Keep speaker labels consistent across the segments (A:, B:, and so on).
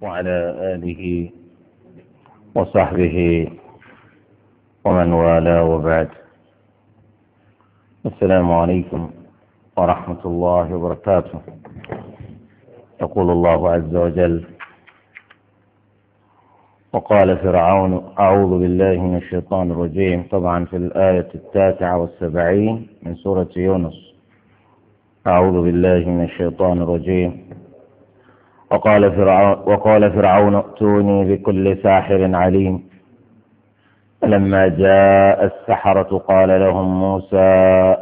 A: وعلى آله وصحبه ومن والاه وبعد السلام عليكم ورحمة الله وبركاته يقول الله عز وجل وقال فرعون أعوذ بالله من الشيطان الرجيم طبعا في الآية التاسعة والسبعين من سورة يونس أعوذ بالله من الشيطان الرجيم وقال فرعون, وقال فرعون ائتوني بكل ساحر عليم فلما جاء السحرة قال لهم موسى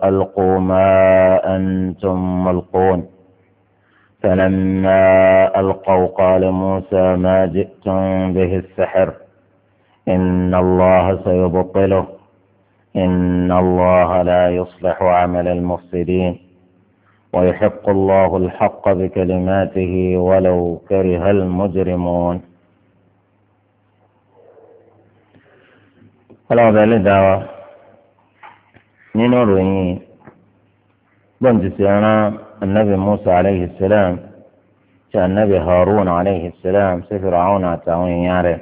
A: ألقوا ما أنتم ملقون فلما ألقوا قال موسى ما جئتم به السحر إن الله سيبطله إن الله لا يصلح عمل المفسدين ويحق الله الحق بكلماته ولو كره المجرمون ọlọ́run bẹ́ẹ̀ lè dá wa nínú ìròyìn gbọ́ǹdì sí ọ̀ràn anabi musa aleyhi salam ti anabi haruna aleyhi salam sí fìràwọn àtàwọn èèyàn rẹ̀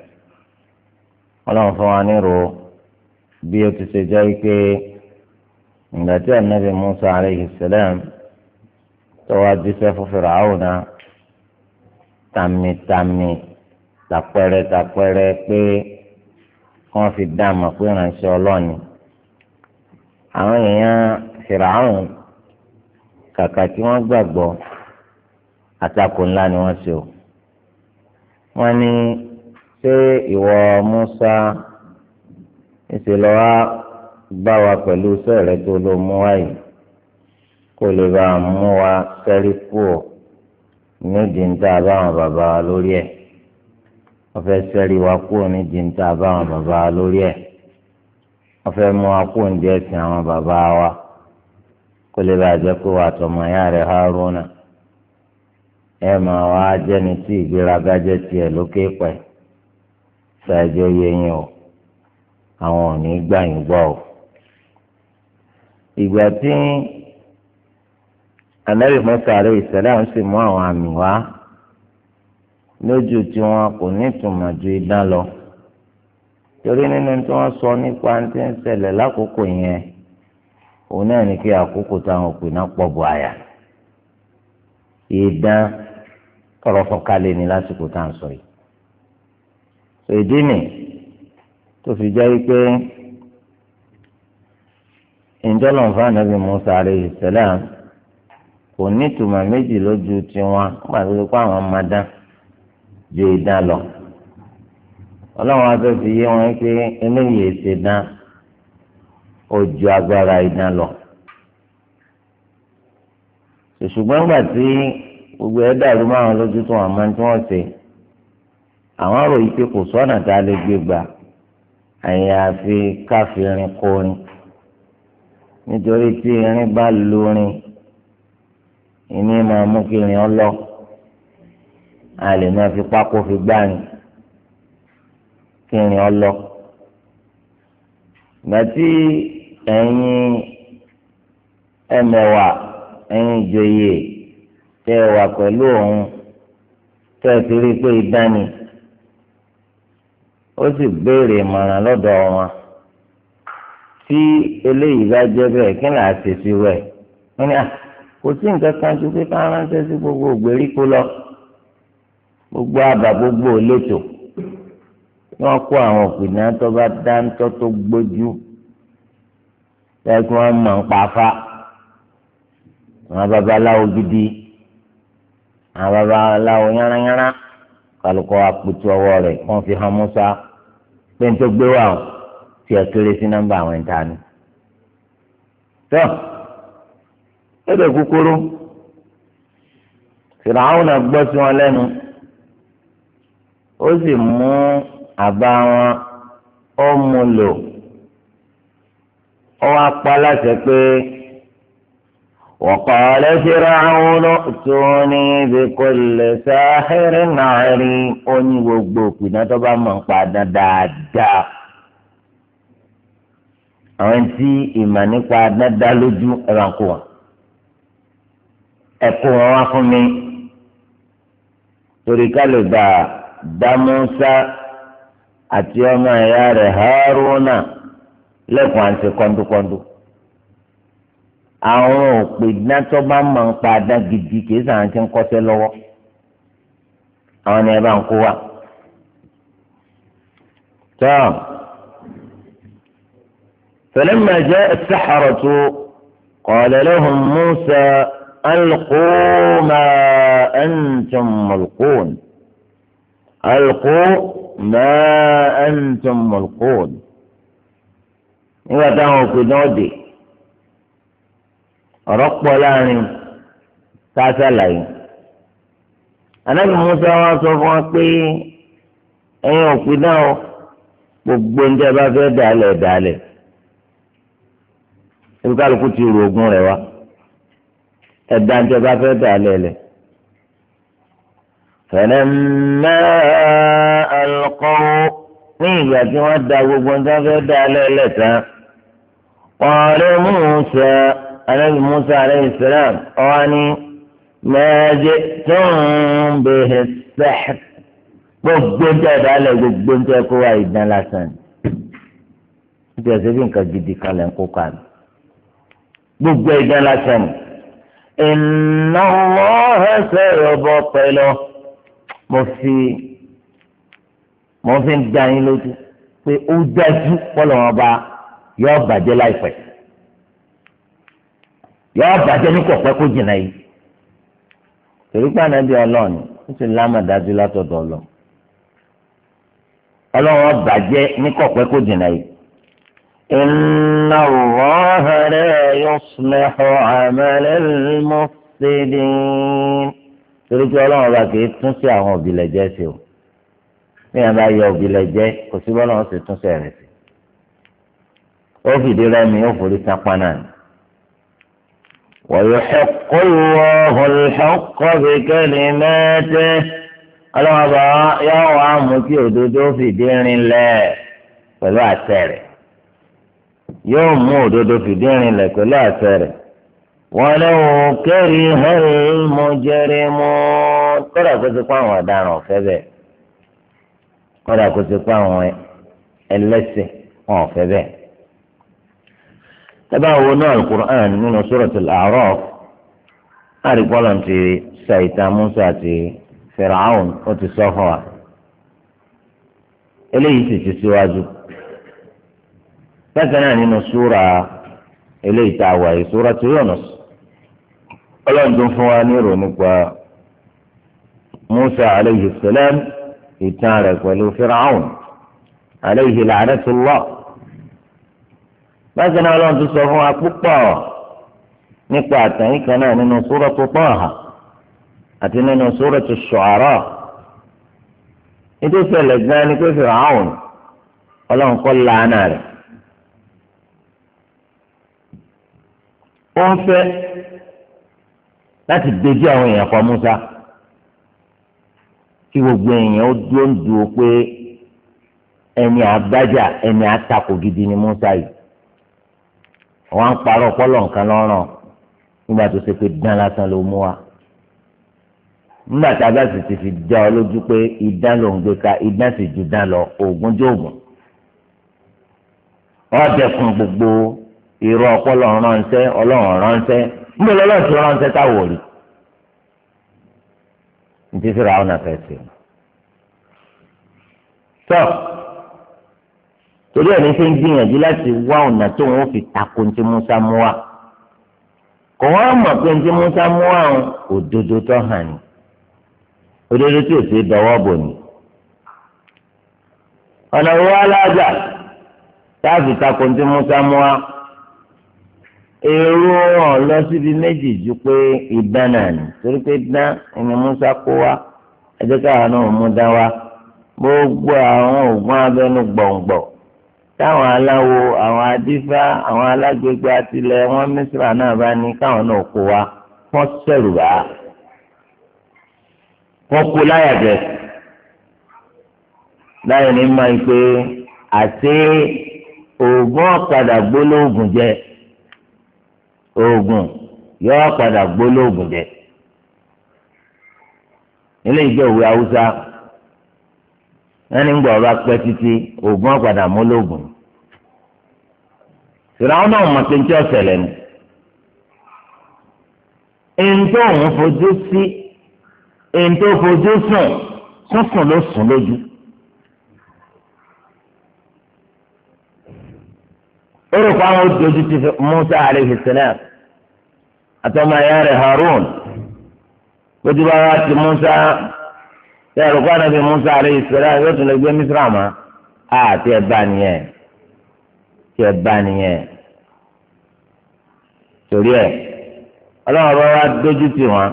A: ọlọ́run fún wa nírò bí o ti ṣe jẹ́ pé ìgbà tí anabi musa aleyhi salam. tọ́wọ́ adúsẹ́ fún fìràwọ̀ náà tamitami tapẹ́rẹ́ tapẹ́rẹ́ pé wọ́n fi dá àmọ̀ pé ránṣẹ́ ọlọ́ọ̀ni àwọn èèyàn fìràwọ̀ kàkà tí wọ́n gbàgbọ́ àtakò ńlá ni wọ́n ṣe o wọ́n ní ṣé ìwọ Musa ìṣèlọ́wọ́ bá wa pẹ̀lú sẹ́ẹ̀rẹ́ tó ló mú wáyé. kò lè bá a mú wa sẹ́rí kúò nídìí níta báwọn bàbá wa lórí ẹ̀ wọ́n fẹ́ sẹ́rí wa kúò nídìí níta báwọn bàbá wa lórí ẹ̀ wọ́n fẹ́ mú wa kúò nídìí ẹ̀sìn àwọn bàbá wa kò lè bá a jẹ́ pé wàá tọmọ ya rẹ̀ Haruna o àwọn ò ní gbà o ìgbà tí. anabi Musa alayhi salam sì mú àwọn àmì wá lójú tí wọn kò ní ìtumọ̀ ju idán lọ torí nínú tí wọ́n sọ nípa tí ń ṣẹlẹ̀ lákòókò yẹn òun náà ní kí àkókò táwọn òpin náà pọ̀ bọ̀ àyà idán tọrọ fọkalẹ̀ lásìkò tá à ń sọ yìí èdè nì tó fi jẹ́ wípé ìjọlọ́nfà nàbì Musa alayhi salam kò ní ìtumọ̀ méjì lójú tiwọn nígbà tó kó àwọn máa dán ju ìdán lọ ọlọ́run aṣọ ti yé wọn pé eléyìí èsè dán ó ju agbára ìdán lọ ṣùgbọ́n nígbà tí gbogbo ẹ̀ dàrú máwọn lójú tó wọn máa ń tí wọ́n ṣe àwọn ròyìn pé kò sọ́nà tá a lè gbé gbà àyàfi káfírin kórin nítorí tí irin bá lu ìní máa mú kí irin ọlọ a lè máa fi pákó fi gbáàrin kí irin ọlọ gbàtí ẹ̀yin ẹmẹ̀wà ẹ̀yin ìjòyè tẹ wà pẹ̀lú òun tẹ fi rí i pé ìdání ó sì béèrè ìmọ̀ràn lọ́dọ̀ wọn tí eléyìí bá jẹ́ bẹ́ẹ̀ kí ni àṣìṣe rẹ̀ wọ́n à kò sí nǹkan kan ju pé ká ránṣẹ́ sí gbogbo ògbèríko lọ gbogbo àbá gbogbo òlétò wọn kó àwọn òpìnà tó bá dáńtọ́ tó gbójú bẹ́ẹ̀ kí wọ́n mọ̀ ń pàfà àwọn babaláwo gidi àwọn babaláwo yánnayánná kálukọ apòtù ọwọ́ rẹ̀ wọ́n fi hàn Musa pé nítorí gbé wà ó tiẹ̀ kéré sí nọ́mbà àwọn ìta ni. So, ẹ̀dẹ̀ kúkúrú fìràwọn gbọ́ sí wọn lẹ́nu ó sì mú àbá wọn ó mú lò ó wá pa láṣẹ pé وقال فرعون ائتوني بكل ساحر عليم ó ní gbogbo òpinà tó bá mọ̀ ń padà dáadáa àwọn tí ìmọ̀ nípa dáadáa lójú ẹ̀rọ àǹkó wọn ẹ̀kọ́ wọn wá fún mi torí ká lè bá dá Mùsá àti ọmọ ẹ̀yà rẹ̀ Hárúnà lẹ́kùn àti kọ́ńdúkọ́ńdú àwọn òpè dátọ́ bá máa ń pa adá gidi kì í sàn ti ń kọ́sẹ́ lọ́wọ́ àwọn ni ẹ bá ń kó wa. تمام فلما جاء السحرة قال لهم موسى ألقوا ما أنتم ملقون ألقوا ما أنتم ملقون nígbà táwọn òpin náà dé ọ̀rọ̀ pọ̀ láàrin tásàlàyé anábì musa wa sọ fún wa pé ẹ̀yin òpin náà gbogbo ń tẹ́ bá fẹ́ dàálẹ̀ dàálẹ̀ ebi kálukú ti rò ogun rẹ̀ wá ẹ̀dá ìjọba fẹ́ dà lẹ́lẹ̀. fẹ̀lẹ́mẹ́ ẹ̀lọ́kọ́ ní ìgbà tí wọ́n da gbogbo ń tán fẹ́ dà lẹ́lẹ̀ tán ọ̀rẹ́ Musa alẹ́bí Musa alẹ́bí sẹ́lẹ̀m ọ̀wá ní mẹ́ẹ̀ẹ́dẹ́ tó ń bèèrè sẹ́ẹ̀
B: gbogbo ń tẹ́ lẹ̀ gbogbo
A: ń tẹ́ kó wa ìdán lásán nítorí ẹ̀sẹ̀ bí nǹkan gidi kan ń kó kan gbogbo ìdán lásán ni inna Allaha sayubtiluh mo fi mo fi ń dá yín lójú pé ó dájú pọ́lọ́ wọn bá yọ bàjẹ́ láìpẹ́ yọ bàjẹ́ ní kọ̀pẹ́ kó jìnnà yìí torí pé ànábì ọlọ́ọ̀ni ó sì lámàdájú látọ̀dọ̀ ọlọ́ọ̀ ọlọ́wọ́n bàjẹ́ ní kọ̀pẹ́ kó jìnnà yìí. إن الله لا يصلح عمل المفسدين torí pé ọlọ́run ọba kì í tún sí àwọn òbílẹ̀jẹ́ sí o ní àbá yọ òbílẹ̀jẹ́ kò sí bọ́lá wọn sì tún sí ẹ̀rẹ̀ sí ó fìdí rẹmi ó forí sápá náà ni. ويحق الله الحق بكلماته ọlọ́run ọba yọ àwọn amú tí òdodo fìdí yóò mú òdodo fìdí rinlẹ̀ pẹ̀lú àṣẹ rẹ̀ walau karihal mujrimun kódà kó ti pa àwọn ọ̀daràn ọ̀fẹ́ bẹ́ẹ̀ kódà kó ti pa àwọn ẹlẹ́sẹ̀ wọn ọ̀fẹ́ bẹ́ẹ̀. ẹ bá wo náà alukur'an nínú suratul A'raf àrígbọ́lọ̀ ti Musa àti Fir'aun ó ti sọ wa eléyìí sì ti síwájú. Si bákan náà nínú súra eléyìí tá a wà yìí súra tó Yunus ọlọ́run tó ń fún wa ní ìròyìn nípa Musa aleyhi salam ìtàn rẹ̀ pẹ̀lú Fir'aun aleyhi la'anatullah bákan náà ọlọ́run tó sọ fún wa púpọ̀ nípa àtàyìn kan náà nínú súra tó Taha àti nínú súra tó Shu'ara nítorí sẹlẹ̀ gan pé Fir'aun ọlọ́run kọ́ lánàá rẹ̀. ó ń fẹ́ láti dojú àwọn èèyàn kan Musa kí gbogbo èèyàn ó dúró ń dúró pé ẹni àgbájá ẹni àtakò gidi ni Musa yìí wọn ń parọ́ ọpọlọ nǹkan lọ́rùn nígbà tó ṣe pé dán lásán ló mú wa nígbà tá a bá sì ti fi já ọ lójú pé idán ló ń gbé ka idán sì ju dán lọ oògùn jóògùn ọ̀dẹ̀kùn gbogbo. irọ́ ọpọlọ ránṣẹ́ ọlọ́run ránṣẹ́ níbo lọ́lọ́run ti ránṣẹ́ táwọn òrì ní ti torí ẹni ṣe ń gbìyànjú láti wá ọ̀nà tó wọn fi Musa kò pé Musa mú wa òdodo ọ̀nà wo alájà Musa èrò ọ̀rọ̀ lọ síbi méjì ju pé ìdán náà ni torí pé dán ẹni musa kó wa ẹjẹ káwọn náà mú dá wa gbogbo àwọn oògùn abẹnú gbọ̀ngbọ̀ táwọn aláwo àwọn adífá àwọn alágbègbè àtìlẹ wọn mísírà náà bá ní káwọn náà kó wa wọn sẹrù wá wọn kó láyàjẹ láyà ní máa ń pé àti oògùn ọ̀kadà gbólóògùn jẹ oògùn yóò padà gbólóògùn jẹ eléyìí jẹ́ òwe haúsá ẹni ń gbọ́ ọba pẹ́ títí oògùn ọ̀padà mọ́lóògùn ìràwọ̀n náà mọ̀ pé ń tẹ́ ọ̀sẹ̀ lẹ́nu ẹni tó ń fojú sí ẹni tó fojú sùn sísùn ló sùn lójú. ó àwọn ojú ti fi Musa alayhi salam àtọmọ ẹ̀yà rẹ̀ Harun lójú bá wá ti Musa ẹ̀rù kó ànábì Musa alayhi salam yóò tún lè gbé Misra mọ́ a ti ẹ̀ bá nìyẹn ti ẹ̀ bá nìyẹn torí ẹ̀ ọlọ́run bá wá dójú tì wọ́n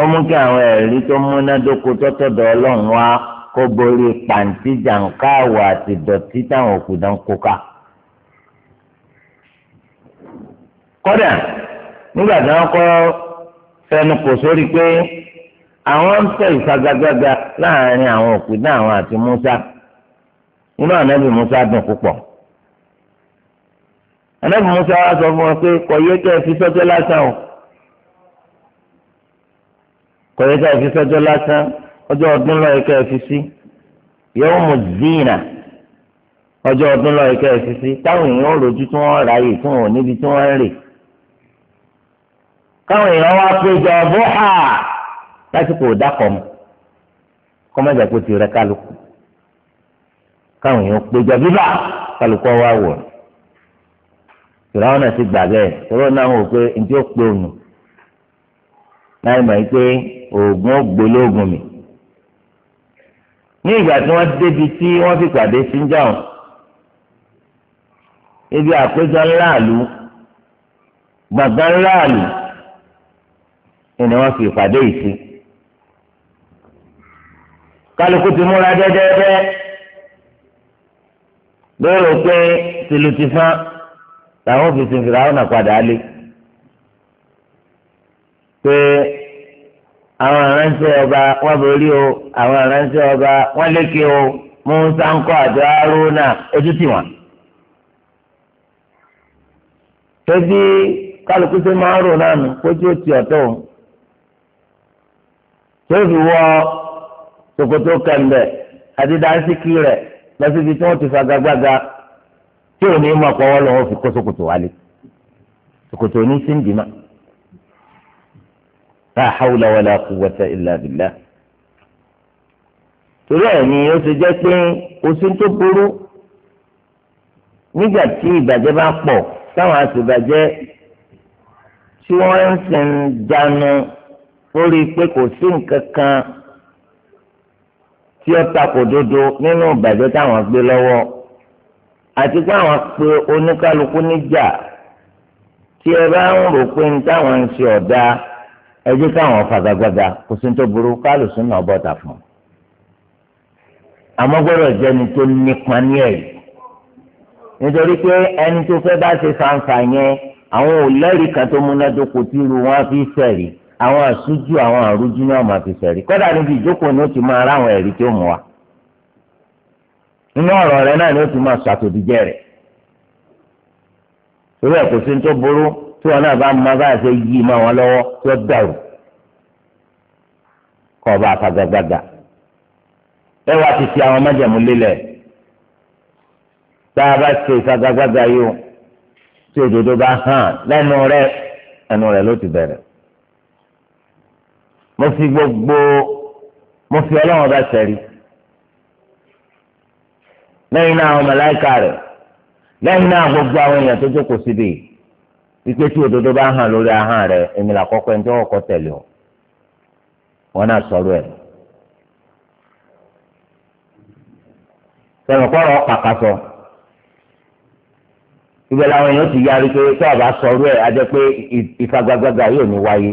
A: ó mú kí àwọn ẹ̀rí tó múnádóko tọ́tọ̀dọ̀ ọlọ́run wá kó borí pàǹtí jàǹká àti dọ̀tí táwọn òkú dán kó ká. kódà nígbà tí wọ́n kọ́ fẹnu kò sórí pé àwọn ń fẹ́ ìfagagbága láàrin àwọn òpìdá àwọn àti Musa inú ànábì Musa dùn púpọ̀ ànábì Musa wá sọ fún wọn pé kọ̀yé kẹ́ ẹ fi sọ́jọ́ lásán o kọ̀yé kẹ́ ẹ fi sọ́jọ́ lásán ọjọ́ ọdún lọ́yẹ kẹ́ ẹ fi sí yẹ́wò mọ̀ zina ọjọ́ ọdún lọ́yẹ kẹ́ fi sí táwọn èèyàn ò rojú tí wọ́n ráyè tí wọ́n ò níbi tí wọ́n ń rè. káwọn èèyàn wá péjọ bóhà lásìkò dákọ̀ mu kọ́mọ́jà kò ti rẹ kálukú káwọn èèyàn péjọ bíbà kálukú wá wọ̀ ìràwọ̀n ti gbà náà wò pé njẹ́ ó pé òun láì mọ̀ pé oògùn mi ní ìgbà tí wọ́n débi tí wọ́n fi pàdé ibi àpéjọ ńláàlú ńláàlú. ni wọ́n fi ìpàdé yìí sí. kálukú ti múra dẹ́dẹ́dẹ́ lérò pé tìlù ti fán làwọn òfìsì fìràwọ́nà padà lé pé àwọn aránṣẹ́ ọba wọ́n borí o àwọn aránṣẹ́ ọba wọ́n lékè o Musa ńkọ àti Haruna ojú tì wọ́n. tẹ́bí kálukú ṣe máa ń rò náà nù kójú ó ti ọ̀tọ̀ òun tó fi wọ ṣòkòtò kẹmbẹ àti dáńsíkì rẹ lọsibí tí wọn ti fagagbága tí ò ní mọ pọwọ lọ wọn fi kó ṣòkòtò wálé ṣòkòtò ní síndìmá la hawla wala quwwata illa billah torí ẹ̀ ó ṣe jẹ́ pé oṣù tó burú nígbà tí ìbàjẹ́ bá pọ̀ táwọn àṣìbàjẹ́ tí wọ́n ń sìn dànù ó rí i pé kò sí nǹkan kan tí ó takò dodo nínú ìbàjẹ́ táwọn gbé lọ́wọ́ àti pé àwọn pe oníkálukú níjà tí ẹ bá ń rò pé ní táwọn ń ṣe ọ̀dà ẹ jẹ́ káwọn fagagbada kò sí tó burú kálùsùn náà bọ̀tà fún un àmọ́ gbọ́dọ̀ jẹ́ni tó nípa ní ẹ̀rí nítorí pé ẹni tó fẹ́ bá ṣe fàǹfà yẹn àwọn ò lẹ́rìí kan tó múnádóko tí irú wọn fi fẹ̀rí àwọn àṣújú àwọn àrújú náà máa fi kọ́dà níbi ìjókòó ni ó ti máa ráwọn ẹ̀rí tí ó mú wa nínú ọ̀rọ̀ rẹ náà ni ó ti máa ṣàtòdìjẹ́ rẹ̀ torí ẹ̀ sí ní tó burú tí wọn náà bá máa bá ṣe yí lọwọ wọn lọ́wọ́ tí ó dàrú kọ́ ọba ti fi àwọn májẹ̀mú lélẹ̀ tá a bá ṣe yìí bá hàn lẹ́nu rẹ ẹnu ló mo fi gbogbo mo fi ọlọ́run bá sẹ́rí lẹ́yìn náà àwọn màláíkà rẹ̀ lẹ́yìn náà gbogbo àwọn èèyàn tó jókòó síbi wípé tí òdodo bá hàn lórí ahọ́n rẹ̀ èmi làkọ́kọ́ ẹni tí wọ́n tẹ̀lé o wọ́n náà sọ̀rọ̀ ẹ̀. sọ èèyàn ti yára pé tí a bá sọ̀rọ̀ ẹ̀ a jẹ́ pé yóò ní wáyé.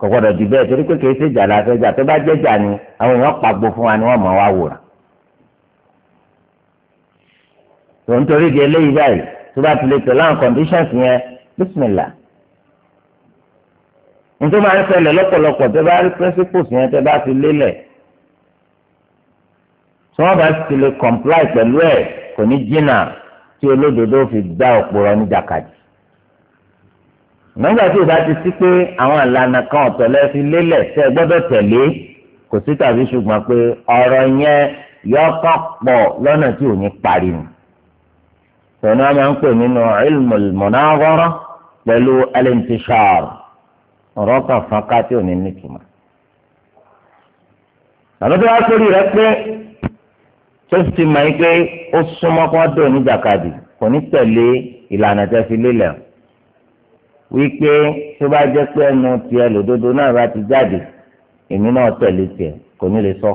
A: kò gbọdọ̀ jù bẹ́ẹ̀ torí pé kìí ṣe jà láti ọjà tó bá jẹ́ jà ni àwọn èèyàn pàgbó fún wa ni wọ́n mọ̀ wá wòrán. tó ń torí di eléyìí báyìí tó bá ti lè tẹ̀lé àwọn conditions yẹn bísímìlà. nítorí máa ń ṣẹlẹ̀ lọ́pọ̀lọpọ̀ tó bá rí principles yẹn tó bá fi lélẹ̀ tí wọ́n bá ti lè comply pẹ̀lú ẹ̀ kò ní jìnnà tí olódodo fi gbá òpòrọ̀ ní jàkadì nígbà tí ìbá ti sí pé àwọn ìlànà kan ọ̀tọ̀ lẹ fi lélẹ̀ tẹ́ ẹ gbọ́dọ̀ tẹ̀lé kò sí tàbí ṣùgbọ́n pé ọ̀rọ̀ yẹn yọkọ̀ pọ̀ lọ́nà tí ò ní parí ni. tòun á máa ń pè nínú ilmul munazara pẹ̀lú al-intishar fọ́nká tí ò ní nìtumọ̀. àmọ́ tí wàá sórí rẹ pé tó ti mọ̀ yín pé ó súnmọ́ kó dùn ní jàkadì kò ní tẹ̀lé ìlànà tẹ́ fi lélẹ̀ o wípé tó bá jẹ́ pé ẹnu tiẹ̀ lòdodo náà bá ti jáde èmi náà tẹ̀lé tiẹ̀ kò ní lè sọ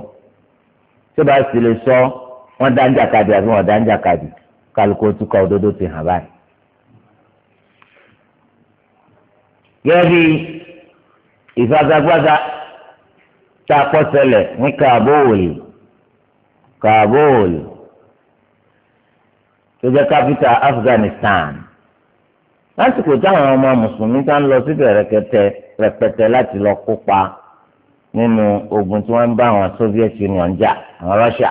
A: tó bá sì lè sọ wọ́n dá ń jàkadì àbí wọ́n dá ń jàkadì kálukú tún kọ òdodo ti hàn báyìí. gẹ́gẹ́ bí ìfagagbága tá a kọ́ ní Kabul Kabul tó jẹ́ kápítà Afghanistan lásìkò táwọn ọmọ mùsùlùmí tá ń lọ síbẹ̀ rẹpẹtẹ rẹpẹtẹ láti lọ kópa nínú ogun tí wọ́n ń bá àwọn Soviet Union jà àwọn Russia.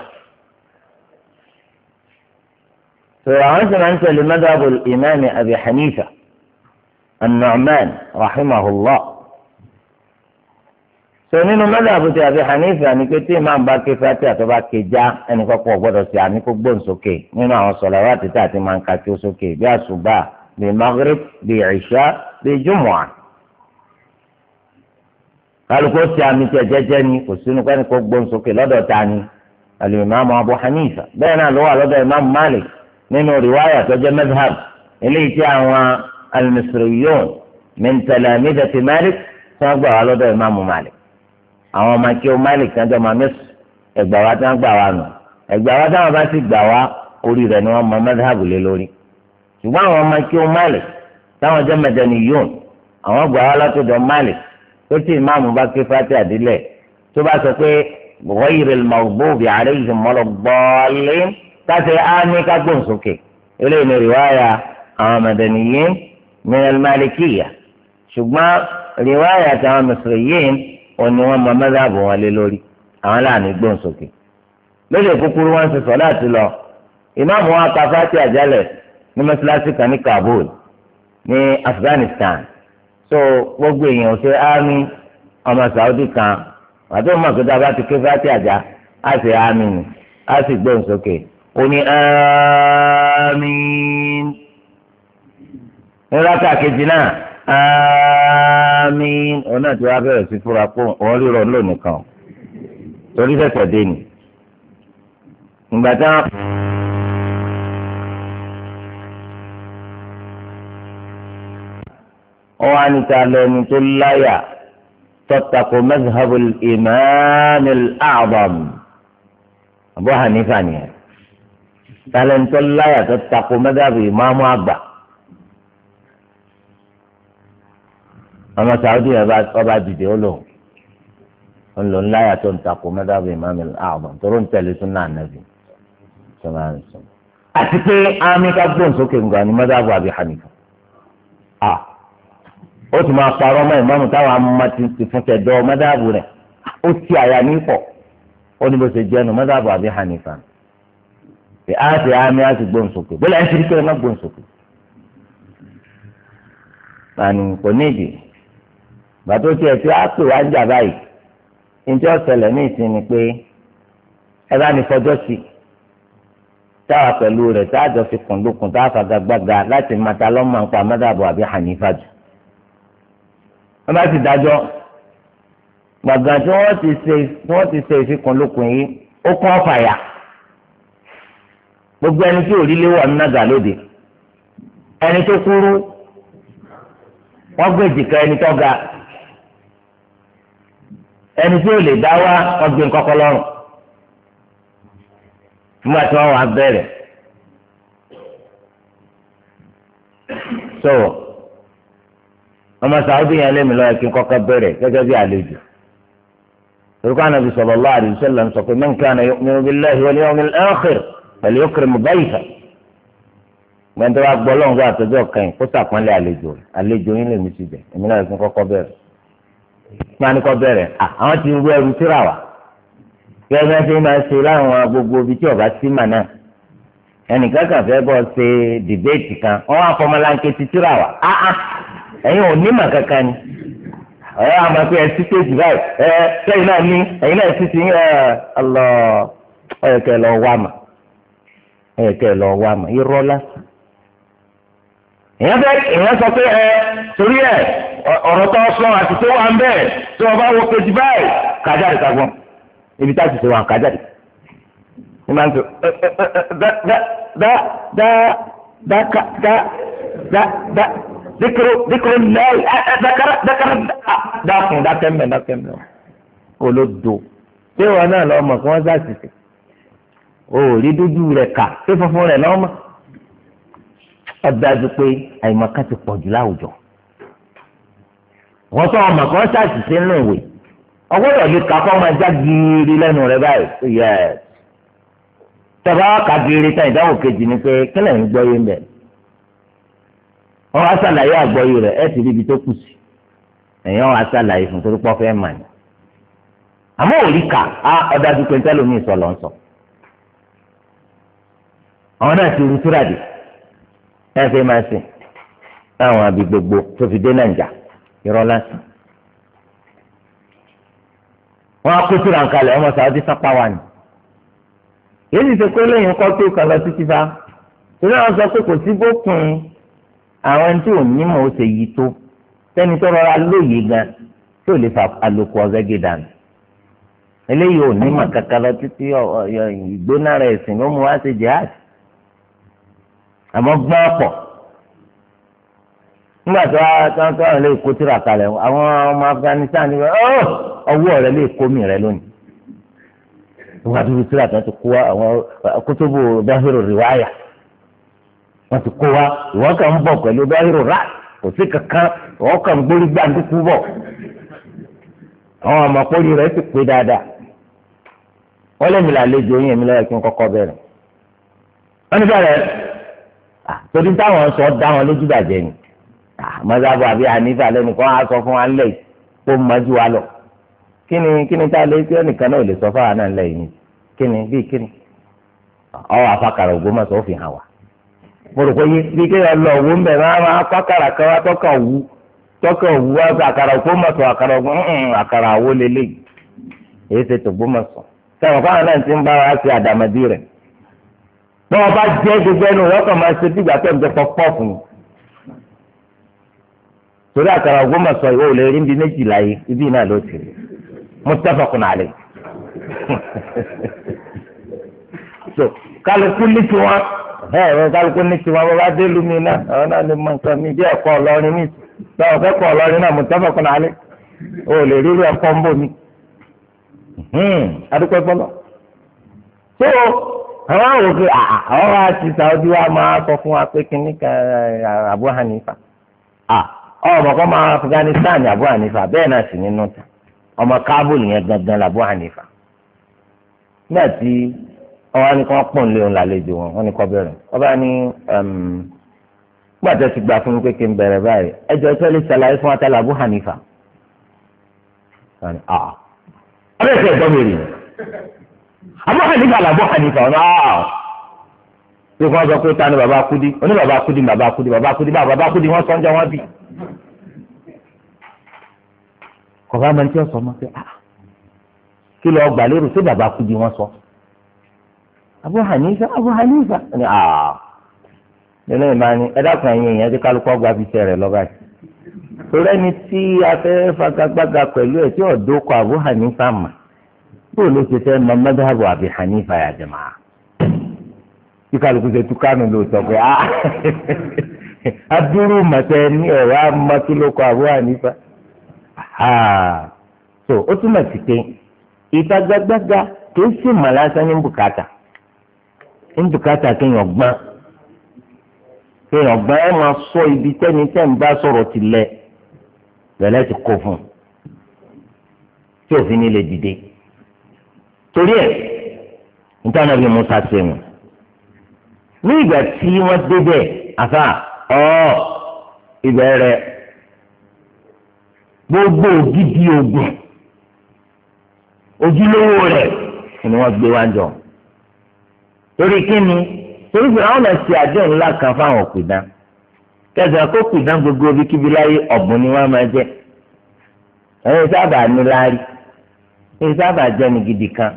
A: sọ̀rọ̀ àwọn sì ń tẹ̀lé madhabu al-imam Abi Hanifa an-Nu'man rahimahullah. sọ nínú madhabu ti Abi Hanifa ni pé tí màá bá ké fati àtọ́ba ké já ẹnì kọ́kọ́ gbọ́dọ̀ sí àníkó gbóǹsókè nínú àwọn sọ̀rọ̀ àwọn àtẹ̀tẹ̀ àti màá ń ka kí ó sókè bí àṣùbà bíi maghrib bíi ìṣá bíi jùmọ̀à kálukú ti àmì tí ẹ̀jẹ̀jẹ̀ ni kò sínú kẹ́ni kó gbóhùn sókè lọ́dọ̀ ta ni alimami abu hanifa bẹ́ẹ̀ náà ló wà lọ́dọ̀ imam malik nínú riwaya tó jẹ́ madhab eléyìí tí àwọn alimisiriyon min talamidati malik tí wọ́n gbà wá imam malik àwọn ọmọ akíw malik náà jọ máa mẹ́sù ẹgbàá wa tí wọ́n gbà wa táwọn bá sì gbà wá orí ni wọ́n mọ madhab lé lórí ṣùgbọ́n àwọn ọmọ kí ó Malik táwọn jẹ́ Madaniyun àwọn gbà wá látọ̀dọ̀ Malik tó tí ìmáàmù bá ké fati àdílẹ̀ tó bá sọ pé ghayril maghdubi alayhim waladdallin káṣe á ní kágbọ̀n sókè eléyìí ni rìwáyà àwọn Madaniyun min al-Malikiyya ṣùgbọ́n rìwáyà táwọn Misriyyin òní wọn mọ mẹ́tàbù wọn lé lórí àwọn láàánú gbọ̀n sókè lórí wọn ti sọ láti lọ ìmáàmù wọn ká àjálẹ̀ ní mọ́sálásí kan ní Kabul ní Afghanistan so gbogbo èèyàn ṣe ámì ọmọ Saudi kan àti ọmọ àgbẹ̀dá bá ti ké fati àjà á sì ámì ni á sì gbóhùn sókè ó ní ámì nírọ́tà kejì náà ámì òun náà ti wá bẹ̀rẹ̀ sí fúra pọ̀ òun rírọ̀ lónìí kan torí fẹsẹ̀ dé ni ìgbà táwọn. وعن تعلم تلايا تتقوا مذهب الإمام الأعظم أبو حنيفة تعلم تلايا تتقوا مذهب الإمام أبا أما سعودي بعد بعد يقولون قلن لا تنتقوا مذهب الإمام الأعظم ترون تلي سنة النبي صلى الله عليه آمي كابدون سوكي مذهب أبي حنيفة ó sì máa parọ́ mọ́ ìmọ̀mù táwọn amọ̀tí ti fún tẹ̀dọ́ mọ́dàbù rẹ̀ ó ti àyà ní pọ̀ ó ní bó ṣe jẹ́ nu mọ́dàbù àbí hanifa ṣe á ṣe àmì á sì gbóhùn sókè bóyá ẹ ti rí kéré má gbóhùn sókè. àní kò níbi bàtó tiẹ̀ tí a pè wá ń jà báyìí ní tí ó ṣẹlẹ̀ ní ìsinmi pé ẹ bá ní fọjọ́ sí táwa pẹ̀lú rẹ̀ tá fi kùn lókun tá a láti mata lọ́mọ nǹkan amádàbọ̀ àbí hanifa jù wọ́n bá ti dájọ́ gbàgbà tí wọ́n ti ṣe tí wọ́n ti ṣe ìfikùnlukùn yìí ó kàn fàyà gbogbo ẹni tí òrìlé wà ń nàgà lóde ẹni tó kúrú wọ́n gbé jìkà ẹni tó ga ẹni tí ò lè dá wá wọ́n gbé nkọ́kọ́ lọ́rùn nígbà tí wọ́n wà ọmọ sàwọ́dì yẹn lé mi lọ́yẹ̀ kí n kọ́kọ́ bẹ̀rẹ̀ gẹ́gẹ́ bí àlejò orúkọ ànábi sallallahu alaihi wasallam sọ pé man kana yu'minu billahi wal yawmil akhir falyukrim dayfahu gbẹ̀ndẹ́ wa gbọ́ lọ́wọ́ àtọ́jọ́ kan kó sàpọ́nlé àlejò àlejò yín lè mi ti bẹ̀ èmi náà kí n kọ́kọ́ bẹ̀rẹ̀ kí wọ́n kọ́ bẹ̀rẹ̀ àwọn ti rú ẹrú tíra wa kí ẹ fẹ́ fẹ́ bọ́ ṣe dìbéètì kan wọ́n wá fọmọláńkẹ́ ti tíra wa ẹ̀yin ò ní mà kankan ni ẹ àmọ́ pé ẹ ti tèjì báyìí ẹ sẹ́yìn náà ní ẹ̀yin náà ti ti ń ẹ ọlọ ọyọkẹ lọ wà mà ọyọkẹ lọ wà mà irọ́ lásán èèyàn fẹ́ èèyàn sọ pé ẹ torí ẹ ọ̀rọ̀ tó sọ àti tó wà ń bẹ̀ tí wọ́n bá wo kejì báyìí kájàre kagbọ́n ibi tá a ti sọ wọn kájàre ní máa ń sọ dá dá dá dá dá dá dá díkìrò díkìrò lẹ́yìn eh, eh, ah, dákàrà dákàrà dákùn dákẹ́mẹ̀ dákẹ́mẹ̀ olódo pé wọn náà lọ mọ̀ kí wọ́n sá sì o ò rí dúdú rẹ̀ kà pé funfun rẹ̀ lọ́mọ ọ̀dájú pé àyìnbọn kan ti pọ̀ jù láwùjọ wọ́n sọ ọmọ kan sá sì sí nínú ìwé ọgbọ́dọ̀ lè kà kọ́ máa já gírí lẹ́nu rẹ̀ báyìí yẹ tọ́ba kà gírí tán ìdáhùn kejì ni pé kílẹ̀ ń gbọ́ yé mbẹ́ wọn wá sàlàyé àgbọ́yé rẹ̀ ẹ ti rí ibi tó kù sí ẹ̀yìn wọn wá sàlàyé fún torí pọ́ fẹ́ mà ní. àmọ́ òrí kà á ọ̀dájú pé ntẹ́lómi ìsọ̀lọ̀ ń sọ. àwọn náà ti rú túràdì ẹ fẹ́ máa sìn láwọn àbí gbogbo tó fi dé nàìjà irọ́ lásán. wọn á kó túrà ń kalẹ̀ ọmọ sàájú sápá wa ni. èyí ti ṣe pé lẹ́yìn kọ́ tó kàn lọ títí fa torí àwọn sọ pé kò sí bókun àwọn ẹni tí ò ní mọ̀ ó ṣe yí tó sẹ́ni tó rọra lóye gan tí ò lè fa àlòkù ọ̀zẹ́gẹ̀ dànù eléyìí ò ní mọ̀ kankan lọ títí ìgbóná rẹ̀ sìn ló mú wá ṣe jihad àmọ́ gbọ́n pọ̀ nígbà tó tó tó àwọn ilé ìkó tíra kalẹ̀ àwọn ọmọ Afghanistan ni ọwọ́ rẹ̀ lè kó mi rẹ̀ lónìí wọ́n á dúró tíra tó kó àwọn kótóbù dáhùrù rìwáyà wọ́n ti kó wa ìwọ́n kàn ń bọ̀ pẹ̀lú báyìí rà kò sí kankan ìwọ́n kàn ń gbórí gbàǹdùkú bọ̀ àwọn àmọ̀pọ̀lì rẹ̀ ti pé dáadáa wọ́n lé mi lálejò yín èmi lọ́yẹ̀ kí n kọ́kọ́ bẹ̀rẹ̀ wọ́n ní bẹ̀rẹ̀ torí táwọn sọ dá wọn lójú bàjẹ́ ni mọ́sáàbù àbí ànífà lẹ́nu kan á sọ fún wa ńlẹ̀ kó mọ́jú wa lọ kí ni kí ni tá a lè tí ẹnìkan náà lè sọ fáwọn náà ńlẹ̀ yìí ni bíi kí ni ọ̀ àfàkàrà ògbómọ̀sọ̀ ó fi hàn wá mo rò pé yé bí kéèyàn lọ òwú ńbẹ máa máa kọ́ àkàrà kan wá tọ́ka òwú tọ́ka òwú wá sí àkàrà Ògbómọ̀ṣọ́ àkàrà mm, mm, àkàrà lélẹ̀ èyí ṣe fáwọn náà ti ń bá ṣe àdàmọ̀dì rẹ̀ bí wọ́n bá jẹ́ gbogbo ẹnu wọ́n kàn máa ṣe bí ìgbà fún un torí àkàrà ẹ̀rọ kálukú ní tiwọn bá dé lumi náà àwọn náà lè mọ nǹkan mi bí ẹ̀kọ́ ọlọ́rin mi sọ ọ̀fẹ́ kọ́ ọlọ́rin náà mo kan o lè rí hmm, a, ń bò mí adúpẹ́ fọlọ́. tó àwọn ah, ah, àwọn wa ti wa máa sọ fún wa pé kínní kan eh, Hanifa ah, ọmọ kan máa Afghanistan Hanifa ọwọ́ ni kí wọ́n pọ̀ nílé òun lálejò wọn wọ́n ní kọ́ bẹ̀rẹ̀ ọba ní um, gbàtẹ́ ti gbà fún mi pé kí n bẹ̀rẹ̀ báyìí ẹjọ́ ìṣẹ́ lè ṣàlàyé fún atala Abu Hanifa. ọbẹ̀ ah, ah. ìṣe ẹ̀gbọ́n mi rì ní Abu Hanifa là Abu Hanifa ọ̀nà ṣé kí wọ́n sọ pé ta ni bàbá kudi oní bàbá kudi bàbá kudi bàbá kudi bá bàbá kudi wọ́n sọ ń jẹ wọ́n bì. kọ̀ọ̀bá máa ń tí pé ah, kí lọ́ọ́ gbà lérò bàbá kudi wọ́n sọ. abu hanifa abu hanifa ah. ni aa lẹ́nu ìmáni ẹ dákun ẹ̀yin ìyẹn tí kálukú ọgbà fi tẹ̀ rẹ̀ lọ́ba torí ẹni tí afẹ́ fagagbága pẹ̀lú ẹ̀ tí ọ̀dọ́ kọ abu hanifa mà bó ló ṣe fẹ́ mọ mọ́dàbọ̀ àbí hanifa yà jẹ̀ máa tí kálukú ṣe tú kánú pé a ah. adúrú mọ̀tẹ́ ní ọ̀rọ̀ abu hanifa so ó túmọ̀ sí pé kì í ń bùkátà kéèyàn gbọ́n kéèyàn gbọ́n ẹ máa sọ ibi tẹ́ni tẹ́ ń bá sọ̀rọ̀ tilẹ̀ bẹ̀lẹ́ ti kó fún un tí òfin ní lè dìde torí ẹ̀ níta náà bí Musa ṣe wọn ní ìgbà tí wọ́n débẹ̀ àfà ọ́ ìbẹ̀rẹ̀ gbogbo ògidì ogun ojúlówó rẹ̀ ni wọ́n gbé wá torí kíni torí pé àwọn náà ṣe àjọ ńlá kan fáwọn òpìdán kẹsàn-án kó pìdán gbogbo ibikíbi láyé ọ̀bùn ni wọ́n máa jẹ́ ẹ̀yin sábà níláárí ẹ̀yin sábà jẹ́ gidi kan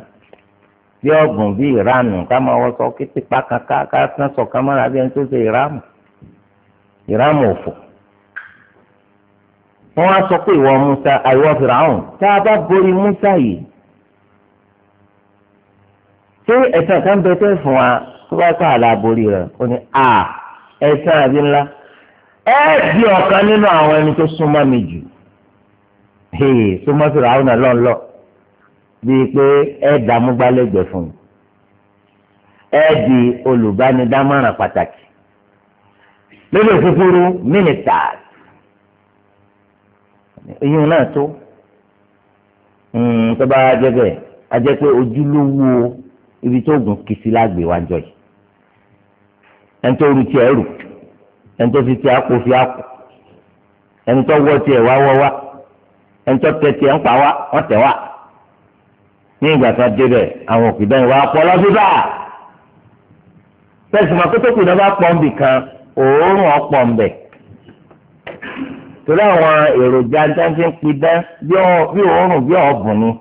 A: bí ọ̀gùn bí ìranù ká máa wọ́ sọ kí tipa kankan ká tán sọ ká máa rábí ẹni tó ṣe ìramù ìramù òfò wọ́n á sọ pé ìwọ Musa àìwọ́ Fìràhùn tá a bá borí Musa yìí ṣé ẹ̀sán kan bẹ tẹ́ fún wa tó bá kọ́ àlàborí rẹ̀ ó ní a ẹ̀sán àbí ńlá ẹ di ọ̀kan nínú àwọn ẹni tó súnmọ́ mi jù hèè tó mọ́ sí ràhùn náà lọ́nlọ́ bíi pé ẹ dààmú fún ẹ di olùbánidámọ̀ràn pàtàkì lórí òfúfúrú mínísítà eyín náà tó hmm, tó bá jẹ́ bẹ́ẹ̀ a jẹ́ pé ojúlówó ibi tó gùn kìsì lágbè wájọ yìí ẹni tó ru tiẹ̀ rù ẹni tó fi tiẹ̀ kó fi àkó ẹni tó wọ tiẹ̀ wá wọ́ wá ẹni tó tẹ tiẹ̀ ń pa wá wọ́n tẹ̀ wá ní ìgbà tó débẹ̀ àwọn òkùdá yìí wá pọ̀ lọ́sídà tẹ̀sùn máa kótó kùdà bá pọ̀ nbì kan òórùn ọ̀pọ̀ nbẹ̀ torí àwọn èròjà jáde ń pidán bí òórùn bí ọ̀bùn ni.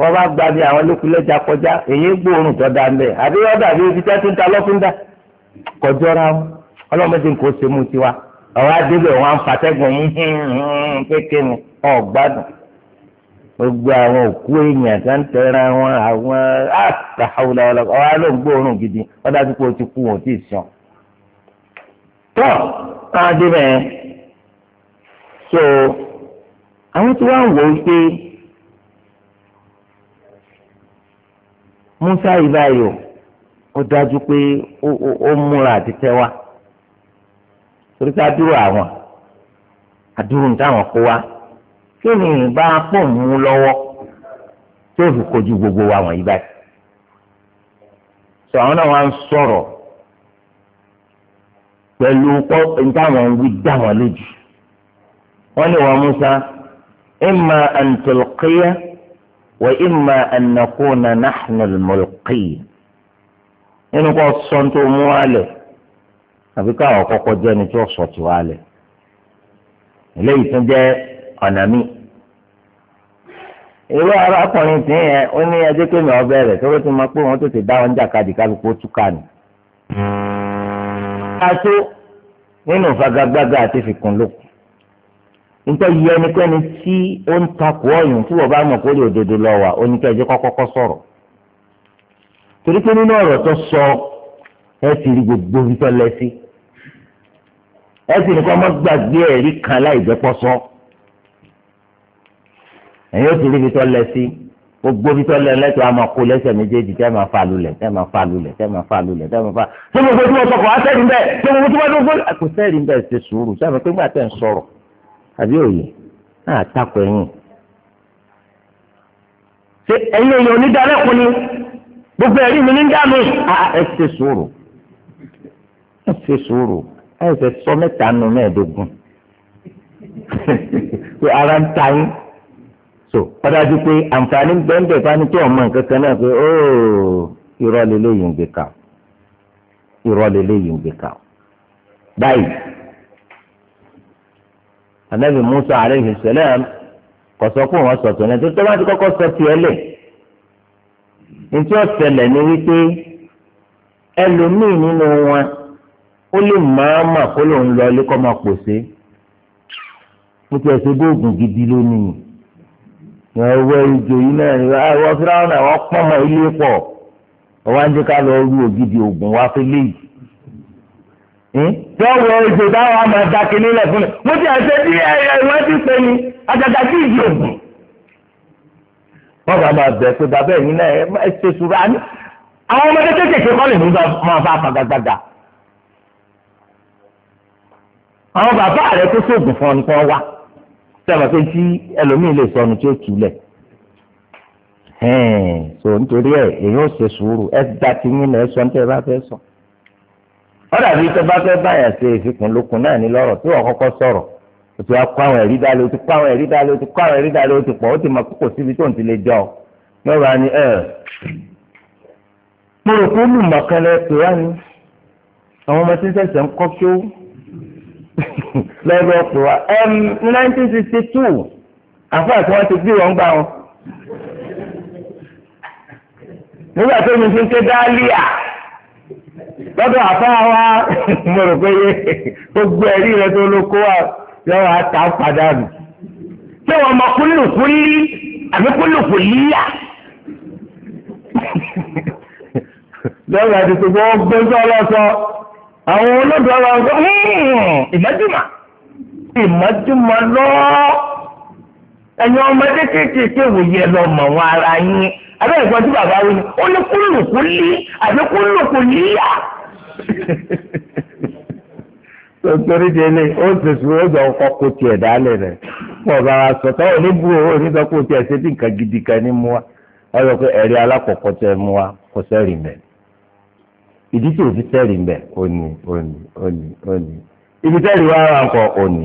A: wọ́n bá gba bí àwọn lókulẹ́jà kọjá èyí gbóòórùn tó dáa mbẹ́ àbí dàbí ibi tẹ́tí ń ta wọn ọlọ́mọdé nǹkan ó ṣe mú tiwa ọ̀rọ̀ adébẹ̀ wọn á ń fatẹ́gùn kékeré ni gbogbo àwọn òkú èèyàn tó ń àwọn àtàwọn ah, ọ̀rọ̀ gidi dájú pé o ti musa ìbáyò ó dájú pé ó múra àti tẹwa torí ká dúró àwọn àdúró ní táwọn kó wa kí ni ìbá pòun lọ́wọ́ tó fi gbogbo wa wọ̀nyí báyìí sọ náà wá ń sọ̀rọ̀ pẹ̀lú pọ́ nítawọn wí dá wọn lójú wọ́n musa imma an وإما أن نكون نحن الملقين إن kó sọ́n tó mú wálẹ̀ àfi káwọn kọ́kọ́ jẹ́ ni tí ó sọ̀ tí wálẹ̀ eléyìí tún jẹ́ ọ̀nà mi. irú arákùnrin tí yẹn ó ní ẹjẹ́ pé mi ò bẹ̀rẹ̀ tó ló ti mọ pé wọ́n tètè dá wọn jàkadì kálukú túkà ni. a tó nínú ìfagagbága àti fìkúnlòkù nítorí yẹ ẹnikẹ́ni tí ó ń takò ọ̀yùn tí wọ́n bá mọ̀ kó lè òdodo lọ wà oníkẹ́jẹ́ kọ́kọ́kọ́ sọ̀rọ̀ torí pé nínú ọ̀rọ̀ tó sọ ẹ ti rí gbogbo ìtọ́ lẹ sí ẹ sì ní kó má gbàgbé ẹ̀rí kan láì jẹ́ pọ́ sọ ẹ̀yin ó ti rí ìtọ́ lẹ sí gbogbo bí tọ́ lẹ́nu lẹ́tọ́ àmọ́ kó lẹ́sẹ̀ méjèèjì tẹ́ máa fa lulẹ̀ tẹ́ máa fa lulẹ̀ tẹ́ máa fa lulẹ̀ tẹ́ máa fa. tó tí wọ́n sọkọ̀ á sẹ́rìí bẹ́ẹ̀ tó tí wọ́n dógó. kò sẹ́rìí bẹ́ẹ̀ àbí òye náà takò ẹ̀yìn. ṣé ẹ̀yin èèyàn onídàálẹ́kùn ni gbogbo ẹ̀rí mi ní dànù ẹ ṣe sùúrù ẹ ṣe sùúrù ẹ sọ mẹ́ta nù mẹ́ẹ̀ẹ́dógún pé ara ń ta so ọdájú pé àǹfààní bẹ́ńbẹ́ fani tí ọmọ nǹkan kan náà pé óò irọ́ lélẹ́yìn gbé kà irọ́ lélẹ́yìn gbé anabi musa aleyhi salam kò sọ pé wọn sọ tòun ẹ tó tó bá ti kọ́kọ́ sọ tiẹ̀ lẹ ntí ọsẹlẹ ni wípé ẹlòmíì nínú wọn ó lè máa mà kó lòun lọ ilé kọ́ máa pòṣe mo ti ẹsẹ bóògùn gidi lónìí ẹwẹ ìjò yìí náà ẹwọ ah, fúláwọn náà wọn pọ́n mọ́ ilé pọ̀ ọwọ́ andé ká ògidì ògùn wá fẹ́lẹ́ yìí Hmm? tí ó wọ oṣù táwọn àmọ́ ẹ̀dá kìíní lẹ̀ fún mi mo ti àṣẹ bí ẹ̀yẹ ìwé ti pè mí àjàgà sí ìdí ògùn. wọ́n bá máa bẹ̀ pé bàbá ẹ̀yin náà ẹ ṣe sùúrù àní àwọn ọmọdé kéékèèké kọ́ lè ní máa bá àfàgàgbàgà. àwọn bàbá rẹ tó sóògùn fún ọ ní kí wọ́n wá sábà pé tí ẹlòmíì lè sọnù tí ó tù lẹ̀ so nítorí ẹ̀ èyí ò ṣe sùúrù ẹ ọ̀rọ̀ àbí tó bá fẹ́ báyà ṣe ìfikùnlukùn náà ní lọ́rọ̀ tí wọ́n kọ́kọ́ sọ̀rọ̀ o ti wá kó àwọn ẹ̀rí dálé o ti kó àwọn ẹ̀rí dálé o ti kó àwọn ẹ̀rí dálé o ti pọ̀ o ti mọ̀ kókò síbi tó ń ti lè jọ ọ. lọ́wọ́ ni ẹ mo rò pé olùmọ̀kànlẹ̀ pè ni àwọn ọmọ tí ń ṣẹ̀ṣẹ̀ ń kọ́ kí ó lọ́wọ́ pè wá ẹ ní nineteen sixty two àfáà tí wọ́n ti bí wọn gbà wọn. nígbà tó mi fi ń ké dálíà. lọ́dọ̀ afọ mo rò pé gbogbo ẹ̀rí rẹ tó ló kó wa yọ̀wọ̀ padà nù. ṣé wọn mọ kúlùkúlì àbí kúlùkúlìyà? lọ́dọ̀ àti àwọn ọ̀rọ̀ ọ̀gbọ́n hmm, ìmọ̀júmọ̀ ìmọ̀júmọ̀ ẹ̀yin ọmọdé kéékèèké lọ mọ̀ wọn ara yín abẹ́rẹ́ bàbá wí ni ó ní kúlùkúlì àbí torí délé ó ti sùn ó gbà ọkọ kó tiẹ̀ dálẹ̀ rẹ̀ pọ̀ bá wa sọ táwọn oníbu owó onígbà kó tiẹ̀ ṣe bí nǹkan gidi kan ní mu wa wọ́n yọ pé ẹ̀rí alákọ̀ọ́kọ́ tẹ mu wa kò sẹ́rì mẹ́ ìdí tí òfin sẹ́rì mẹ́ òní òní òní òní ibi sẹ́rì wa wà kọ òní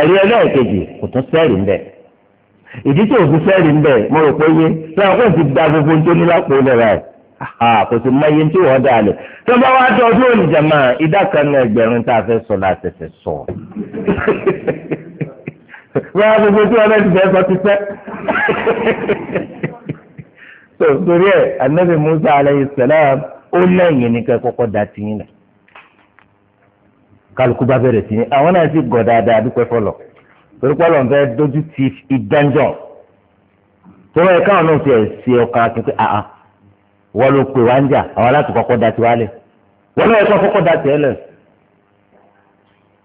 A: ẹ̀rí ẹlẹ́ẹ̀kejì kò tún sẹ́rì mẹ́ ìdí tí òfin sẹ́rì mẹ́ mo rò pé yé sọ́wọ́n kò ti da gbogbo nítorí lápò lẹ́ra kò sì mọ iye tí wọ́n dà lẹ̀ tó bá wá dọ́dún olùjàmọ́ ìdá kan náà ẹgbẹ̀rún tá a fẹ́ sọ la tẹ̀sẹ̀ sọ. wọ́n á gbogbo tí wọ́n lẹ́sìn fẹ́ sọ ti pẹ́. tó torí ẹ̀ anabi musa alayhi salam ó lẹ́yìn ní kẹ́ kọ́kọ́ da tiyín lẹ̀. kálukú bá bẹ̀rẹ̀ tiyín àwọn náà sì gọ̀ dáadáa dúpẹ́ fọlọ̀ torí pọ́lọ̀ ń fẹ́ dójú ti ìdánjọ́ tó ẹ̀ káwọn náà ti ẹ̀ wọ́n ló pè wá ń jà àwọn aláàtú kọ́kọ́ da tiwa lẹ̀ wọ́n lọ́wọ́ ẹ̀kọ́ kọ́kọ́ da tiẹ̀ lẹ̀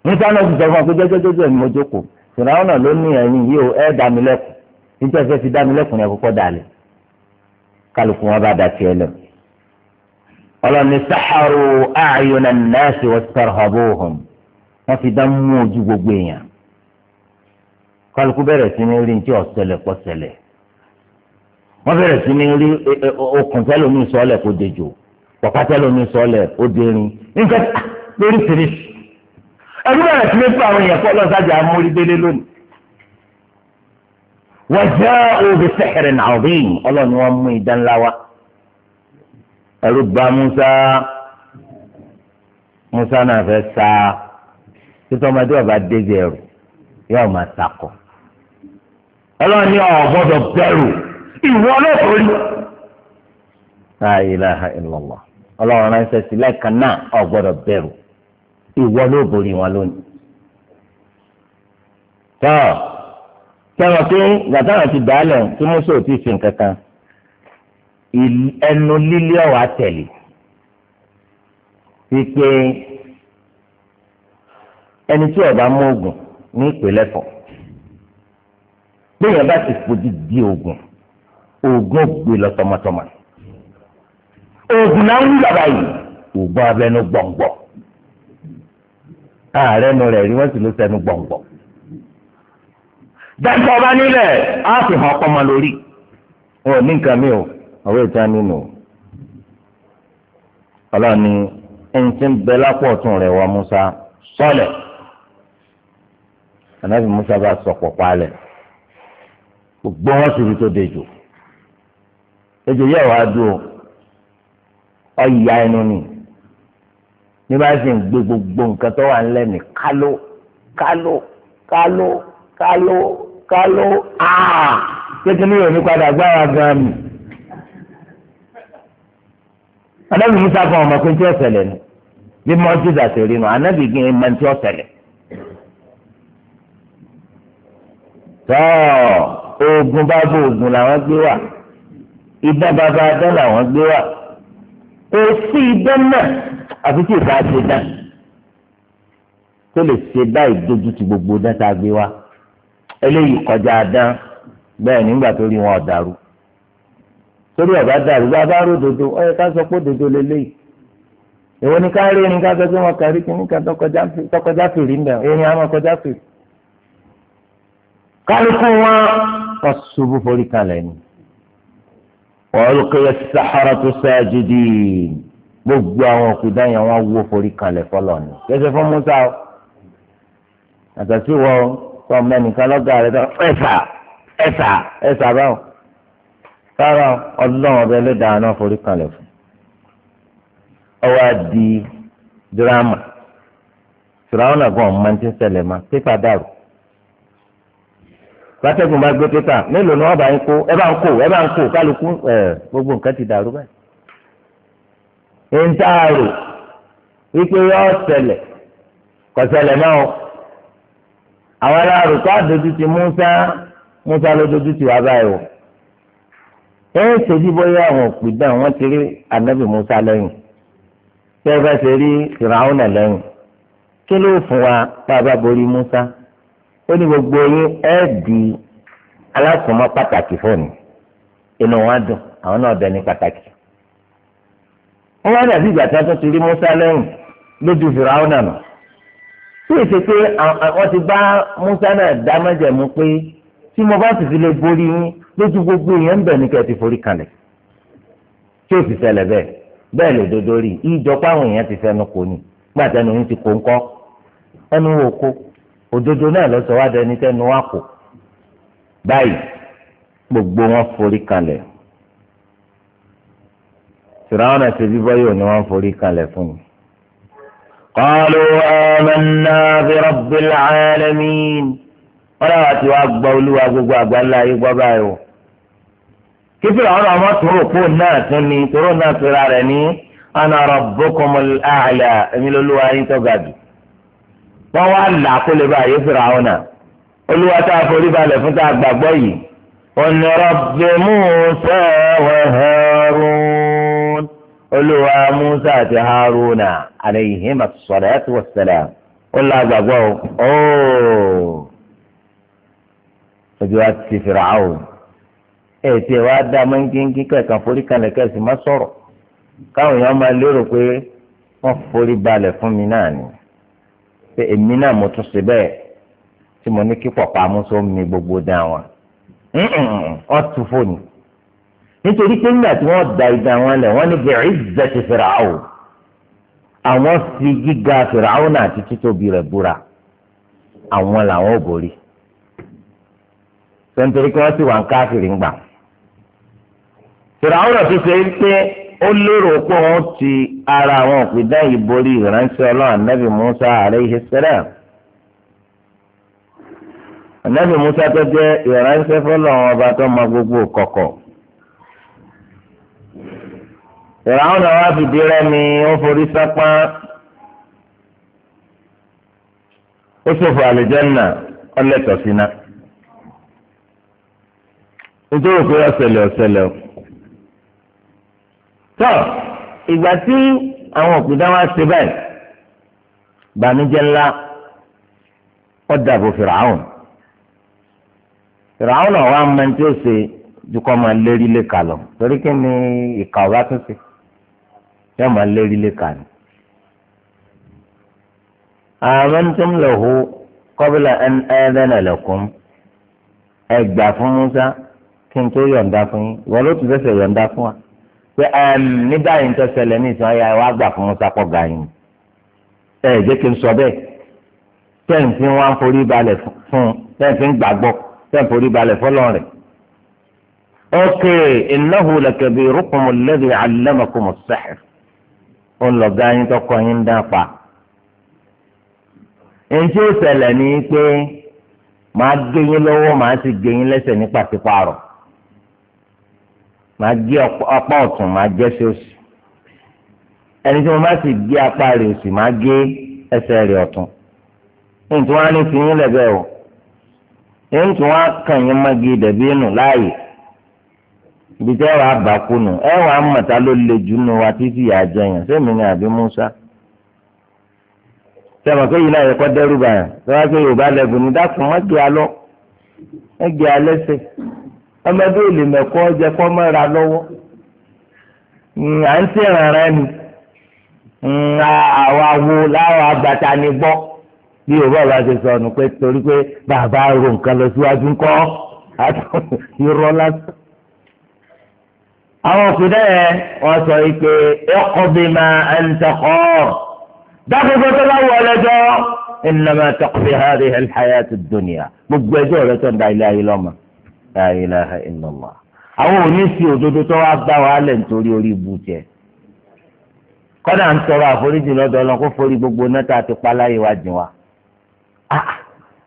A: níta náà sọ fún ọ pé jẹ́jẹ́jẹ́jẹ́ ni mo jókòó fìràwọ́n náà ló ní ẹ̀yìn yìí ó ẹ̀ dá mi lẹ́kùn níta ìfẹ́ ti dá mi lẹ́kùn yẹn kọ́kọ́ da lẹ̀ kálukú wọn bá da tiẹ̀ lẹ̀ ọlọ́ni sàhàrù ààyùnà nàásì wọ́n sàrhàbóhùn wọ́n fi wọ́n bẹ̀rẹ̀ sí ní rí okùn tẹ́lómi sọ́ọ̀lẹ̀ kó dejò pọ̀pá tẹ́lómi sọ́ọ̀lẹ̀ ó dérin nǹkan ah, lóríṣiríṣi ẹbí bẹ̀rẹ̀ sí ní fún àwọn èèyàn pọ̀ lọ́sàjà amórídélé lónìí. wọ́n jẹ́ òbí sẹ́hẹ̀rẹ̀ náà rí ọlọ́ni wọn mú idán ńlá wá. ẹ̀rù bà Musa Musa náà fẹ́ sa títọ́ ọmọdé ọba débi ẹ̀rù yóò máa takọ̀ ọlọ́ni ọ̀ gbọ́dọ̀ bẹ̀rù. ìwọ lọ́sọ̀ọ́ rí. la ilaha ọlọ́run ránṣẹ́ sí lẹ́ẹ̀kan náà ò bẹ̀rù ìwọ ló wọn lónìí. tọ́ tẹ́wọ̀n pé gàdáwà ti dàálẹ̀ tí mọ́sọ̀ ò ti fi ẹnu lílé ọ̀wà tẹ̀lé ẹni tí ọba mú oògùn ní ìpínlẹ̀ gbẹ̀yìn bá oògùn ògbé lọ tọmọtọmọ oògùn náà ń yàrá yìí oògùn abẹnú gbọ̀ngbọ̀ ààrẹ nu rẹ̀ rí wọ́n sì ló sẹ́nu gbọ̀ngbọ̀ dáńtọ́ ọba nílẹ̀ á fi hàn ọpọmọ lórí wọn ò ní nǹkan mi ò ọ̀rọ̀ ìta nínú ọlọ́ni ẹni tí ń bẹ lápò ọ̀tún rẹ̀ wọ Musa sọ́lẹ̀ ànábì Musa bá sọ̀pọ̀ palẹ̀ gbogbo wọn sì rí tó dejò ejò yẹ wàá dùn ọ ọ̀yà ẹnu ni ní bá sì ń gbé gbogbo nǹkan tó wà ńlẹ̀ ní kálò kálò kálò kálò kálò áà kékeré yóò ní padà gbára gan mi. anábì musa kan ọmọ pé tí ó ṣẹlẹ̀ ni bí mọ́tì dàtẹ̀ rí nu anábì gbé ẹ̀ máa ń tí ó ṣẹlẹ̀. tọ́ oògùn bá bọ oògùn làwọn gbé wà idán bàbá adán làwọn gbé wá kò sí idán náà àfi tí ìbá ṣe dán tó lè ṣe báyìí dojú ti gbogbo dán tá a gbé wá eléyìí kọjá dán bẹ́ẹ̀ nígbà tó rí wọn ọ̀dàrú torí ọ̀gá dàrú bá bá rò dodo ọ̀yẹ ká sọ pé dodo lélẹ́yìí èwo ni ká rí irin ká sọ pé wọn kàrí kí nìkan tọkọjá fèrè ń irin àwọn kọjá fèrè kálukú wọn wọn ṣubú forí kalẹ̀ ni ọ̀ọ́lùkẹ́yẹ sàhárà tó sáájìdì gbogbo àwọn òkúta yẹn wọ́n wó forí kalẹ̀ fọlọ́ ni kẹsẹ̀ fún musa o àtàtì wọ tó ọmọ ẹnìkan lọ́gà rẹ tó ẹ̀sà ẹ̀sà ẹ̀sà báwọn sára ọdún ọbẹ̀ ẹlẹ́dàá náà forí kalẹ̀ fún ọwọ́ àdì dírámà tìràwọn àgbọ̀n máa ń tẹ́sẹ̀lẹ̀ máa pépà dàrú bàtẹ́gùn bá gbé pépà mélòó ni wọ́n bá ń kó ẹ bá ń kó ẹ bá ń kó kálukú ẹ gbogbo nǹkan ti dàrú báyìí. ìntaàrò wípé yọ ọ̀sẹ̀lẹ̀ kọ̀sẹ̀lẹ̀ náà àwọn aláàrò kó àdójú ti Musa Musa ló dojú ti wá báyìí o. ẹ ń ṣèjì bóyá àwọn òpìdán wọn ti rí anabi Musa lẹ́yìn tẹ́ ẹ bá ṣe rí Fìràhùn lẹ́yìn kí ló fún wa tá a bá borí Musa ó ní gbogbo yín ẹ di alásùnmọ́ pàtàkì fóònù inú wọn dùn àwọn náà dẹni pàtàkì. wọ́n wá dàbí ìgbà tí wọ́n tún ti rí Musa lẹ́yìn lójú fìràwọ́n nànà tí èsì pé wọ́n ti bá Musa náà dá májẹ̀mú pé tí mo bá sì fi lè borí yín lójú gbogbo yẹn ń bẹ̀ ní kẹ́ ẹ ti forí kalẹ̀ tí ó sì ṣẹlẹ̀ bẹ́ẹ̀ bẹ́ẹ̀ lè dodo rí ìjọpọ̀ àwọn èèyàn ti fẹnu kò ní gbàtẹ́nu yín ti kó ńkọ́ ẹnu wò kó òdodo náà ló sọ wá dẹni tẹnu wá kò báyìí gbogbo wọn forí kalẹ̀ fìràwọn àti bíbọ yóò ní wọn forí kalẹ̀ fún mi. قالوا آمنا برب العالمين wọ́n náà wá ti wá gbọ́ olúwa gbogbo àgbáńlá ayé gbọ́ báyìí o. kí fìràwọn àwọn tòrò kó náà tún ni tòrò náà fìrà rẹ̀ ní ana rabbukumul a'la èmi lolúwa yín tó ga jù wọ́n wá là kó lè bá yé Fìràwọ̀nà olúwa tá a forí balẹ̀ fún tá a gbàgbọ́ yìí ọ̀nà Rabbi Musa wa Harun olúwa Musa àti Haruna alayhima as-salatu was-salam ó là gbàgbọ́ o ojú wa ti Fìràwọ̀ ẹ̀ tiẹ̀ wá dá mọ́ńkínkín kẹ̀kẹ́ forí kalẹ̀ kẹ́sì má sọ̀rọ̀ káwọn èèyàn máa lérò pé wọ́n forí balẹ̀ fún mi náà ni pé èmi náà mo tún ṣe bẹ́ẹ̀ tí mo ní kí pọ̀pá amúṣọ mi gbogbo dán wọn ọ́ tu fóònù nítorí pé nígbà tí wọ́n da ìdá wọn lẹ̀ wọ́n ní bẹ̀rẹ̀ ìzẹ̀tì fìràwọ̀ àwọn fi gíga fìràwọ̀ náà àti títóbi rẹ̀ búra àwọn làwọn ò borí sọ nítorí pé wọ́n sì wà ń káfìrí ń gbà fìràwọ̀ náà tó ṣe é pé ó lérò pé wọ́n ti ara àwọn òpìdá yìí borí ìránṣẹ́ ọlọ́run anábì musa alayhi salam anábì musa tó jẹ́ ìránṣẹ́ fọlọ́run ọba tó mọ gbogbo kọ̀kọ̀ ìràwọn náà wá fìdí rẹmi ó forí sápá ó ṣòfò àlùjànnà ọlẹ́tọ̀ọ́sínà nítorí pé ọ̀sẹ̀lẹ̀ ọ̀sẹ̀lẹ̀ o tọ́ ìgbà tí àwọn òkúta wá ṣe báyìí bànújẹ́ ńlá ó dàbò fìràhùn fìràhùn náà wà máa ń tí ó ṣe ju kọ́ máa lérí lé kà lọ torí kí ni ìkà ọba tó ṣe yóò máa lérí lé kà ni. amantum lahu qabla an adana lakum ẹ gbà fún Musa kí n tó yọ̀ǹda fún yín ìwọ ló ti fẹsẹ̀ yọ̀ǹda fún wa pé ní báyìí ń tọ́ ṣẹlẹ̀ ní ìtàn ayé wa gbà fún musa pọ̀ ga yín ẹ jẹ́ kí n sọ bẹ́ẹ̀ tẹ́ǹtì wọn forí balẹ̀ fún tẹ́ǹtì ń gbàgbọ́ tẹ́ǹtì forí balẹ̀ fọlọ́n rẹ̀ ókè innahu lakabirukum alladhi allamakum as-sihr ó ń lọ ga yín tọkọ yín ń dán pa ntí ó ṣẹlẹ̀ ní pé màá gé yín lọ́wọ́ màá sì gé yín lẹ́sẹ̀ ní pàṣípààrọ̀. màá gé apá ọ̀tún màá jẹ́ sí òsì ẹni tí apá rẹ̀ òsì màá gé ẹsẹ̀ rẹ̀ ọ̀tún nítorí wọn o èyí wọn á kàn yín dẹ̀bí nù láàyè ibi tí ẹ bá kú nù ẹ ló le jù nù títí yà á sẹ́mi àbí Musa sẹ́mi pé yìí náà yẹ kọ́ dẹ́rù pé Yorùbá ní ọmọdé ò lè mẹ̀kọ́ jẹ kọ́ mọ́ra lọ́wọ́ à ń tẹ̀ràn rẹ ni àwọn awo láwọn agbata ni gbọ́ bí yorùbá bá ṣe sọ ọ̀nù pé torí pé bàbá ro nǹkan lọ síwájú ńkọ́ irọ́ lásán. àwọn òkúta yẹn wọ́n sọ pé ẹ̀kọ́ bí máa ń tẹ̀kọ́ dákòókò tó bá wọ ẹ̀ ìnáma tẹ̀kọ́ bí hàrí ẹ̀lẹ́hàyà ti dùnìyà gbogbo ẹjọ́ rẹ̀ tó ń da ilé ayé lọ́mọ. la ilaha illallah àwọn òní òdodo tó wá nítorí orí ibu tiẹ̀ kọ́dà ń àforíjì gbogbo náà ti wa jìn ah, ah.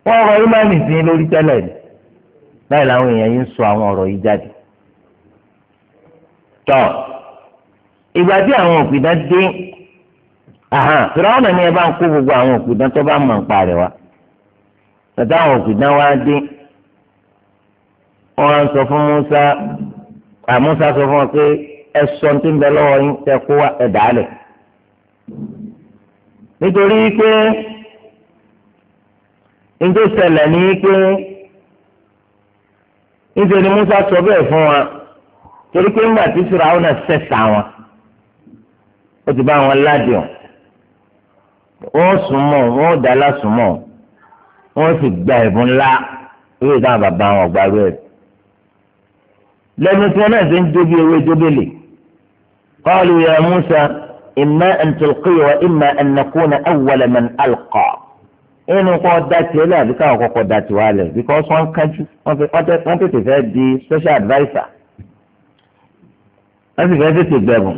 A: wọ́n rọ imáàmì sí lórí tẹ́lẹ̀ ni báyìí làwọn èèyàn yìí ń sọ àwọn ọ̀rọ̀ yìí jáde tọ́ ìgbà tí àwọn òpìdán dé ni ẹ gbogbo àwọn òpìdán tó bá mọ̀ ń parẹ́ wa tàtà àwọn òpìdán wọ́n wá ń sọ fún Musa àmúsá sọ fún ọ pé ẹ sọ ní tí ń bẹ lọ́wọ́ yín tẹ kó ẹ dàálẹ̀ nítorí pé njó ṣẹlẹ̀ ní pé níṣẹ́ ni Musa sọ bẹ́ẹ̀ fún wa torí pé ńgbà tí Fìràwọ́n náà ṣẹ̀ṣà wọn ó ti bá wọn ládìọ̀ wọ́n sùn mọ́ wọ́n dá lásùn mọ́ wọ́n sì gba ẹ̀bùn ńlá lórí táwọn bàbá wọn gbàgbé rẹ̀ lẹ́nu tí wọ́n náà ṣe ń dóbi ewé dóbele qalu ya Musa imma an tulqi wa imma an nakuna awwala man alqa inú kọ́ da tiẹ̀ lẹ́yìn àbíká kọ́kọ́ da tiwa lẹ̀ because wọ́n kájú wọ́n tètè fẹ́ di social adviser wọ́n sì fẹ́ tètè gbẹ̀bùn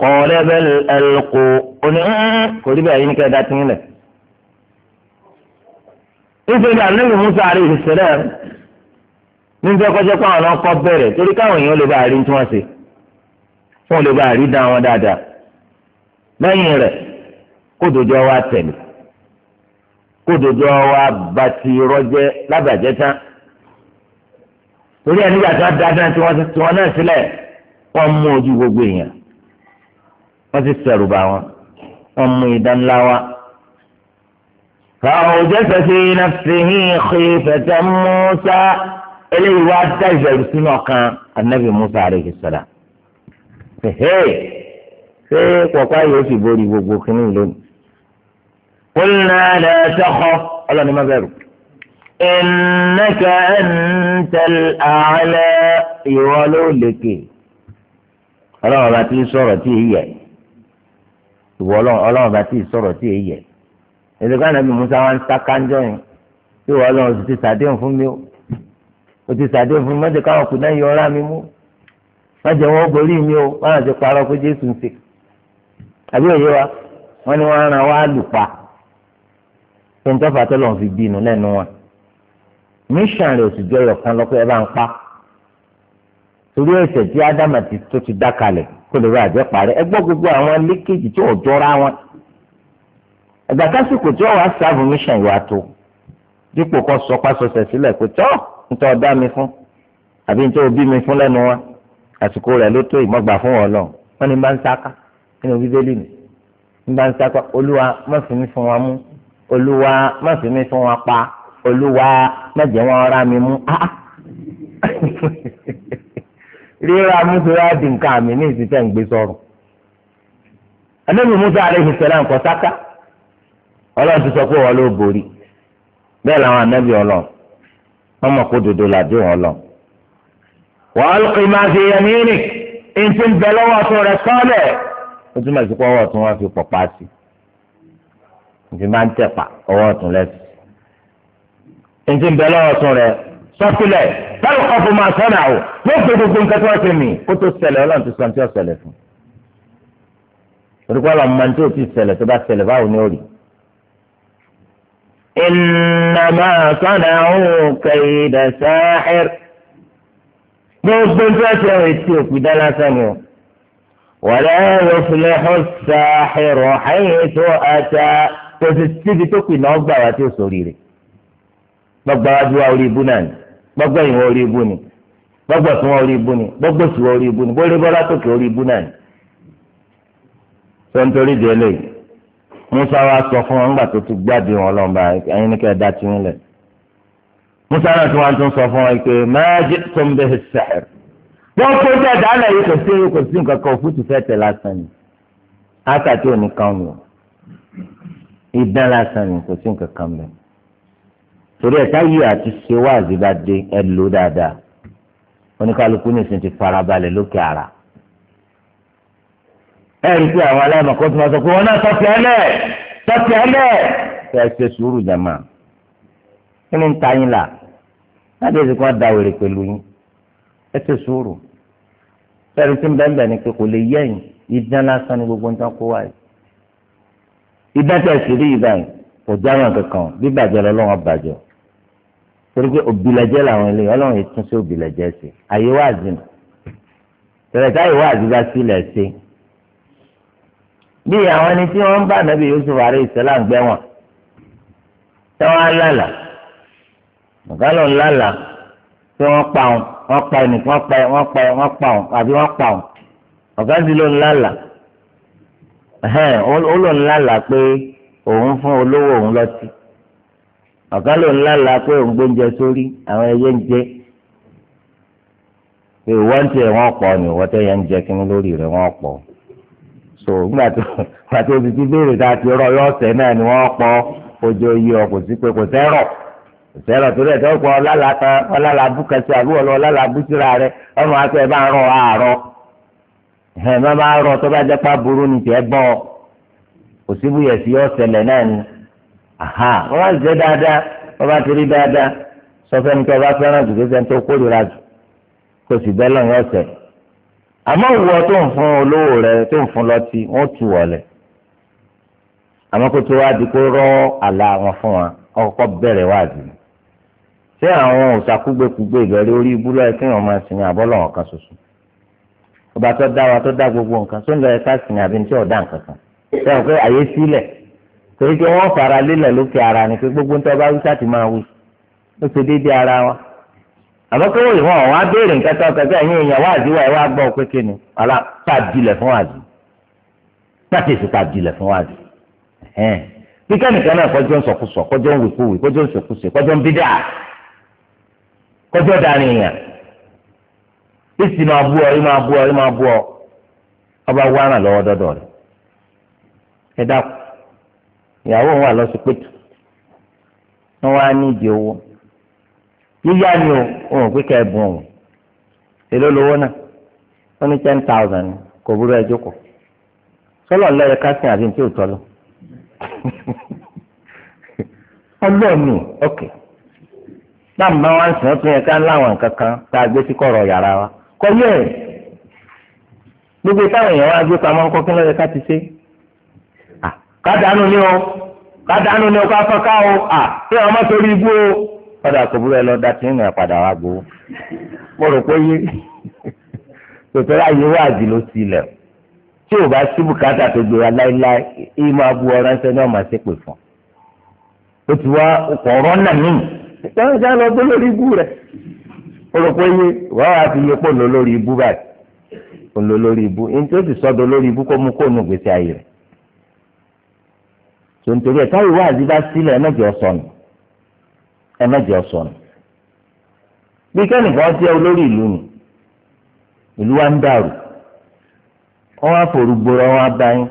A: kọ́ọ̀lẹ́ bẹ́ẹ̀ ẹlẹ́kọ́ oní kò rí bẹ́ẹ̀ yín kẹ́ da tiẹ̀ lẹ̀. ìfẹ́ níjẹ́ kọjá pé àwọn náà kọ́ bẹ̀rẹ̀ torí káwọn èèyàn lè bá rí tí wọ́n ṣe fún lè bá rí dá wọn dáadáa lẹ́yìn rẹ̀ kódòjọ́ wa tẹ̀lé kódòjọ́ wa bàtì rọ́jẹ́ lábàjẹ́ tán torí ẹ̀ nígbà dáadáa tí wọ́n ti tiwọn náà sílẹ̀ wọ́n mú ojú gbogbo èèyàn wọ́n ti sẹ̀rù bá wọn wọ́n mú idán ńlá wa. فأوجس في نفسه خيفة موسى eléyìí wá dá ìbẹ̀rù sínú ọkàn anabi musa aleyhi sọlá ṣe ṣe kọ̀ọ̀kan yóò sì borí gbogbo kínní lónìí. قلنا لا تخف الله ما بẹ̀rù. إنك أنت الأعلى ìwọ ló lékè ọlọ́run bá ti sọ̀rọ̀ tí èyí yẹ ìwọ ọlọ́run bá ti sọ̀rọ̀ tí èyí yẹ èdè kan nàbí musa wa ń sá kánjọ yẹn tí ìwọ ọlọ́run sì ti sàdéhùn fún mi o otu ti sàdé fún mọ́jẹ káwọn kù náà yọ ọ́rá mi mú mọ́jẹ wọn borí mi o wọn àti parọ́ pé jésù ń àbí òye wa wọn ni wọn ran wa lù pa tó tó lọ́n fi bínú lẹ́nu wọn mission rẹ̀ ò sì ẹ bá ń pa torí tí ádámà ti tó ti dá kalẹ̀ kó lè àjẹ́ ẹ gbọ́ gbogbo àwọn tí wọn nítorí ọdá mi fún àbí nítorí òbí mi fún lẹ́nu wa àsìkò rẹ̀ ló tó ìmọ̀gbà fún wọn lọ wọn ni bá ń sáká nínú bíbélì mi ń bá ń sáká olúwa má fi mí fún wa mú olúwa má fi mí fún wa pa olúwa má jẹ́ wọn rá mi mú ah rírà mùsùlùmí àdì nǹkan àmì ní ìsìtẹ́ ń gbé sọ̀rọ̀ anábì musa aleyhi salam kọ sáká ọlọ́run ti sọ pé wọn ló borí bẹ́ẹ̀ làwọn anábì ọlọ́run wọ́n mọ̀ kó dodo làdé wọn lọ. wàá lùkì máa fi yẹn nínú ìtì ń bẹ lọ́wọ́ tó rẹ̀ sọ́ọ̀lẹ̀ ó túmọ̀ sí pé ọwọ́ tún wọ́n fi pọ̀pá sí ìfi máa ń tẹ̀pà ọwọ́ tún lẹ́sì. ìtì ń bẹ lọ́wọ́ tún rẹ̀ sọ́kìlẹ̀ báwo kọ́ fún máa sọ́nà o yóò fi gbogbo nǹkan tó wọ́n ti mì kó tó ṣẹlẹ̀ ọlọ́run ti sọ́n tí ó ṣẹlẹ̀ fún. torí pé ọlọ́run máa tó ti ṣẹlẹ̀ tó bá ṣẹlẹ̀ báwo ni ó rí i ìnàmà sọ́nàáhù kẹ̀yìdà sááxìr. gbogbo ntọ́sí ẹ̀rọ etí òkúta lásán ni o. wàlẹ́ yọ̀fúnlẹ́hù sááxìr ọ̀hẹ́yìn tó ata kò sì síbi tó pin náà gbà wá tí ó sórí rẹ̀. gbọ́gbà wájú wa orí ibú náà ni gbọ́gbà ìwọ orí ibú ni gbọ́gbà fún wa orí ibú ni gbọ́gbà sí wa orí ibú ni bóyá bọ́lá tókè orí ibú náà ni. sọ nítorí délé yìí musa wa sọ fún wọn nígbà tó ti gbàdé wọn lọ ẹyin ní ká dá ti lẹ musa náà tí wọn tún sọ fún wọn pé mẹ́ẹ́jì tó ń bẹ sẹ́ẹ̀r wọn kó tẹ̀ dáná yìí kò sí kò sí nǹkan kan òfútu fẹ́ tẹ̀ lásán ni àtàtì òní kan nù ìdán lásán ni kò sí nǹkan kan mẹ́rin torí ẹ̀ka yìí àti ṣe wáàzì bá dé ẹ lò dáadáa oníkálukú nìsín ti farabalẹ̀ lókè ara ẹ̀rí pé àwọn aláìmọ̀kọ́ tó máa sọ pé wọn náà tọ́tí ẹlẹ́ tọ́tí ẹlẹ́ kẹ́ ẹ ṣe sùúrù jàmá kí ni ń ta yín là láti ẹ̀sìn kan da wèrè pẹ̀lú yín ẹ ṣe sùúrù ẹ̀rí tí ń bẹ́ẹ̀ bẹ́ẹ̀ ni pé kò lè yẹ yín ìdán lásán ni gbogbo nǹkan kó wáyé ìdán tẹ̀ sí rí ìdán kò jáwọn kankan bí bàjẹ́ lọ́wọ́ bàjẹ́ torí pé òbílẹ̀jẹ́ làwọn eléyìí ọlọ́run yìí tún sí òbílẹ̀jẹ́ sí àyè wáàzì tẹ̀lẹ̀tẹ̀ àyè bí àwọn ẹni tí wọ́n bá nàbí Yusuf àrẹ ìsẹ́lá ń gbẹ́ wọn tí wọ́n á lálà nǹkan ló ń lálà tí wọ́n pa òun wọ́n pa ẹnìkan wọ́n pa wọ́n pa wọ́n pa òun àbí wọ́n pa òun ọ̀gá sí ló ń lálà ó ló ń lálà pé òun fún olówó òun lọ́tí ọ̀gá lálà pé òun gbóúnjẹ sórí àwọn ẹyẹ ń jẹ pé wọ́n ń tiẹ̀ wọ́n pọ̀ ni wọ́n tẹ́yẹ ń jẹ kínní lórí rẹ̀ wọ́n pọ̀ so nígbà tó nígbà ti ti béèrè tá a ti rọ yọ náà ni ojú kò sí pé kò sẹ́rọ̀ kò sẹ́rọ̀ torí ẹ̀ tọ́kọ ọlálà ọlálà búkẹ́sì àbúrò ọlálà rẹ ọmọ akẹ́ bá rọ àárọ̀ ẹ̀ má bá rọ tó bá aha dáadáa bá ti rí dáadáa kí fẹ́ràn jù kí sẹ́ni tó kórìíra jù àmọ́ ìwọ tó ń fún olówó rẹ tó ń fún lọ́tí wọ́n tù wọlé àmọ́ kó tó wá di kó rọ́ àlà wọn fún wa ọkọ̀ bẹ̀rẹ̀ wá dì í ṣé àwọn òṣàkúgbèkúgbè ìbẹ̀rẹ̀ orí ibú lọ́yẹ kí wọ́n máa sìn àbọ́ lọ́wọ́ kan ṣoṣo ọba tó dá wa tó dá gbogbo nǹkan tó ń lọ ẹ̀ka sìn àbí ní tí ọ̀dà nǹkan kan ṣé wọn pé àyè sílẹ̀ torí pé wọ́n fara lélẹ̀ lókè ara ni pé gbogbo ń tọ́ bá wí ti máa wí ó ṣe déédéé ara wa àbọ̀kẹ́wò ìwọ̀n àwọn abéèrè nǹkan tó kẹ́kẹ́ ẹ̀yìn èèyàn wáàzí wa ẹ̀ wá gbọ́ pé kí ni ọ̀la pàdílẹ̀ fún wáàzí pàtẹ́sì pàdílẹ̀ fún wáàzí ẹ̀hẹ́n
B: bí kẹ́nìkan náà kọjọ́ ń
A: sọkúsọ kọjọ́ ń wìkúwì kọjọ́ ń sọkúsọ kọjọ́ ń bídà kọjọ́ darí èèyàn ìsì máa bú ọ ìmáa bú ọ ìmáa bú ọ ọba lọ́wọ́ dọ́dọ̀ ẹ dákú ìyàwó lọ sí wá ní ìdí owó yíyá ni o òun pé ká ẹ̀bùn òun èló lówó náà ó ní ten thousand kò burú ẹ jókòó sọlọ lẹ́yìn kásìn àbí tí ò ọlọ́ọ̀nù ọ̀kẹ́ náà bá wá sìn ọ́ tún ká láwọn nǹkan tá a gbé sí kọ̀rọ̀ yàrá wa kọ́ yẹ ẹ̀ e. gbogbo táwọn èèyàn wá gbé pamọ́ ńkọ́ kí ká ti ṣe ká dànù ni o ká dànù ni o ká fọ́ká o à kí wọ́n torí ibú o. ọ̀dà àkọ́bùrú ẹ lọ da tí ń rìn padà wá gbowó mo rò pé yé tòtò láyé ló ti lẹ̀ tí ò bá tó gbé wa láéláé yìí máa bu fún ó ti wá ọ̀rọ̀ lọ gbé lórí ibú rẹ̀ mo rò pé yé wàá wá fi yé lọ lórí ibú báyìí pò lórí ibú ní lórí ibú kó mú gbèsè ayé ẹ mẹ́jọ sọnù bí kẹ́nìkan jẹ́ olórí ìlú ni ìlú wa ń dàrú wọ́n wá forúgbòrò wọn abáyín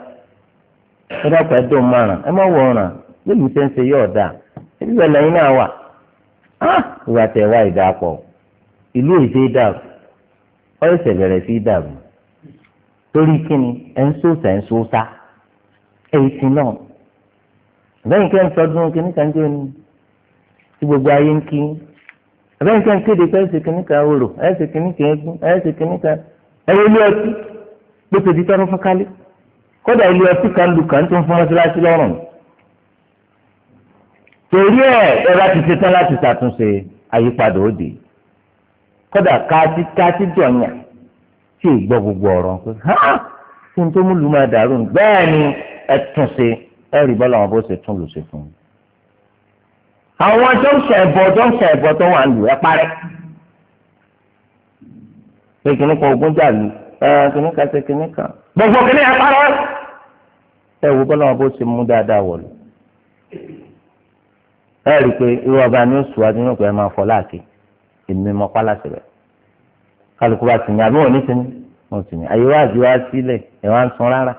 A: ẹ dákun ẹdùn márùn ẹ má wọ ọ̀ràn nílùú tẹ́ ń ṣe yóò dáa ẹbí bẹ́ẹ̀ náà wà á ah! ìwà tẹ̀ wá ìdàpọ̀ ìlú èdè dàrú bẹ̀rẹ̀ sí dàrú torí kíni ẹ̀ ń sòsà ẹ̀ ń sòsà ẹ̀ ni. tí gbogbo ayé ń kí àbẹ́yìn tí a ń kéde pé ẹ̀sìn kìnnìkan orò ẹ̀sìn kìnnìkan ẹ̀gbọ́n ẹ̀sìn kìnnìkan ẹ̀yẹ ilé ọtí gbèsè ti tọrọ fọkálẹ̀ kódà ilé ọtí kan lù kàn tó ń fún ọsíláṣí lọ́rùn torí ẹ̀ ẹ bá ti ṣetán láti ṣàtúnṣe àyípadà òde kódà káàtì káàtì jọ̀nyà tí ì gbọ́ gbogbo ọ̀rọ̀ pé ha kí n tó mú lù máa dàrú bẹ́ẹ̀ ni ẹ túnṣe ẹ rí bọ́lá wọn bó ṣe tún lù ṣe fún un àwọn tó ń sọ ẹbọ tó ń sọ ẹbọ tó wà lù ẹ parẹ́ pé kìnnì kan ogun jà lù ẹ kìnnì kan ṣe kìnnì kan gbogbo kìnnì ẹ parẹ́ ẹ wo bọ́lá wọn bó ṣe mú dáadáa wọ̀ lù ẹ rí i pé irú ọba ni ó sùn wájú nípa ẹ máa fọ láàkì èmi mọ pálá sílẹ̀ kálukú bá ti ní àbí wọn ní ti wọn ti ní àyè wá àti wá sílẹ̀ ẹ wá ń sun rárá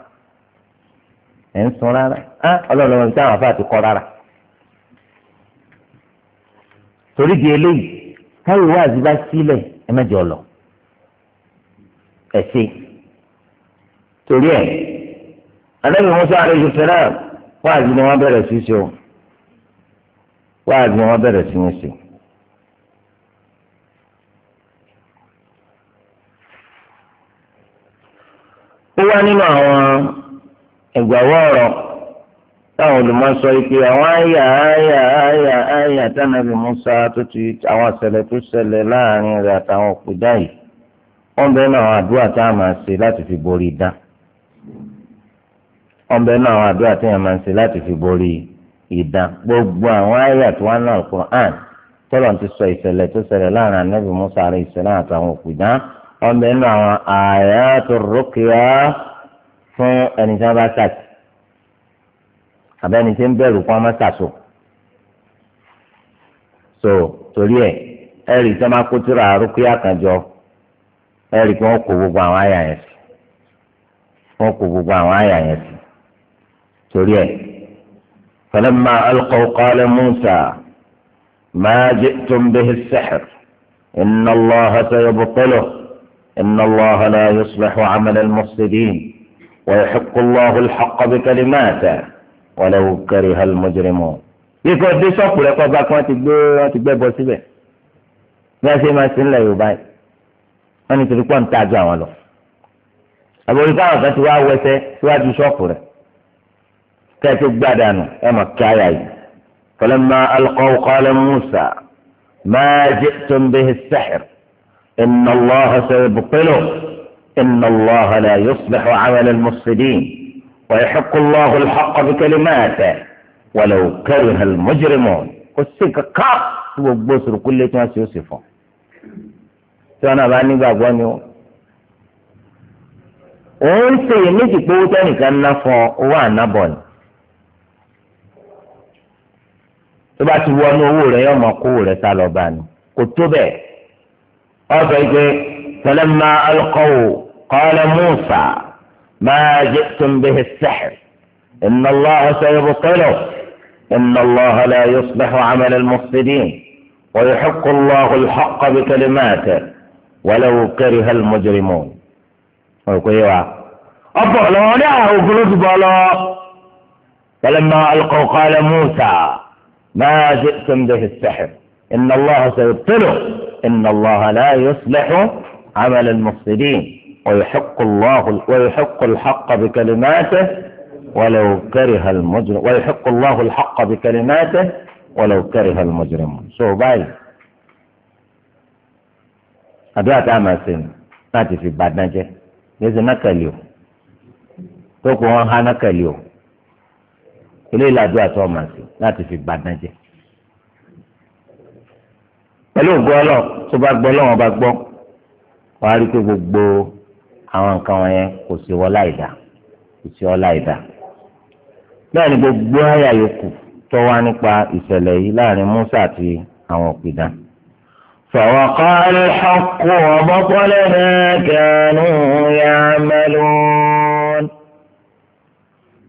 A: ẹ ń sun rárá ọlọ́run ọlọ́run tí torí di eléyìí táyì wáàzí bá sílẹ̀ ẹ mẹ́jọ lọ ẹ̀sìn torí ẹ̀ anábì wọn sọ àrẹ ìṣẹ̀lẹ̀ wáàzí ni wọ́n bẹ̀rẹ̀ sí ṣe o wáàzí ni wọ́n bẹ̀rẹ̀ sí ń ṣe. ó wá nínú àwọn ẹ̀gbàwọ́ ọ̀rọ̀ táwọn olùmọ̀ sọ pé àwọn àyà àyà àyà àyà tánàbí Musa tó ti àwọn àṣẹlẹ̀ tó ṣẹlẹ̀ láàrin rẹ̀ àtàwọn òkúta yìí wọ́n bẹ náà àwọn àdúrà tá a máa ṣe láti fi borí dá wọ́n bẹ náà àwọn àdúrà tá a máa ṣe láti fi borí ìdá gbogbo àwọn àyà tó wà náà Al-Qur'an tọ́lọ̀ ti sọ ìṣẹ̀lẹ̀ tó ṣẹlẹ̀ láàrin anábì Musa àrẹ ìṣẹ̀lẹ̀ àtàwọn òkúta wọ́n bẹ náà àyà tó rọ́kìá fún ẹnìkan àbẹ́ni tí ń bẹ̀rù kọ́ ọmọ sàṣọ. so torí ẹ ẹ ẹ̀rì tí wọ́n máa kó arúgbó rúkúyà kan jọ i kí wọ́n kó gbogbo àwọn àyà yẹn sí wọ́n kó gbogbo àwọn àyà yẹn sí torí ẹ. musa máa jẹ tó ń bẹ sẹhẹr iná lọ فلما bọ pẹlú iná lọ جئتم به السحر إن الله سيبطله إن الله لا kó عمل المفسدين ويحق الله الحق بكلماته walau kariha al-mujrimun. ikọ̀ dé sọ́ọ̀pù rẹ̀ kọ́ bá kí wọ́n ti gbé wọ́n ti gbé bọ́ síbẹ̀ bí wọ́n ṣe máa ṣe ń lẹ̀ yorùbá yìí wọ́n ní torí pọ̀ ń tajú àwọn lọ. àbórí káwọn kan ti wá wẹsẹ̀ síwájú sọ́ọ̀pù rẹ̀ kẹ́ẹ̀tì gbàdánù ẹ̀ mọ̀ káyà yìí. falamma alqaw qala Musa ma ji'tum bihi as-sihr inna Allaha sayubtiluhu inna Allaha la yuslihu 'amala al ويحق الله الحق بكلماته ولو كره المجرمون والسكة كاف وبصر كل الناس يوصفون سأنا باني بابوني وانت يميكي بوتاني كان نفو وانا tọba ti wọ ọnu owó rẹ yọmọ kó rẹ sá lọ bani kò tó bẹẹ ọ bẹ gbé tẹlẹ ma alukọwò kọlẹ musa. ما جئتم به السحر إن الله سيبطله إن الله لا يصلح عمل المفسدين ويحق الله الحق بكلماته ولو كره المجرمون ويقول أبغلونا وقلوب بلا فلما ألقوا قال موسى ما جئتم به السحر إن الله سيبطله إن الله لا يصلح عمل المفسدين ويحق الله ويحق الحق بكلماته ولو كره المجرم ويحق الله الحق بكلماته ولو كره المجرمون so báyìí àdúrà tá a máa ṣe ni láti fi bàdán jẹ yéésì nákàlí o tó kù wọn há nákàlí o eléyìí làdúrà tó a máa ṣe láti fi bàdán jẹ pẹ̀lú ògbọ́ ọlọ́ tó bá gbọ́ ọlọ́wọ́n bá gbọ́ wàá rí i pé gbogbo àwọn nǹkan wọn yẹn kò sí wọ́n láì dá kò sí wọ́n láì dá. bẹ́ẹ̀ ni gbogbo àyà yòókù tó wá nípa ìṣẹ̀lẹ̀ yìí láàrin Musa àti àwọn òpìdán. فوقع الحق وبطل ما كانوا يعملون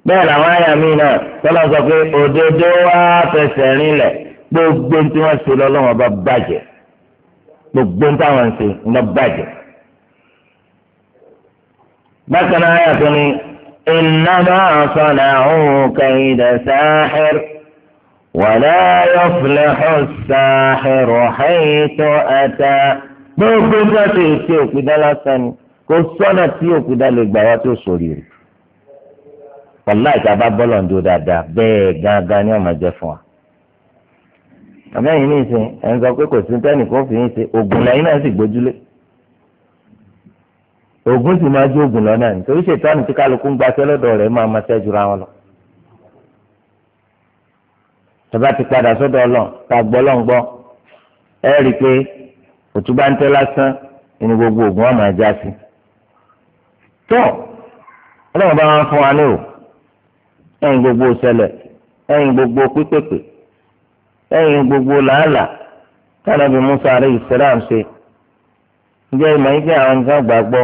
A: bẹ́ẹ̀ làwọn àyà mi náà tọ́lá sọ pé òdodo wá fẹsẹ̀ rinlẹ̀ gbogbo tí wọ́n ṣe lọ́lọ́wọ́n bá bàjẹ́ gbogbo táwọn ń ṣe lọ́ bàjẹ́ bákan náà ayà tó ní ìnáwó àṣọnà òun kẹhìndà sáàhìr wàlá yọfúlẹ́hù sáàhìr ọ̀hẹ́yìntò ẹ̀tà gbogbo ìgbà tó yẹ kí òkúta lásán ni kò sọ́nà tí òkúta lè gbà wá tó sòrí rẹ̀ wàlá ìta bọ́lọ̀ ń do dáadáa bẹ́ẹ̀ gángan ni ọmọ jẹ fún wa. àmọ́ ní ìsìn ẹ̀ ń sọ pé kò sí tẹ́nì kó fi ń ṣe ògùn lẹ́yìn náà sì gbójúlé oògùn sì máa jó oògùn lọ́nà ni torí ṣètọ́nù tí kálukú ń gbaṣẹ́ lọ́dọ̀ rẹ̀ máa ma ṣẹ́jú ra wọn lọ. tọ́ba ti padà sọ́dọ̀ ọlọ́n tá a gbọ́ lọ́n gbọ́ ẹ rí i pé òtúbá ń tẹ́ lásán ni gbogbo oògùn wọn máa já sí. tó ọlọ́run bá wọn fún wa ní o ẹ̀yìn gbogbo ṣẹlẹ̀ ẹ̀yìn gbogbo pípèpè ẹ̀yìn gbogbo làálàá tánàbí Musa alayhi salam ṣe ǹjẹ́ ìmọ̀ yìí kí àwọn nǹkan gbàgbọ́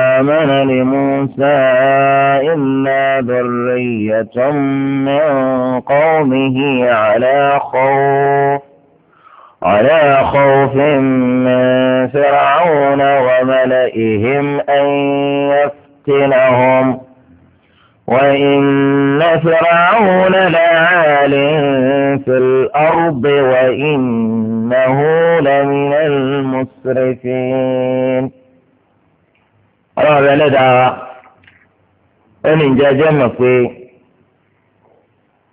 A: آمن لموسى إلا ذرية من قومه على خوف على خوف من فرعون وملئهم أن يفتنهم وإن فرعون لعال في الأرض وإنه لمن المسرفين ọlọ́run rẹ lẹ́dàá wa ẹnì jẹjẹ mọ̀ pé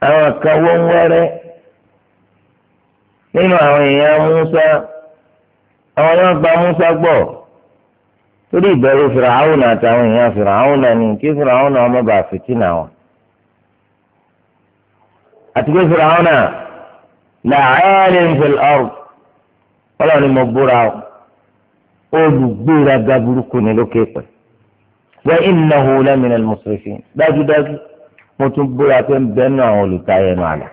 A: àwọn kan wó ń wẹ́rẹ́ nínú àwọn èèyàn Musa àwọn yóò gba Musa gbọ́ torí ìbẹ̀rù Fìràhùn àtàwọn èèyàn Fìràhùn ni kí Fìràhùn náà ọmọ bá fìtínà wọn àti pé Fìràhùn náà làárẹ̀ ń fẹ́ ọ̀rọ̀ ọlọ́run mo búra olùgbéraga burúkú ni lókè pẹ̀lú wa innahu lamina al-musrifin dájúdájú mo tún búra pé ń bẹ nù àwọn olùtayẹ nù àlà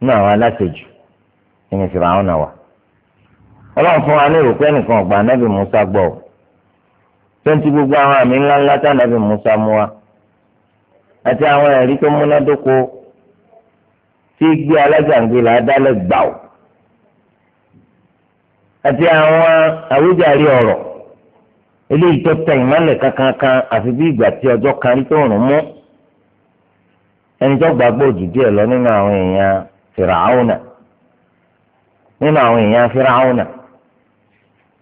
A: nù àwọn aláṣejù ìní fìrà àwọn náà wà. ọlọ́run fún wa ní ìròpé nìkan ọ̀gbà anábì musa gbọ́ ọ tonti gbogbo àwọn àmì ńláńlá tá anábì musa mú wa àti àwọn ẹ̀rí tó múnádóko tí gbé alájàngbìlà adálẹ̀ gbàù àti àwọn àwíjàre ọ̀rọ̀. eléyìí tó tẹ ìmọ̀lẹ̀ a àfi bí ìgbà tí ọjọ́ kan tó rùn mú ẹni tó gbàgbọ́ jù díẹ̀ lọ nínú àwọn èèyàn fìràhùnà nínú àwọn èèyàn fìràhùnà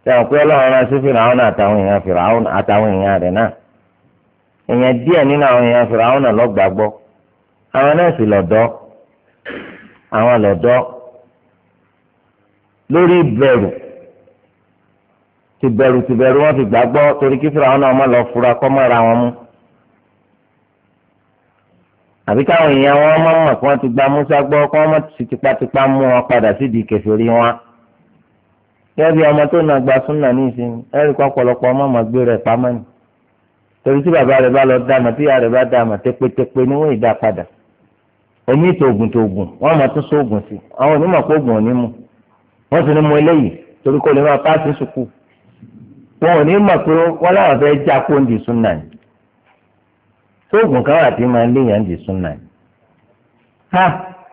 A: sẹ́wọ̀n pé ọlọ́run sí fìràhùnà àtàwọn èèyàn fìràhùnà àtàwọn èèyàn rẹ̀ náà èèyàn díẹ̀ nínú àwọn èèyàn fìràhùnà gbàgbọ́ àwọn náà sì lọ́dọ́ àwọn lọ́dọ́ lórí tìbẹ̀rù tìbẹ̀rù wọn fi gbàgbọ́ torí kí fúra wọn náà má lọ fura kọ́ mọ́ra wọn mú àbí káwọn èèyàn wọn máa mọ̀ kí wọ́n ti gba Musa gbọ́ kí wọ́n má ti tipátipá mú wọn padà sídìí kèfèrí wọn gẹ́gẹ́ bí ọmọ tó nà gba súnà ní ìsinmi ẹ̀rí kọ́ ọ̀pọ̀lọpọ̀ ọmọ ọmọ gbé rẹ̀ pamọ́ ni torí tí bàbá rẹ̀ bá lọ dàmà tí ìyá rẹ̀ bá dàmà tẹpẹtẹpẹ ni wọ́n padà oní ìtòògùn tòògùn wọ́n mọ̀ tún sóògùn sí àwọn onímọ̀ kó oògùn òní mu wọ́n sì ní mu eléyìí torí kò wọn ò ní mọ̀ pé wọ́n láwọn fẹ́ já kó ń di súnà ni sóògùn kan wà tí máa ń léèyàn ń di súnà ni ha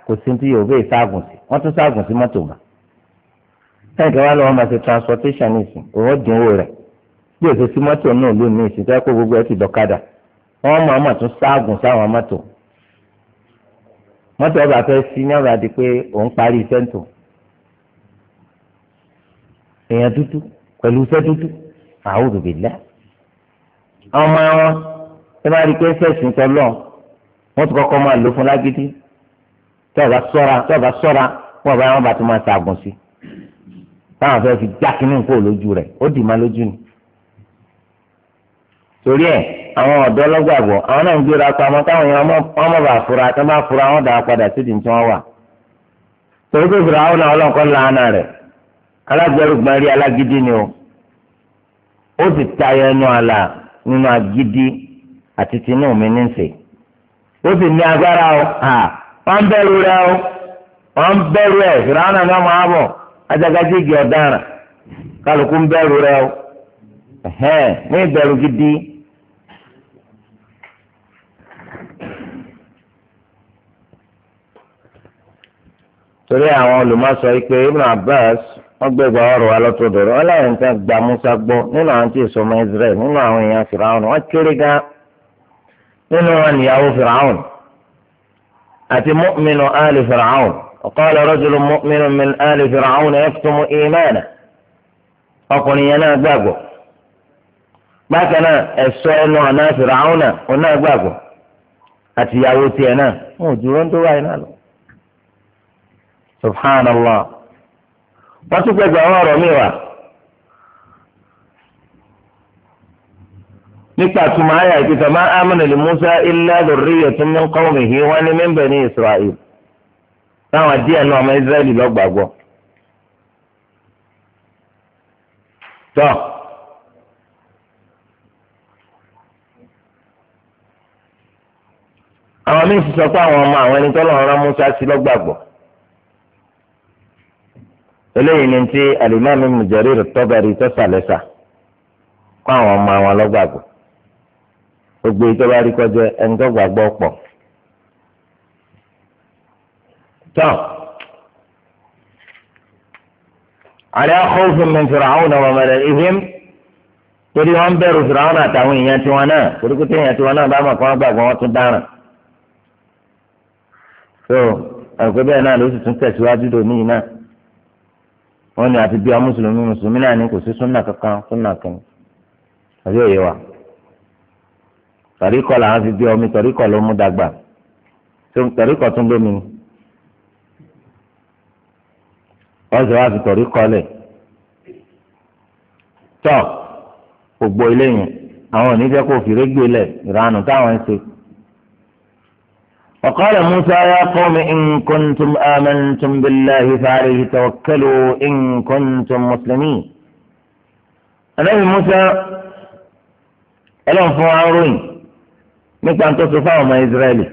A: kò sí ti yóò bẹ́ẹ̀ ságùn sí wọ́n tún ságùn sí mọ́tò mà táyì kan lọ́wọ́ máa ṣe transportation nìsín òun dínwó rẹ̀ bí o ṣe sí mọ́tò náà ló ní ìsìn tẹ́kọ̀ gbogbo ẹ̀ ti dọ̀kadà wọ́n máa máa tún ságùn sáwọn mọ́tò mọ́tò ọba fẹ́ sí ní ọba di pé òun parí sẹ́ńtò èèyàn dúdú pẹ̀lú iṣẹ́ dúdú a'udhu billah ọmọ wọn ẹ máa rí pé fẹsùn tọlọ wọn ti kọ́kọ́ máa lò fún lágídí tí ọba ṣọ́ra tí ọba ṣọ́ra wọn bá wọn bá ti máa ṣàgùn sí táwọn fẹẹ fi já kínní nǹkan lójú rẹ ó dì má lójú ni torí ẹ àwọn ọ̀dọ́ lọ́gbàgbọ́ àwọn náà ń gbéra pamọ́ táwọn èèyàn wọn mọ̀ bá fura tó bá fura wọn dà padà sídìí tí wọ́n wà. torí pé fura àwọn náà ọlọ́nkọ́ làánà rẹ̀ alágbẹ̀rù gbọ́n rí alágídí ni o ó sì tayọ ẹnu àlà nínú agidi àti tinú mi níṣe ó sì ní agbára o wọ́n bẹ̀rù rẹ o wọ́n bẹ̀rù ẹ̀ ìrànà náà máa bọ̀ ajagajigi ọ̀daràn kálukú ń bẹ̀rù rẹ o ní ìbẹ̀rù gidi. torí àwọn olùmọ̀sọ yìí pé wọ́n gbé ìgbà ọ̀rọ̀ wa lọ́tọ̀ọ̀dọ̀ rẹ̀ ọlọ́run kan gba Musa gbọ́ nínú àwọn tí ìsọmọ Israẹl nínú àwọn èèyàn Firaun wọ́n kéré gan nínú wọn níyàwó Firaun àti mọ́mínú áàlì Firaun ọ̀kọ́lẹ̀ rọ́jòló mọ́mínú áàlì Firaun ẹ̀ fún mu ìmáàna ọkùnrin yẹn náà gbàgbọ́ bákan náà ẹ̀sọ́ ẹnu àná Firaun náà òun náà gbàgbọ́ àti àtìyàwó tiẹ̀ náà wọn ò dúró ń tó wáyé náà lọ subhanallah. wọ́n tún gbẹgbẹ àwọn ọ̀rọ̀ mi wà nípa àtúmọ̀ ayé àìkúta máa amúnà lè Musa ilé lóríyẹ tó ní kọ́ mi hìí wọ́n ní mímbẹ̀ ní Israel táwọn díẹ̀ náà ọmọ Israẹli lọ́gbàgbọ́. tọ́ àwọn míín sọ pé àwọn ọmọ àwọn ẹni ọ̀rọ̀ Musa sí lọ́gbàgbọ́. eléyìí ni ti alimami mujarir tọ́bẹ̀rì tó sàlẹ́sà kó àwọn ọmọ àwọn ogbe gbogbo ìjọba rí kọjá ẹni tó gbàgbọ́ pọ̀ tán. àlẹ́ àkọ́wọ́fin min Fir'auna wa mala'ihim wọn wọ́n bẹ̀rù Fir'auna àtàwọn èèyàn tiwọn náà tiwọn náà bá gbàgbọ́ wọn tún dáràn so àgbẹ̀ náà wọn ni àti bí wa mùsùlùmí mùsùlùmí náà ni kò sí súnà kankan súnà kan àbí òye wa tọ̀ríkọ̀ làwọn fi bí omi tọ̀ríkọ̀ ló mú dàgbà tọ̀ríkọ̀ tún lómi ni wọ́n sì wá fi tọ̀ríkọ̀ lẹ̀ tọ́ gbogbo eléyìí àwọn ò ní fi régbè lẹ̀ ìranù táwọn ń ṣe. وقال موسى يا قوم إن كنتم آمنتم بالله فعليه توكلوا إن كنتم مسلمين أنا موسى ألهم فعارين مثل أن تصفاه مع إسرائيل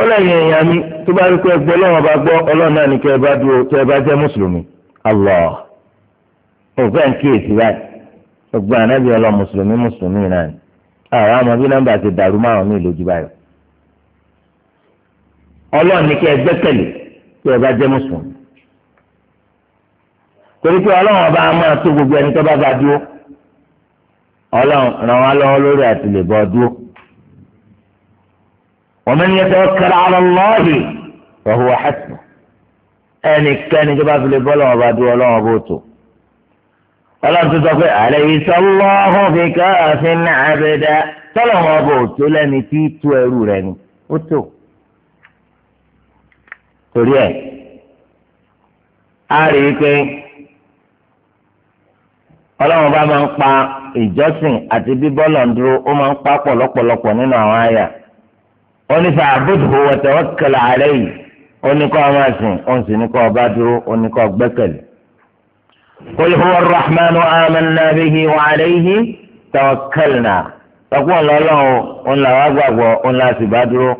A: ولا يعني تبارك الله وبعضه الله ناني كيبادو كيبادو مسلمي الله وفين كيف ذلك أقبل نبي الله مسلمي مسلمين ناني آه أما بنا بعد الدار ما هو ميلو جبايو ọlọ́run ní kí ẹ gbẹ́kẹ̀lé tí ẹ bá jẹ́ mùsùlùmí torí pé ọlọ́run ọba máa tó gbogbo ẹni tó bá bá dúró ọlọ́run ràn wá lọ́wọ́ lórí àtìlẹ́bọ̀ dúró wa man yatawakkal ala Allahi fa huwa hasbuh ẹnikẹ́ni tó bá fi lè bọ́ lọ́wọ́ bá dúró ọlọ́run bó tó ọlọ́run tó sọ pé alaysa Allahu bi kafin abda tọ́lọ́run ọba ò lẹ́ni tí tú ẹrú rẹ̀ ni ó tó torí ẹ̀ a rí i pé ọlọ́run bá máa ń pa ìjọsìn àti bíbọ́lọ̀ ń dúró ó máa ń pa pọ̀lọ́pọ̀lọpọ̀ nínú àwọn àyà ó ní fa àbúdùkú wọ̀tẹ̀ wọ́kẹ̀lẹ̀ ààrẹ yìí ó ní kọ́ ọmọ ẹ̀sìn ó sì ní kọ́ ọba dúró ó ní kọ́ gbẹ́kẹ̀lé. قل هو الرحمن آمنا به وعليه توكلنا تقول الله أن لا أقوى أن لا سبادرو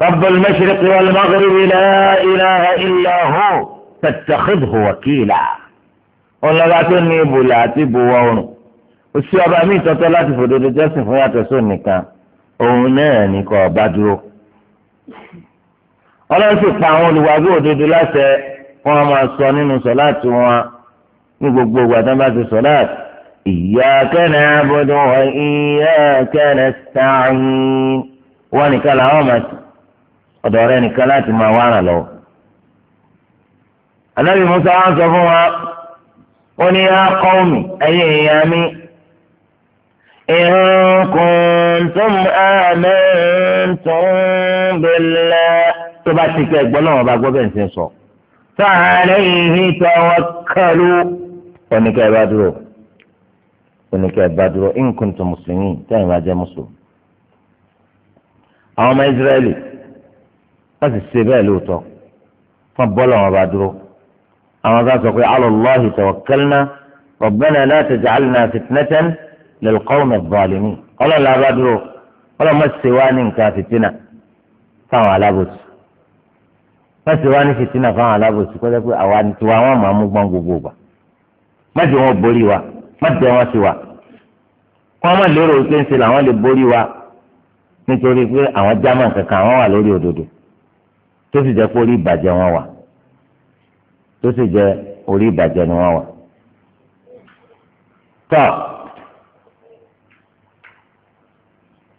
A: رب المشرق والمغرب لا إله إلا هو فاتخذه وكيلا قل لا تني بلاتي بوون والسبب أمين تطلعت فدود جاسف ويات سنك أمنانك وبدر قل لا تفعون وابود دلاسة وما صنين صلاة وما يقبوا وتمات صلاة إياك نعبد وإياك نستعين وانك لا أمسك ọ̀dọ̀ rẹ nìkan láti máa wá ràn lọ́wọ́. ànábì musa wá ń sọ fún wa ó ní akọ́wùmí ẹ̀yẹ èèyàn mi ìrùnkùntùm àmẹ́ntùm bẹ̀lẹ̀ tó bá ti kẹ́ ẹ̀gbọ́n náà bá gbọ́ bẹ́ẹ̀ ṣe sọ. sàárẹ̀ yìí tọwọ́ kẹlu oníkẹ́ bá dúró oníkẹ́ bá dúró ìnkùntùm mùsùlùmí tẹ́yìn bá jẹ́ mùsùlùmí. àwọn ọmọ ìsírẹ́lì wọ́n sì ṣe bẹ́ẹ̀ lóòótọ́ fún bọ́ọ̀lù àwọn bá dúró àwọn kan sọ pé alọ́láhi tawakkalna rabbana la taj'alna fitnatan lilqawmi adh-dhalimin ọlọ́run la bá dúró ọlọ́run má ṣe wá ní nǹkan fìtínà fáwọn alábòsí má ṣe wá ní fìtínà fáwọn alábòsí kọ́ pé àwa ni tiwa wọn máa mú gbọ́n gbogbo gbà má jẹ́ wọn borí wa má jẹ́ wọn sí wa kọ́ má lérò pé ń làwọn lè borí wa nítorí pé àwọn jámà kankan àwọn wà lórí òdodo tó sì jẹ́ pé orí ìbàjẹ́ wọn wà tó sì jẹ́ orí ìbàjẹ́ ni wọn wà. tọ́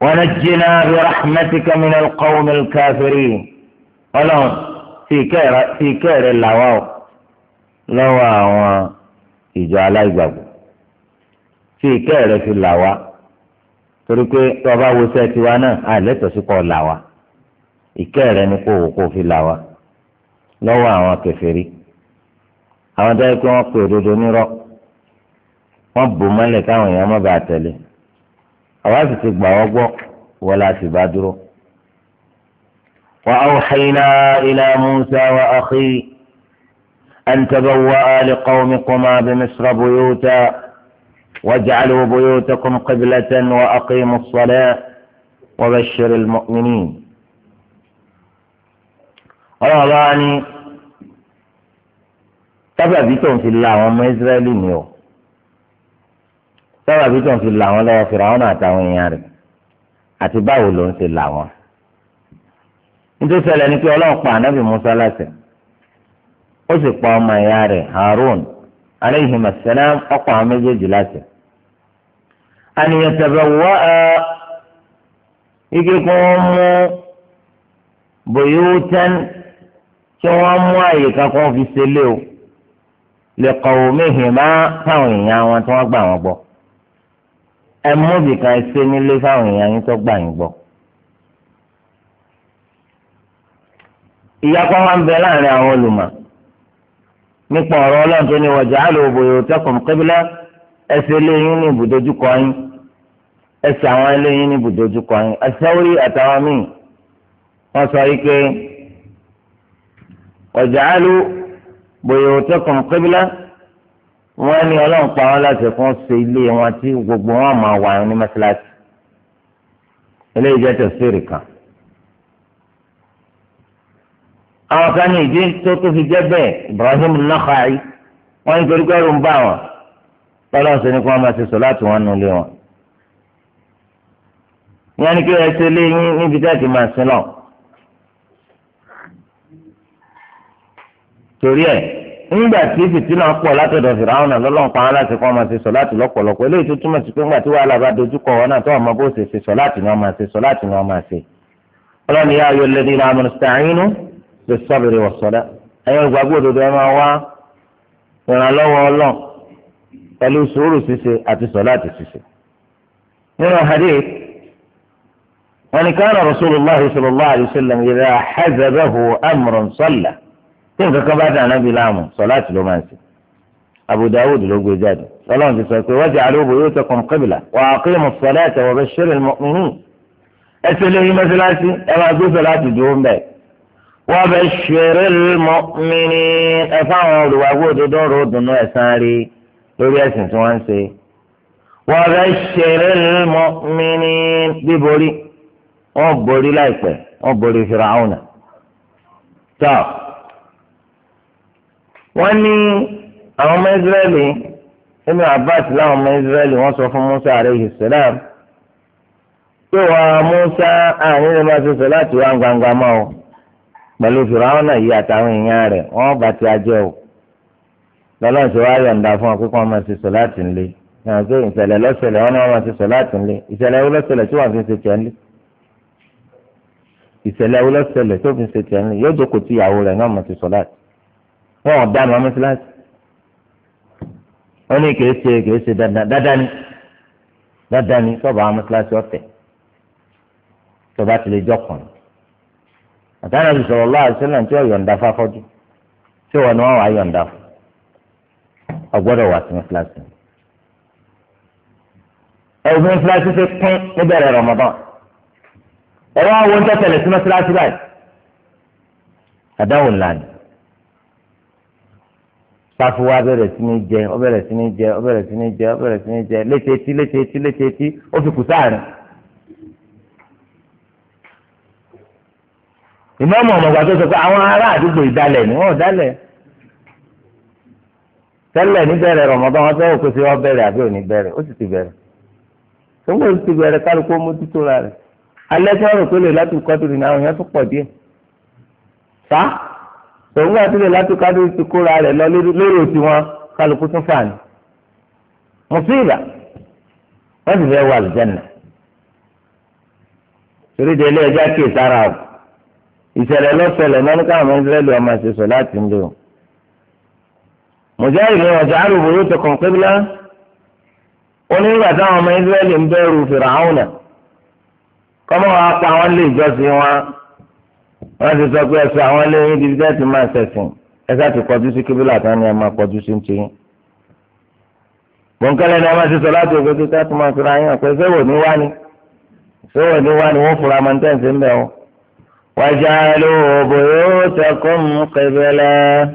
A: ونجنا برحمتك من القوم الكافرين ọlọ́run fi kẹ́ẹ̀rẹ́ làwa o lọ́wọ́ àwọn ìjọ aláìgbàgbọ́ fi kẹ́ẹ̀rẹ́ fi làwa torí pé tọ́ba wo sẹ́ẹ̀ tiwa náà àìlẹ́tọ̀ọ́sí kọ́ làwa. ìkẹ́ rẹ ni kó wò kó fi là wá lọ́wọ́ àwọn kèfèrí àwọn dáhùn pé wọ́n pè òdodo nírọ́ wọ́n bò mọ́lẹ̀ káwọn èèyàn má bàa tẹ̀lé àwa sì ti gbà wọ́n gbọ́ wọ́n la sì bá dúró. وأوحينا إلى موسى وأخيه أن تبوأ لقومكما بمصر بيوتا واجعلوا بيوتكم قبلة وأقيموا الصلاة وبشر المؤمنين ọlọ́run ní sábàbí tó ń fi la àwọn ọmọ ni o sábàbí tó ń fi la àwọn lọ́wọ́ Fìràwọ́n àtàwọn èèyàn rẹ̀ àti báwo ló ń ṣe la wọn. nítorí ni pé ọlọ́run pa ànábì Musa láṣẹ ó sì pa ọmọ ìyá rẹ̀ Harun na masalam ọkọ̀ àwọn méjèèjì àníyàn tẹ̀bẹ̀ wọ́ ẹ ike mú tẹ́ni. kí wọ́n mú àyè kankan fi ṣẹlẹ̀ o lè kọ̀wé méhìn má fáwọn èèyàn wọn tí wọ́n gbà wọ́n gbọ́ ẹ mú ibìkan ṣe nílé fáwọn èèyàn yín tó gbà yín gbọ́. ìyapa wa ń bẹ láàrin àwọn olùmọ̀ nípa ọ̀rọ̀ ọlọ́run tó ní wọ̀jà àlòbòyò tẹkùn kébílá ẹsẹ̀ eléyìn ní ibùdójúkọ yín ẹsẹ̀ àwọn eléyìn ní ibùdójúkọ yín àti sáwórí àtàwọn míì wọ́n sọ yìí pé waj'alu buyutakum qibla wọ́n ní ọlọ́run pa wọ́n láti fún ṣe ilé wọn tí gbogbo wọn máa wà ní mọ́ṣáláṣí eléyìí jẹ́ tẹ̀síìrì kan. àwọn kan ní ìdí tó tó fi jẹ́ bẹ́ẹ̀ Ibrahim Nakhai wọ́n ní torí pẹ́rù ń bá wọn lọ́dọ̀ sí ni kí wọ́n máa ṣe sọ láti wọn nulẹ̀ wọn. ìyẹn ni kí ẹ ṣe lé yín níbi jáde máa sin lọ́wọ́. torí ẹ̀ nígbà tí fìtínà pọ̀ látọ̀dọ̀ fìràwọn lọ́lọ́run pa wọn láti kọ́ ọmọ ṣe sọ láti lọ́pọ̀lọpọ̀ eléyìí tó túmọ̀ sí pé nígbà tí wàhálà bá dojúkọ wọn náà tó ọmọ bó ṣe ṣe sọ láti ní ọmọ ṣe sọ láti ní ọmọ ṣe. ọlọ́ni yá ayọ̀ lẹ́dí ní amúnistàínú lè sọ́bìrì wọ̀sọ́dá ẹ̀yọ́ ìgbàgbọ́ òdodo ẹ máa wá ìrànlọ́wọ́ ọlọ́run pẹ̀lú sùúrù ṣíṣe àti tí nǹkan kan bá dà nábì láàmú sọláàtì ló máa ń ṣe Abu Dawud ló gbé jáde Ọlọ́run ti sọ pé waj'alu buyutakum qibla wa aqimu s-salata wa bashshiri l-mu'minin ẹsẹ lórí mọ́sálásí ẹ máa gbé sọláàtì dúró mbẹ wa bashshiri l-mu'minin ẹ fáwọn olùwàgbọ́ òdodo ń ro ẹ̀sán rí lórí ẹ̀sìn tí wọ́n ń ṣe wa bashshiri l-mu'minin bíborí wọ́n borí láìpẹ́ wọ́n borí wọ́n ní àwọn ọmọ israẹli nínú abbas láwọn ọmọ israẹli wọ́n sọ fún musa aleyhi salam pé wà musa àárín rẹ̀ máa ṣe sọ láti wá gbangba mọ́ ọ pẹ̀lú fìràwọn náà yí àtàwọn èèyàn rẹ̀ wọ́n bá ti ajẹ́ o lọ́lọ́run ṣe wá yọ̀ǹda fún ọ pé kí wọ́n sọ láti ńlẹ̀ náà pé ìṣẹ̀lẹ̀ lọ́sẹ̀lẹ̀ wọn ni wọ́n máa sọ láti ńlẹ̀ ìṣẹ̀lẹ̀ lọ́sẹ̀lẹ̀ tí wọ́n fi ṣe tiẹ̀ ńlẹ̀ ìṣẹ̀lẹ̀ lọ́sẹ̀lẹ̀ tó fi ṣe tiẹ̀ ńlẹ̀ yóò jókòó tí ìyàwó rẹ̀ náà máa ṣe sọ láti wọn ò dáná mọ́sálásí wọn ní kìí ṣe kìí ṣe dandan dandan ni dandan ni tọ́ba àwọn mọ́sálásí ọ̀tẹ̀ tọ́ba ti lè jọkàn àtàwọn ẹbí sọ̀rọ̀ lọ́wọ́ àti sẹ́lẹ̀ tí wọ́n yọ̀ǹda fáfọ́jú tí wọ́n ní wọ́n wà yọ̀ǹda fún ọgbọ́dọ̀ wà sí mọ́sálásí ẹ̀rù mọ́sálásí ti pín níbẹ̀rẹ̀ Ramadan ẹ̀rọ àwọn ohun tó tẹ̀lé sí mọ́sálásí báyìí àdáwò ńlá ni. tafi wa bẹ̀rẹ̀ sini jẹ ọ bẹ̀rẹ̀ sini jẹ ọ bẹ̀rẹ̀ sí jẹ ọ bẹ̀rẹ̀ sí jẹ létetí létetí létetí ó fi kù sáàrin. ìmọ̀ọ́mọ̀ ọ̀mọ̀gbà tó sọ pé àwọn ará àdúgbò ìdálẹ̀ ni wọ́n dálẹ̀ tẹ́lẹ̀ níbẹ̀rẹ̀ rọ̀mọ́bọ́n wọn fẹ́ẹ́ òkúté wọn bẹ̀rẹ̀ àbí òní bẹ̀rẹ̀ ó sì ti bẹ̀rẹ̀ tó ń bọ̀ ti bẹ̀rẹ̀ kálukú mójútó ra rẹ̀ alẹ́ tí wọ́n rò pé lè látùkọ́ tó ní àwọn tó pọ̀ díẹ̀ òun gbà sílẹ̀ láti kádé ti kóra rẹ̀ lọ lórí òsì wọn kálukú tún fà ní. mùsíbà wọ́n sì fẹ́ wà lùjẹ́nà. torí de ilé ẹja kì í sára o ìṣẹ̀lẹ̀ lọ́sẹ̀lẹ̀ mọ́ni káwọn ọmọ ìsirẹ́lì ọmọ ṣẹṣọ láti ń lò. mùjáì ní ọjà àrùbù yóò tó kàn kébìlá ó ní ìgbà táwọn ọmọ ìsirẹ́lì ń bẹ̀rù fìràhùnà kọ́mọ́ wa pa àwọn ilé ìjọsìn wọn wọ́n ti sọ pé ẹsẹ̀ àwọn eléyìí ibi tẹ́ ti máa ṣẹ̀sìn ẹsẹ̀ ti kọjú sí kíbílà tán ni ẹ máa kọjú sí ti yín. bòńkẹ́lẹ́ ni a máa ti sọ láti òkè tó tẹ́ tó máa fura yín ọ̀pẹ ṣé wò ní wá ni ṣé wò ní wá ni wọ́n fura máa ń tẹ̀sí ń bẹ̀ wọ́n. wájà ló bò yóò tẹkọ́ mú kẹbẹ́lẹ́.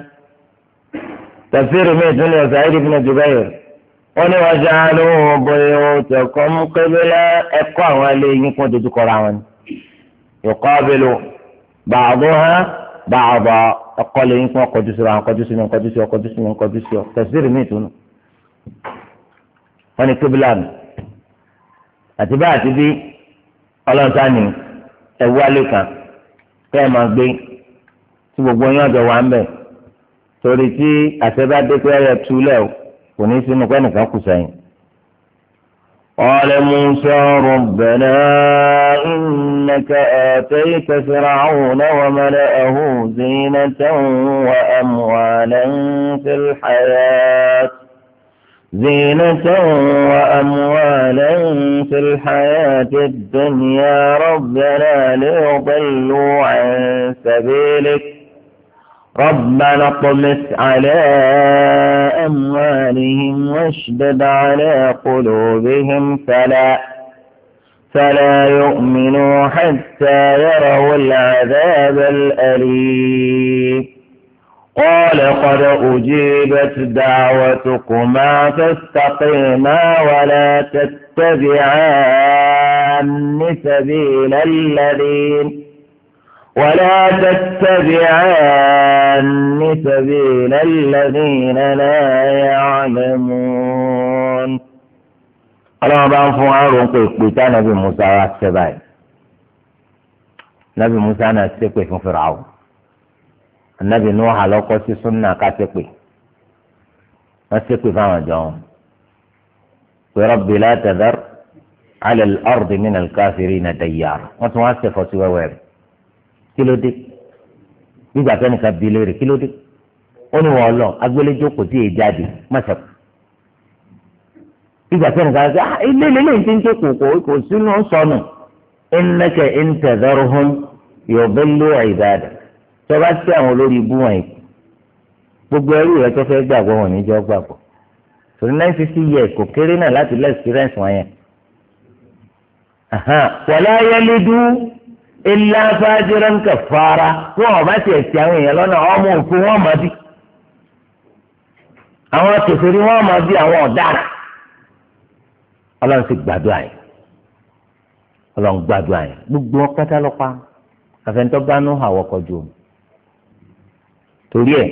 A: tafsir mi tún lè Sa'id ibn Jubayr wọ́n ní wájà ló bò yóò ba'daha ba'da ọkọ lẹ́yìn fún ọkọjú sí ọ ọkọjú sí mi ọkọjú sí ọ ọkọjú sí mi ọkọjú sí ọ tẹsíìrì mi ìtùnú. wọ́n ní kébìlà mi àti bá àti bí ọlọ́ọ̀tà ni ẹ̀wú alẹ́ kan kẹ́ ẹ̀ máa gbé tí gbogbo yín ọ̀dọ̀ wà ń bẹ̀ torí tí àṣẹ bá dé pé ẹ̀ tú lẹ̀ kò ní sínú pẹ́ nìkan kù sẹ́yìn. قال موسى ربنا إنك آتيت فرعون وملأه زينة وأموالا في الحياة زينة وأموالا في الحياة الدنيا ربنا ليضلوا عن سبيلك ربنا اطمس على أموالهم واشدد على قلوبهم فلا فلا يؤمنوا حتى يروا العذاب الأليم قال قد أجيبت دعوتكما فاستقيما ولا تتبعان سبيل الذين ولا تتبعن سبيل الذين لا يعلمون قال ما بان فوارون كي قلت نبي موسى واتسباي نبي موسى انا استقوي في فرعون النبي نوح على قوسي سنة كاتقوي استقوي فما جاون ورب لا تذر على الأرض من الكافرين ديار وتواسف وسوى ويري kí ló dé nígbà tó nìkan bi léèrè kí ló dé ó ní wọ́n lọ agbéléjò kò tí ì jáde má sẹ́kù nígbà tó nìkan sọ ah, ilé ilé ìdí ń jókòó kò kò sínú sọnù innaka in tadharhum yudillu ibadak tó bá sí àwọn olórí ibú wọn yìí gbogbo ẹrú rẹ tó fẹ́ gbàgbọ́ wọn níjọ́ gbàgbọ́ torí nine fifty years kò kéré náà láti lẹ́ experience wọn yẹn. wala yalidu. ilé afájúrẹ́ ń kẹfàárà tí wọn bá tiẹ̀ ti àwọn èèyàn lọ́nà ọmọ òkú wọn mọ̀ bí àwọn kẹfìrí wọn mọ̀ bí àwọn gbàdúrà gbogbo wọn pátá lọ́pàá àfẹnitọ́ torí ẹ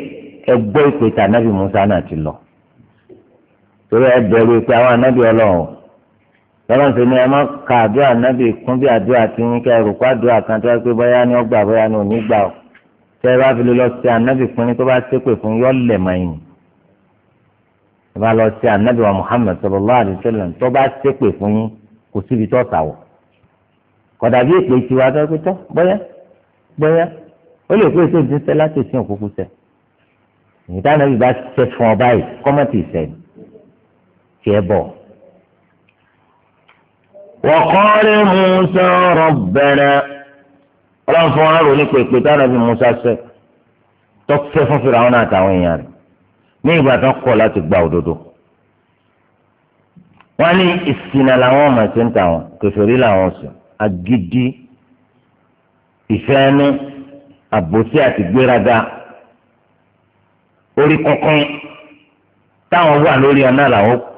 A: ẹ gbọ́ ìpè tà nábì Musa náà ti lọ torí ẹ ìpè àwọn anábì lọ́rọ̀ ṣe ni ẹ má ka àdúrà nábì kún bí àdúrà ti ń kẹ́ ẹ̀rù kó àdúrà kan tó yẹ pé bóyá ni ó gbà bóyá ni ò ní gbà ó tẹ́ ẹ bá fi lè lọ sí ànábì pín ní tó bá ṣépè fún yọ́ lẹ̀ mọ́yìn ẹ bá lọ sí ànábì wa Muhammad sallallahu alaihi wasallam tó bá ṣépè fún yín kò síbi tó sàwọ̀ kódà bí èpè tiwa tó tó bóyá bóyá ó lè pé èso láti sin òkúkú sẹ́ ìdáná bá ṣẹ́ fún ọ وقال موسى ربنا ọlọ́run fún wọn ròyìn pèpè táwọn ẹbí musa ṣe tó fẹ́ fún fìràwọn àtàwọn èèyàn rẹ̀ ní ìgbà tó kọ̀ láti gba òdodo wọn ní ìṣìnà làwọn ọmọ ẹ̀sìn ń tà wọn kẹfẹ́rí làwọn sùn agídí ìfẹ́nu àbòsí àti gbéraga orí kankan táwọn wà lórí ọ̀nà làwọn kù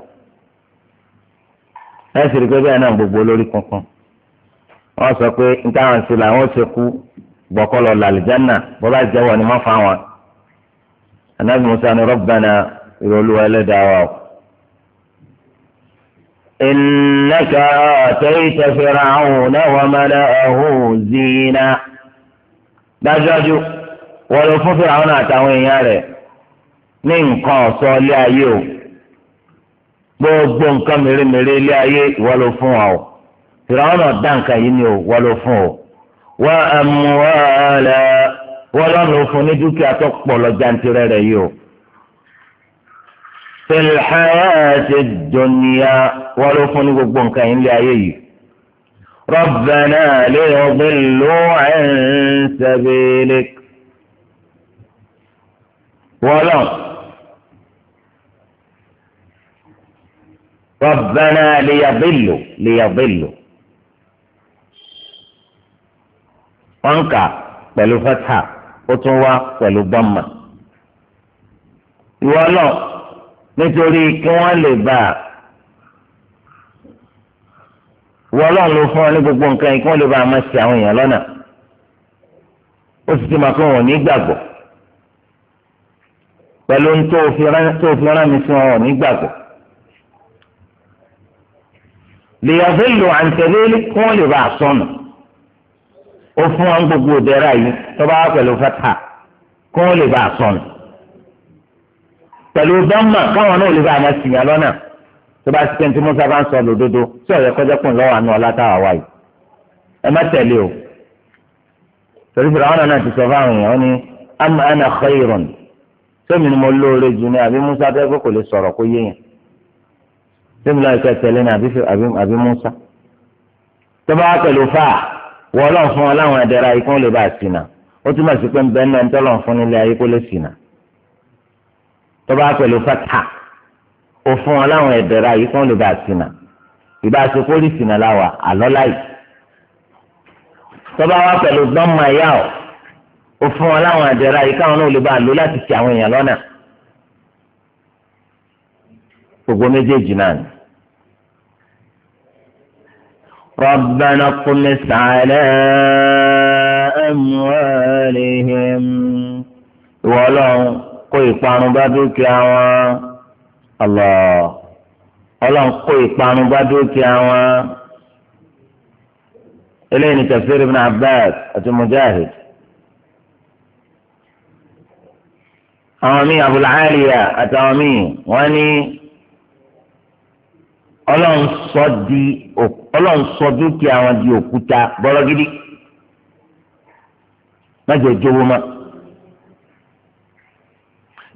A: ẹ sì rí pé bẹ́ẹ̀ náà gbogbo olórí kankan wọ́n sọ pé ntáwọn sí làwọn ṣe kú gbọ́kọ́lọ́ làlìjánà bọ́lá jẹ́wọ́ ni wọ́n fa wọn anabi musa ni rọ́bànà ìrọ̀lúwa ẹlẹ́dàá wa o. إنك آتيت فرعون وملأه زينا dájúdájú wọ́n lọ fún fìràwọn àtàwọn èèyàn rẹ̀ ní nǹkan ọ̀sọ́ ilé ayé o gbogbo nǹkan mèremère ilé ayé ìwọ ló fún wa o fìràwọn náà dá nǹkan yìí ni o wọ́n ló fún o wá amúhàlà wọ́n lọ́nà fún ní dúkìá tó pọ̀ lọ́jà ń tirẹ̀ rẹ̀ yìí o. filhayati dunya wọ́n ló fún ní gbogbo nǹkan yìí ilé ayé yìí. ربنا ليضلوا عن سبيلك ولو ربنا ليضلوا ليضلوا wọ́n kà pẹ̀lú fatha ó tún wá pẹ̀lú bọ́mà ìwọ náà nítorí kí wọ́n lè bá a ìwọ náà ló fún ọ ní gbogbo nǹkan yìí kí wọ́n lè bá a máa ṣe àwọn èèyàn lọ́nà ó sì ti máa kó wọn ní gbàgbọ́ pẹ̀lú tó fi rán mi sí wọn ní gbàgbọ́ lèyàvélò àǹtẹ̀lẹ́lẹ́ kí wọ́n lè bá a sọnù ó fún wọn gbogbo òdẹ́rà yìí tó bá wà pẹ̀lú fata kí wọ́n lè bá a sọnù pẹ̀lú dánmà káwọn náà lè bá a máa sìyàn lọ́nà tó bá ti pẹ́ntì musa bá ń sọ lòdodo tí ọ̀yẹ́ kọjá pọ̀ lọ́wọ́ àánú ọ̀la táwa wáyé ẹ má tẹ̀lé o torí fúra wọn náà ti sọ fáwọn èèyàn ní am ana khayrun sẹ́mi ni mo lóore jù ní àbí musa bẹ́ẹ̀ kó kò lè sọ̀rọ̀ kó yéèyàn sẹ́mi láì ká tẹ̀lé ní àbí Musa tọ́ba pẹ̀lú fáà wọ́n lọ́n fún ọ láwọn ẹ̀dẹ́ra ikú lè bá a sí na. ó túmọ̀ sí pé nbẹ náà ń tọ́ lọ́n fún nílé ayé kó lè sì nà tọ́ba pẹ̀lú fata ó fún ọ láwọn ẹ̀dẹ̀ra yìí kó lè bá sì nà ìbá ṣe kó lè sì nà láwà àlọ́ láì tọ́ba wa pẹ̀lú gbọ́mọ ẹ̀yà ọ̀ ó fún ọ láwọn káwọn náà lè bá lò láti ṣe àwọn èèyàn lọ́nà gbogbo méjèèjì náà ni ربنا اطمس على أموالهم Ọlọ́run kó ìparun bá dúkìá wọn Allah Ọlọ́run kó ìparun bá dúkìá wọn eléyìí ni tafsir ibn Abbas àti Mujahid àwọn míì Abul Aliya àtàwọn míì wọn ní Ọlọ́run sọ di òkú. ọlọ́run sọ dúkìá wọn di òkúta bọ́lọ́gídí májè jówó mọ́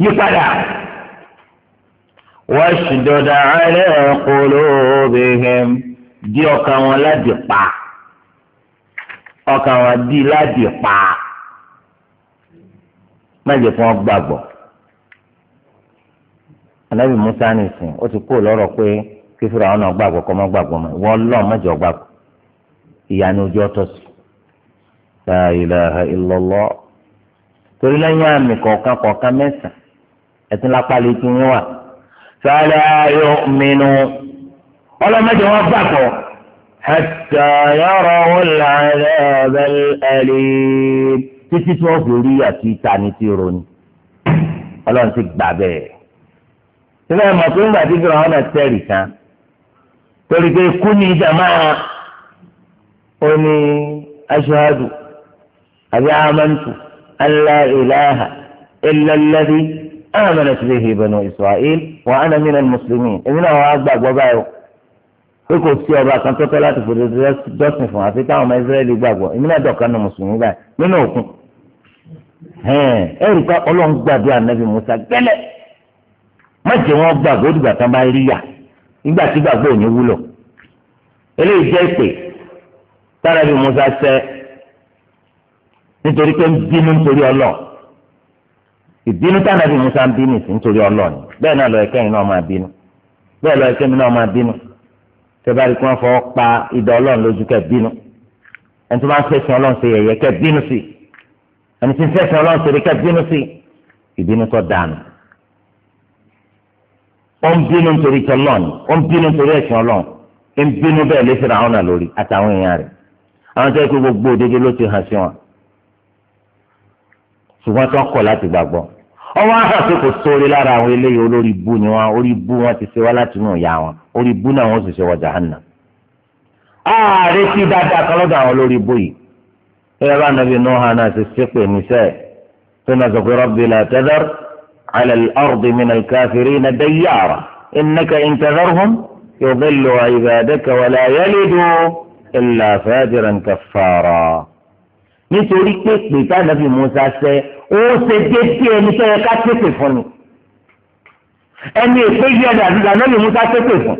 A: yípadà wọ́n ṣùdọ̀dà alẹ́ qulubihim di ọkàn wọn láti pa ọkàn wọn di láti pa májè fún ọ anábì musa nìsín ó ti kó lọ́rọ̀ pé. kí fúráwọn náà gbàgbọ́ kọ́ mọ́ gbàgbọ́ mọ́ ìwọ ọlọ́ọ̀ mọ́jọ gbàgbọ́ ìyanu ojú ọtọ sí la ilaha illallah torí lẹ́yìn àmì kọ̀ọ̀kan kọ̀ọ̀kan mẹ́sàn-án ẹ̀tún lápá lè tún wà sálẹ̀ ayọ̀ mìíràn ọlọ́mọdé wọn gbàgbọ́ hatta yarawu al-azab al-alim títí tí wọ́n fi rí àti ìtani ti roni ọlọ́run ti gbà bẹ́ẹ̀. sílẹ̀ mọ̀ pé ńgbà tí fìràn ọ̀nà tẹ̀rì kan torí pé kú ní ìjàmbá ó ní aṣáájú àbí amantu alla ilaha illa alladhi amanat bihi banu isra'il wa ana minal muslimin èmi náà wàá gbàgbọ́ báyìí pé kò sí ọba kan tó tọ́ láti fòdò dọ́sìn fún àfi táwọn ọmọ israẹli gbàgbọ́ èmi náà dọ̀kan ní mùsùlùmí báyìí nínú òkun ẹ̀rù ká ọlọ́run gbàdúrà nàbì Musa gẹ́lẹ́ má jẹ́ wọn gbàgbọ́ dìgbà tán bá rí yà nígbà tí gbàgbọ́ ò wúlò eléyìí jẹ́ ìpè tára bí Musa sẹ́ nítorí pé ń bínú nítorí ọlọ́ ìbínú tára bí Musa ń bínú sí nítorí ọlọ́ ni bẹ́ẹ̀ náà lọ ẹ̀kẹ́ yìí náà máa bínú bẹ́ẹ̀ lọ ẹ̀kẹ́ mi náà máa bínú tẹ́bárí kí wọ́n fọ́ pa ìdá ọlọ́run lójú kẹ́ bínú ẹni tó bá ń fẹsẹ̀ ọlọ́run ṣe yẹ̀yẹ́ kẹ́ bínú sí ẹni tí ń fẹsẹ̀ ọlọ́run ṣe rí kẹ́ bínú sí ìbínú tó dànù ó ń bínú nítorí tọ́lọ́ ni ó ń bínú nítorí ẹ̀sìn ọlọ́run ó ń bínú bẹ́ẹ̀ lé fìrà ọ̀nà lórí àtàwọn èèyàn rẹ̀ àwọn tó yẹ kó gbogbo òdodo ló ti hàn sí wọn ṣùgbọ́n tó ń kọ̀ láti gbàgbọ́ ọwọ́ àkàtúntò kò sóore lára àwọn eléyìí olórí bú ni wọn orí bú wọn ti ṣe wá láti inú ìyá wọn orí bú náà wọn sì ṣe wọ jahanna. ààrẹ tí dáadáa kan lọ́dọ̀ àwọn olórí bú yìí ẹ̀rọ anábì nùhàn náà ti ṣépè níṣẹ́ tó náà sọ pé rọ́bì làtẹ́dọ́rọ́. على الأرض من الكافرين ديارا إنك إن تذرهم يضلوا عبادك ولا يلدوا إلا فاجرا كفارا nítorí pé pèta nàbì musa ṣe ó ṣe déédéé ẹni tó yẹ ká tètè fún ni ẹni èpè yí ẹni àdúrà nàbì musa tètè fún.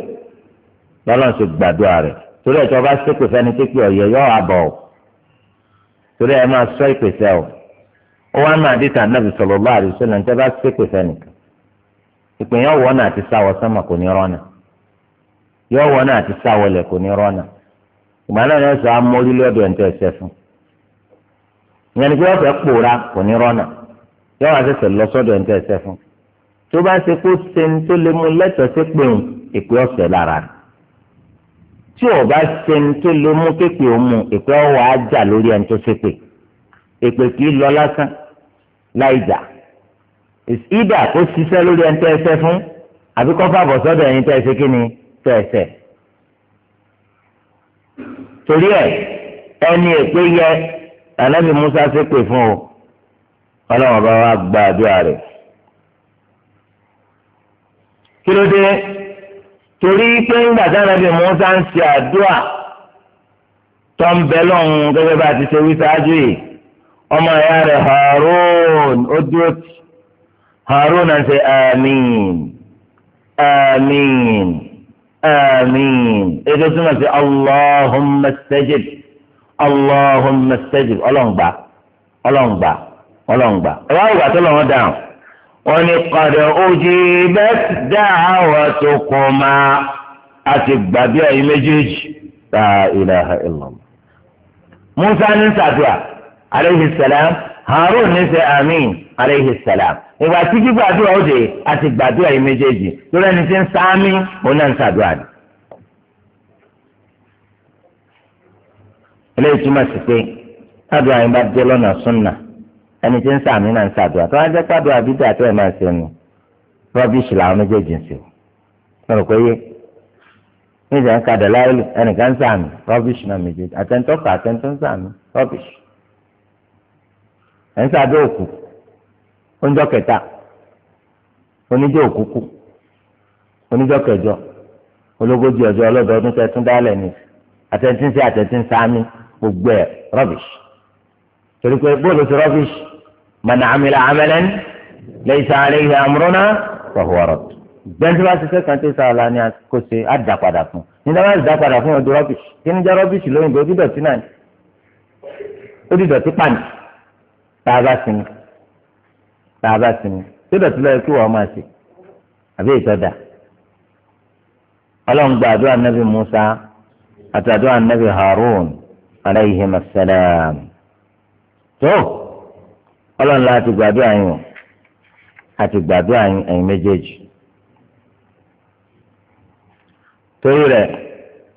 A: lọ́lọ́run ṣe gbàdúrà rẹ̀ torí ẹ̀ tí wọ́n bá ṣépè fẹ́ni tètè ọ̀yẹ́ yọ àbọ̀ torí ẹ̀ máa sọ ìpèsè ọ̀ wọ́n á máa dé tà nàbì sallallahu alaihi wasallam tẹ́ bá ṣépè fẹ́nìkan ìpènyàn wọ́n náà ti sáwọ sánmà kò ní rọ́nà yọ wọ́n náà ti sáwọ lẹ̀ kò ní rọ́nà ìgbà náà yọ sọ amórí lọ́dọ̀ ẹ̀ ń tẹ́ ẹsẹ̀ fún ìyẹn ni pé wọ́n fẹ́ pòórá kò ní rọ́nà yọ wọ́n àṣẹṣẹ lọ sọ́dọ̀ ẹ̀ ń fún tó bá ṣe kó ṣe tó lé mu lẹ́tọ̀ọ́ sí pèun ìpè ọ̀sẹ̀ lára rẹ̀ tí ò bá ṣe tó lé mu képe mu ìpè ọ̀wọ́ á lórí ẹni tó ṣépè èpè kì í lọ lásán láì jà ìdá kó ṣiṣẹ́ lórí ẹni tẹ́ ẹsẹ́ fún àbí kọ́ fàbọ̀ sọ́dọ̀ ẹni tẹ́ ẹsẹ́ kíni tẹ́ ẹsẹ́ torí ẹ ẹni èpè yẹ ànábì Musa ṣe pè fún o ọlọ́run bá wa gba àdúrà rẹ̀ kí ló dé torí pé ńgbà tí ànábì Musa ń ṣe àdúrà tó ń bẹ lọ́hùn gẹ́gẹ́ bá a ti ṣe wí sáájú yìí ọmọ ìyá rẹ̀ Harun ó dúró tì Harun náà ṣe àmín àmín àmín ètò túmọ̀ sí Allahumma stajib Allahumma stajib ọlọ́ngbà ọlọ́ngbà ọlọ́ngbà ẹ wá ìgbà tó lọ́wọ́ dáhùn wọ́n ní qad ujibat da'watukuma àti gbàgbé ẹ̀yin méjèèjì la ilaha illallah Musa ní sàdúrà aleyhi salam harun ní sẹ amin aleyhi salam ìgbà tí gbígbàdúrà ó de àti gbàdúrà yìí méjèèjì lórí ẹni tí ń sáámi òun náà ń sàdúrà ni. eléyìí túmọ̀ sí pé sàdúrà yìí bá dé lọ́nà súnà ẹni tí ń sàmì náà ń sàdúrà tó wá jẹ́ sàdúrà bíbí àti ẹ̀ máa ṣe ni rọ́bìṣì làwọn méjèèjì ń ṣe o rò pé yé níjà ń kadà láìlú ẹnìkan ń sàmì rọ́bìṣì náà méjèèjì àtẹ̀ntọ́ kà àtẹ̀ntọ́ ń sàmì rọ́bìṣì. ẹ̀ ń sábẹ́ òkú oúnjẹ kẹta oníjẹ òkú kú kẹjọ ológójì ọjọ́ ọlọ́dọọdún tẹ̀tún dálẹ̀ àtẹ̀tínsẹ́ gbogbo ẹ̀ rubbish torí pé bóòlù rubbish man amila amalan laysa alayhi amruna ṣiṣẹ́ kan ni kò ṣe àdàpadà fún nígbà àdàpadà fún ọdún kí ni jẹ́ lóyìnbó ó dìdọ̀tí náà ó dìdọ̀tí tá sinmi tá a sinmi tó kí wọ́n Musa àti àdúrà tó ọlọ́run gbàdúrà yín o àti gbàdúrà yín ẹ̀yin méjèèjì torí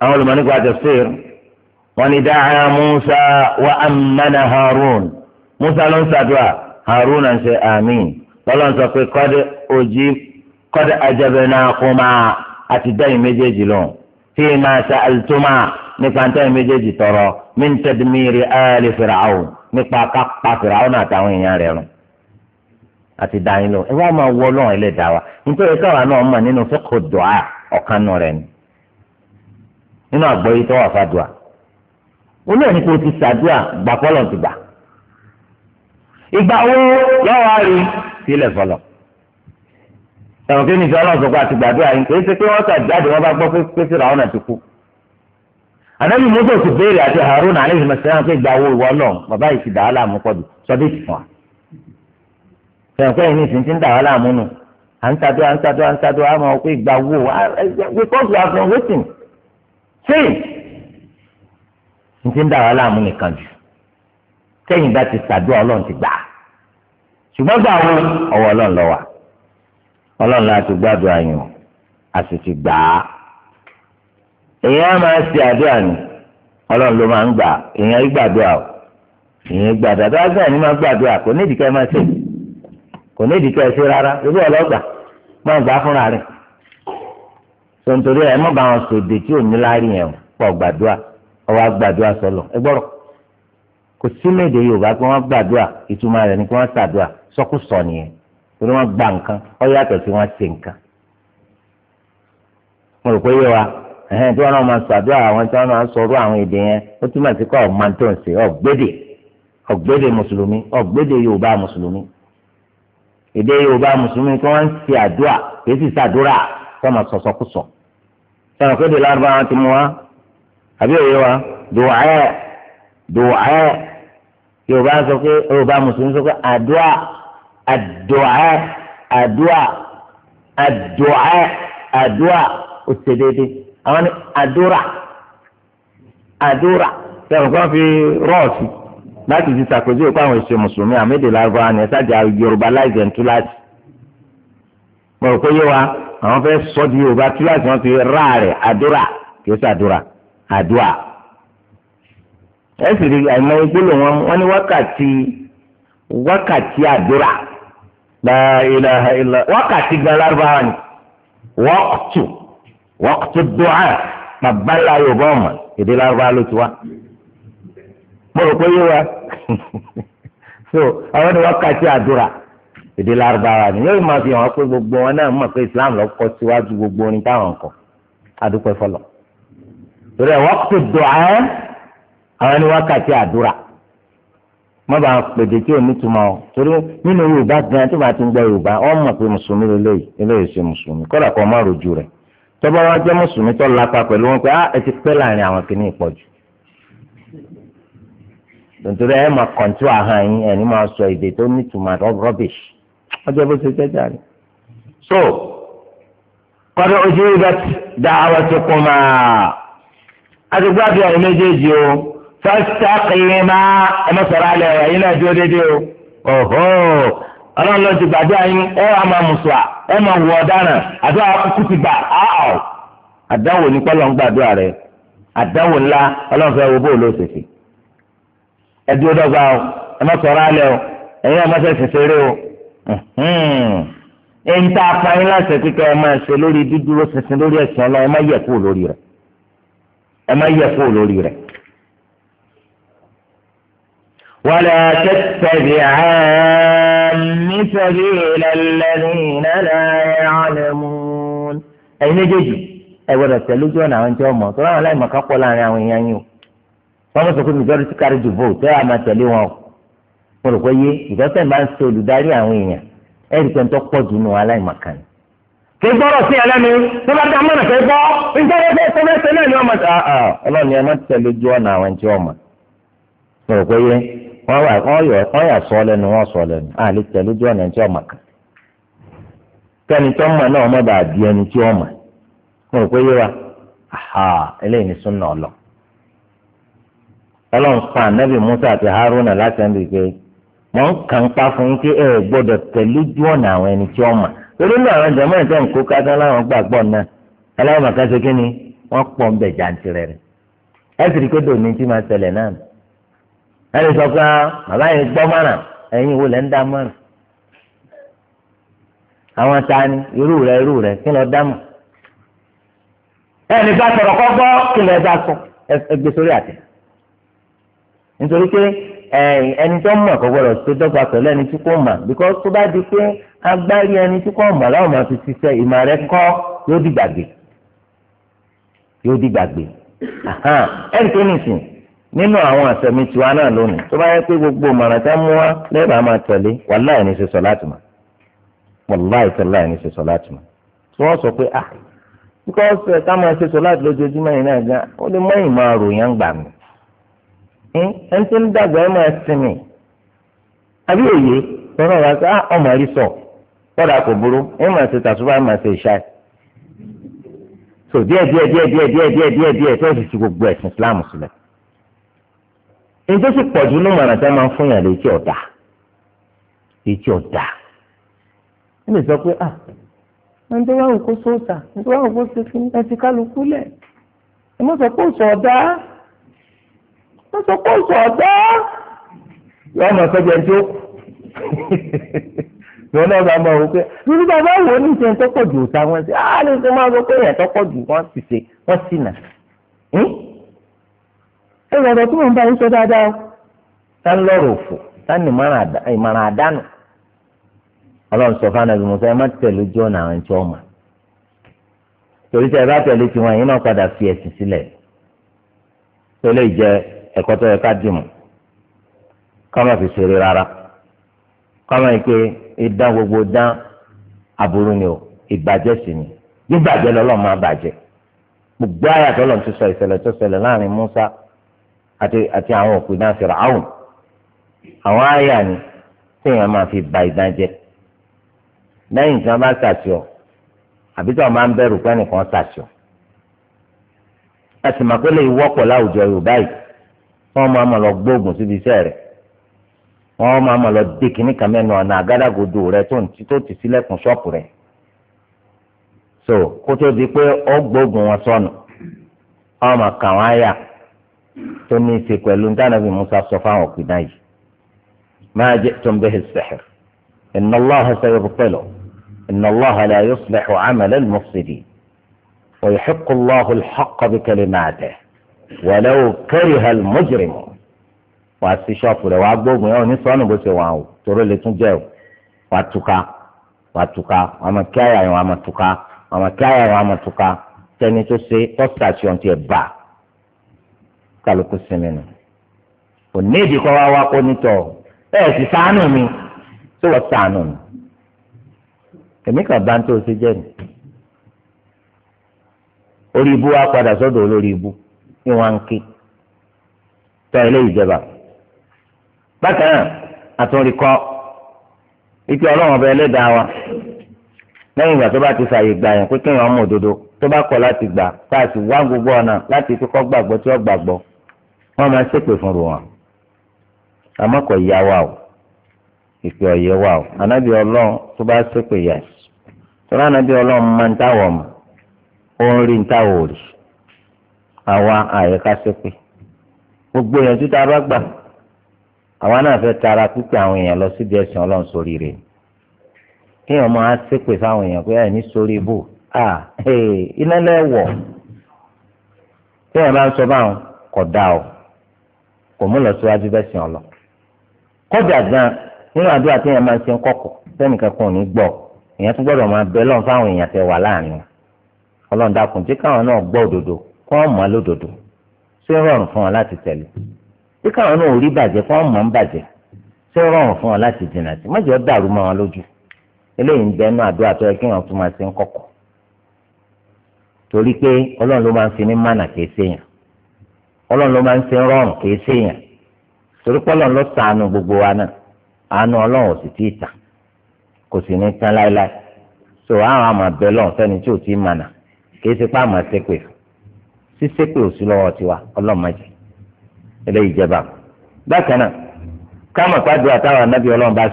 A: àwọn olùmọ̀ nípa Musa wa musa ló ń ṣàdúrà haruna ń ṣe àmín lọ́lọ́n sọ pé kọ́dé òjì kọ́dé ajẹ́bẹ̀ náà kó máa àti dẹ́yìn méjèèjì lọ fi máa ṣe àlùtúmà nípa dẹ́yìn méjèèjì tọrọ mí ń tẹ́dùmíìrì áàlì fìràwọ̀ nípa kápá fìràwọ̀ náà táwọn èèyàn rẹ̀ rùn àti dáyìn lọ ẹ wá máa wọ ọlọ́run nítorí káwa náà mọ̀ nínú ọ̀kan nù rẹ̀ ni nínú fàdùà ìgbà wo lọ́wọ́ àárín sílẹ̀ fọlọ̀ ẹ̀wọ̀n kí ni ìfẹ́ ọlọ́run sọ̀kọ́ àti gbàdúrà yìí kì í ṣe pé wọ́n sà jáde wọ́n bá gbọ́ pé pé síra ọ̀nà ti kú. ànábì mọ́tò sì béèrè àti Haruna aleyhi masalam pé ìgbà wo ìwọ náà bàbá yìí ti dà á láàmú pọ̀ sọdí ti fún wa. ẹ̀wọ̀n ní ìsìn ti ń dà á láàmú nù à ń tadó à ń tadó à ń tadó àmọ́ pé ìgbà wo because we have ṣùgbọ́n gbà wo ọwọ́ ọlọ́run ló wà ọlọ́run la ti gbàdúrà yín a sì ti gbà á èèyàn á máa ṣe àdúrà ni ọlọ́run ló máa ń gbà èèyàn gbàdúrà o èèyàn gbàdúrà tó àgbà ni máa gbàdúrà kò ní ìdíkẹ́ máa ṣe kò ní ìdíkẹ́ ṣe rárá ebi ọlọ́gbà máa gbà fúnra rẹ̀ mọ̀ bá wọn tí sọlọ kò sí méde Yorùbá pé wọ́n sọkúsọ nìyẹn torí wọ́n gba nǹkan ó yàtọ̀ sí wọ́n ṣe nǹkan. mo rò pé yé wa ẹ̀hẹ́n tí wọ́n náà máa ṣàdúrà àwọn tí wọ́n náà sọ̀rọ̀ àwọn èdè yẹn ó túmọ̀ sí kọ́ ọ̀gbọ́n tó ń ṣe ọ̀gbẹ́dẹ̀ ọ̀gbẹ́dẹ̀ mùsùlùmí ọ̀gbẹ́dẹ̀ yorùbá mùsùlùmí èdè yorùbá mùsùlùmí tí wọ́n ń ṣe àdúrà kì í sì ṣàdúrà kọ́ máa sọ sọkúsọ. sọ̀rọ̀ pé àdùá àdùá àdùá àdùá ó ṣe déédéé àwọn ní àdúrà àdúrà sẹ́wọ̀n kan fi rọ́ọ̀sì láti fi ṣàpèjúwe pé àwọn ìṣe mùsùlùmí àmédè lárúbáwá ni ẹ̀sájà yorùbá láìsè ń tú láti. mo rò pé yé wa àwọn fẹ́ sọ di yorùbá tú láti fi rà rẹ̀ àdúrà kìí ṣàdúrà àdúà. ẹ sì rí àìmọye gbólóhùn wọn ní wákàtí wákàtí àdúrà la ilaha illa wákàtí gan lárúbáwá ni wọ́ọ̀tù wọ́ọ̀tù dùá bàbá ńlá yorùbá ọ̀mọ̀ èdè lárúbáwá ló ti wá mo rò pé yé wa so àwọn ni wákàtí àdúrà èdè lárúbáwá ni yóò máa fi hàn pé gbogbo wọn náà mọ̀ pé islam lọ kọ́ síwájú gbogbo orin táwọn kọ adúpẹ́ fọlọ́ torí wọ́ọ̀tù dùá àwọn ni wákàtí àdúrà má bàa pèdè tí ò ní túmọ̀ ọ́ torí nínú yorùbá gan tó bá ti ń gbọ́ yorùbá ọ́n mọ̀ pé mùsùlùmí lélẹ́yìí eléyìí ṣe mùsùlùmí kọ́dà kọ́ má rojú rẹ̀ tọ́ba wa jẹ́ mùsùlùmí tó lápá pẹ̀lú wọn pé á ah, ẹ ti pẹ́ láàrin àwọn kìíní ìpọ̀jù nítorí ẹ máa kọ̀ǹtù àhàn yín ẹni máa sọ èdè tó ní túmọ̀ rubbish ọjọ́ bó ṣe jẹ́jà rẹ̀ so kọ́dọ̀ ojú ibẹ̀ dáhàwọ̀ tó kọ́ máa àti gbàgbé ọ̀rẹ́ méjèèjì o fastaqima ẹ má sọ̀rọ̀ alẹ́ ọ̀rọ̀ yín náà dúró déédéé o ọ̀hó ọlọ́run ló ti gbàdúrà yín ẹ wà máa mùsùlá ẹ máa wù ọ̀daràn àti àwọn akókò ti gbà áàwọ̀ àdáwò ní pẹ́lú ọ̀n gbàdúrà rẹ àdáwò ńlá ọlọ́run fẹ́ wo bóòlù òṣèṣì ẹ dúró dọ́gba o ẹ sọ̀rọ̀ alẹ́ o ẹ̀yin ẹ̀ má fẹ́ o ẹ̀yin tá a pa yín láṣẹ kíkẹ́ ẹ ولا تتبع عام سبيل الذين لا يعلمون أي نجي ẹ gbọ́dọ̀ tẹ̀lé ojú ọ̀nà àwọn ẹni tí wọ́n mọ̀ tó láwọn aláìmọ̀ kan pọ̀ láàrin àwọn èèyàn yìí o wọ́n mọ̀ sọ pé majority carry the vote tẹ́ àmà tẹ̀lé wọn o mo rò pé yé ìjọsẹ̀ máa ń ṣe olùdarí àwọn èèyàn ẹ̀ rí pẹ́ńtọ́ pọ̀ jù nù aláìmọ̀ kan ni. kì í gbọ́dọ̀ sí ẹlẹ́nu tó bá dá mọ́nà kì í gbọ́ ìjọba fẹ́ sẹ́fẹ́ sẹ́lẹ̀ ni wọ́n mọ̀ wọ́n wà ọ̀yọ̀ ọ̀yà sọ lẹ́nu sọ lè tẹ̀ lójú tí ọmọ kan tẹni tó mọ̀ náà ọmọ bá di ẹni tí ọmọ mo rò pé yé wa eléyìí ni súnà ọlọ ọlọ́run fa ànábì Musa àti Haruna láti ẹni pé wọ́n pa fún ẹ àwọn ẹni tí ọmọ torí àwọn kó kájá láwọn náà màkà ṣe kí ni ẹni sọ pé bàbá yẹn gbọ́ mọ́ràn ẹ̀yin wo lẹ́ ń dá mọ́ràn àwọn tani irú rẹ irú rẹ kí lọ dá mọ́ ẹni bá sọ̀rọ̀ kọ́ gbọ́ kí lọ bá sọ ẹgbẹ́ sórí àtẹ nítorí pé ẹni tó mọ̀ kò gbọ́dọ̀ tó dọ́gba pẹ̀lú ẹni tí kò mọ̀ because tó bá di pé agbárí ẹni tí kò mọ̀ láwọn máa fi ṣiṣẹ́ ìmọ̀ rẹ kọ́ yóò di gbàgbé yóò di gbàgbé ẹni tó nìsín nínú àwọn àtẹ̀mí tiwa náà lónìí tó bá yẹ pé gbogbo mọ̀ràn tá mú wa lẹ́bàá máa tẹ̀lé wàláì ní ṣe sọ láti mọ̀ wàláì tẹ̀lé ní ṣe láti mọ̀ tí wọ́n sọ pé ah because ẹ̀ eh, ká máa ṣe sọ láti lójoojúmọ́ yìí náà gan ó lè mọ́ ìmọ̀ àròyìn gbà mí hmm? ẹ̀ ń tí ń dàgbà ẹ̀ máa sinmi àbí òye lọ́nà wa sọ ah ọmọ rí sọ kọ́dà kò burú ẹ̀ máa ṣe tàṣùbà máa ṣe ìṣá so díẹ̀ díẹ̀ díẹ̀ díẹ̀ díẹ̀ díẹ̀ díẹ̀ tó fi ti gbogbo ẹ̀sìn Islam sílẹ̀ nítorí sì pọ̀jù ní mọ̀ràn tá a máa ń fún yàn létí ọ̀dà létí ọ̀dà ẹ lè sọ pé à ǹjẹ́ wàá kó sóòtà ǹjẹ́ wàá kó sóòtà ẹ ti kálukú lẹ̀ ẹ mọ̀ sọ pé òsò ọ̀dà mọ̀ sọ pé òsò ọ̀dà yọ ọmọ sọjọ ẹjọ wọn náà bá máa wò pé nínú bàbá wo ní ìṣe tọkọ jù sáwọn ṣe á lè ṣe máa sọ pé èèyàn tọkọ jù wọn sì ṣe wọn sì nà. Hmm? e tí mò bá yín sọ dáadáa tá ń lọrọ òfò tá ní ìmọ̀ràn àdánù Ọlọ́run sọ fún anabi musa ẹ má tẹ̀lé ojú ọ̀nà àwọn ẹ̀ńtí ọ̀mà torí tẹ ẹ bá tẹ̀lé tiwọn yín náà padà fi ẹ̀sìn sílẹ̀ tó lè jẹ ẹ̀kọ́ tó yẹ ká fi ṣeré rárá pé ìdán gbogbo dán aburú ni o ìbàjẹ́ sì ni gbígbàjẹ́ lọ́lọ́ máa bàjẹ́ gbogbo àyàtọ̀ lọ́n ti sọ ìṣẹ̀lẹ̀ tó àti àwọn òpinna Fir'aun àwọn àyà ni téèyàn máa fi ba ìdán jẹ lẹ́yìn tí wọ́n bá ṣàṣọ àbí tí wọ́n máa ń bẹ̀rù pé ẹnìkan ṣàṣọ ẹsìn máa pélé ìwọ́pọ̀ láwùjọ Yorùbá yìí wọ́n máa máa lọ gbóògùn síbi iṣẹ́ rẹ̀ wọ́n máa máa lọ dé kínní kan mẹ́nu ọ̀nà àgádágodo rẹ̀ tó ń tó ti sílẹ̀kùn ṣọ́ọ̀pù rẹ̀ so kó tó di pé ó gbóògùn wọn sọnù wọ́n máa kà wọ́n àyà tó ní í ṣe pẹ̀lú ntánàbí musa sọ fáwọn òkúta yìí máa jẹ tó ń bẹ́ẹ̀ sẹ́xẹ̀ inna allah sẹ́yìn pẹ̀lú inna allah la yuslihu amala al-mufsidin wa yuhiqqu allah al-haqqa bi kalimatihi walaw kariha al-mujrimun wà á sí ṣọ́ọ̀pù rẹ̀ wà á gbóògùn ẹ̀ òní sọ́nù bó ṣe wà ó torí lè tún jẹ́ ò wà á túká wà kálukú sinmi nù kò ní èdè kọ́ wá wá kó nítọ̀ ẹ ẹ sì ṣàánú mi tí wọ́n ṣàánú mi èmi kàn bá ń tó ṣe jẹ́ ni orí ibú wa padà sọ́dọ̀ olórí ibú ní wọn ń ké tọ́ ilé ìjọba bákan náà àtúnrikọ́ ikú ọlọ́run ọba ẹlẹ́dàá wa lẹ́yìn ìgbà tó bá ti fààyè gbà yẹn pé kéèyàn mọ̀ òdodo tó bá kọ̀ láti gbà tá a sì wá gbogbo ọ̀nà láti fi kọ́ gbàgbọ́ tí ó gbàgbọ́ wọ́n máa ṣépè fún wọn àmọ́ kò yá wa o ìpè ọ̀yẹ́ wa o ànábì ọlọ́run tó bá ṣépè yá tọ́lá ànábì ọlọ́run máa ń táwọ̀ mọ́ ó ń rí ń táwọ̀ rí àwa àyẹ̀ká ṣépè gbogbo èèyàn tó tá a bá gbà àwa náà fẹ́ tara pípé àwọn èèyàn lọ síbi ẹ̀sìn ọlọ́run sórí rẹ̀ kéèyàn máa ṣépè fáwọn èèyàn pé ẹ̀ní sórí ibò à iná lẹ́wọ̀ kéèyàn bá ń sọ báwọn kọ̀ dá o kò mú lọ síwájú bẹ́ẹ̀ sìn ọ lọ. kọjá gan nínú àdúrà tí èèyàn máa ń ṣe ń kọ̀kọ̀ sẹ́nìkan kan ò ní gbọ́ èèyàn tún gbọ́dọ̀ máa bẹ lọ́n fáwọn èèyàn tẹ wà láàrin ọlọ́run dákun jẹ́ káwọn náà gbọ́ òdodo kọ́ mọ́ lódodo ṣé rọrùn fún wọn láti tẹ̀lé jẹ́ káwọn náà rí bàjẹ́ kọ́ mọ́ ń bàjẹ́ ṣé rọrùn fún wọn láti dènà sí mọ́jọ́ dàrú mọ́ wọn lójú eléyìí ń bẹ inú àdúrà tó yẹ kí wọn tún máa ṣe ń kọ̀kọ̀ torí pé ọlọ́run ló máa ń fi ní mánà kéésì yàn ọlọ́run ló máa ń se rọrùn kì í torí pọ́lọ́run ló ṣàánú gbogbo wa náà àánú ọlọ́run ò sì tí ì tà kò sì ní tán láéláé so àwọn àmọ̀ abẹ́ lọ́run sẹ́ni tí ò tí ì mànà kì í ṣe pé àmọ̀ ṣépè ṣíṣépè ò sí lọ́wọ́ tiwa ọlọ́run má jẹ́ eléyìí jẹba bákan náà káàmọ̀ anábì ọlọ́run bá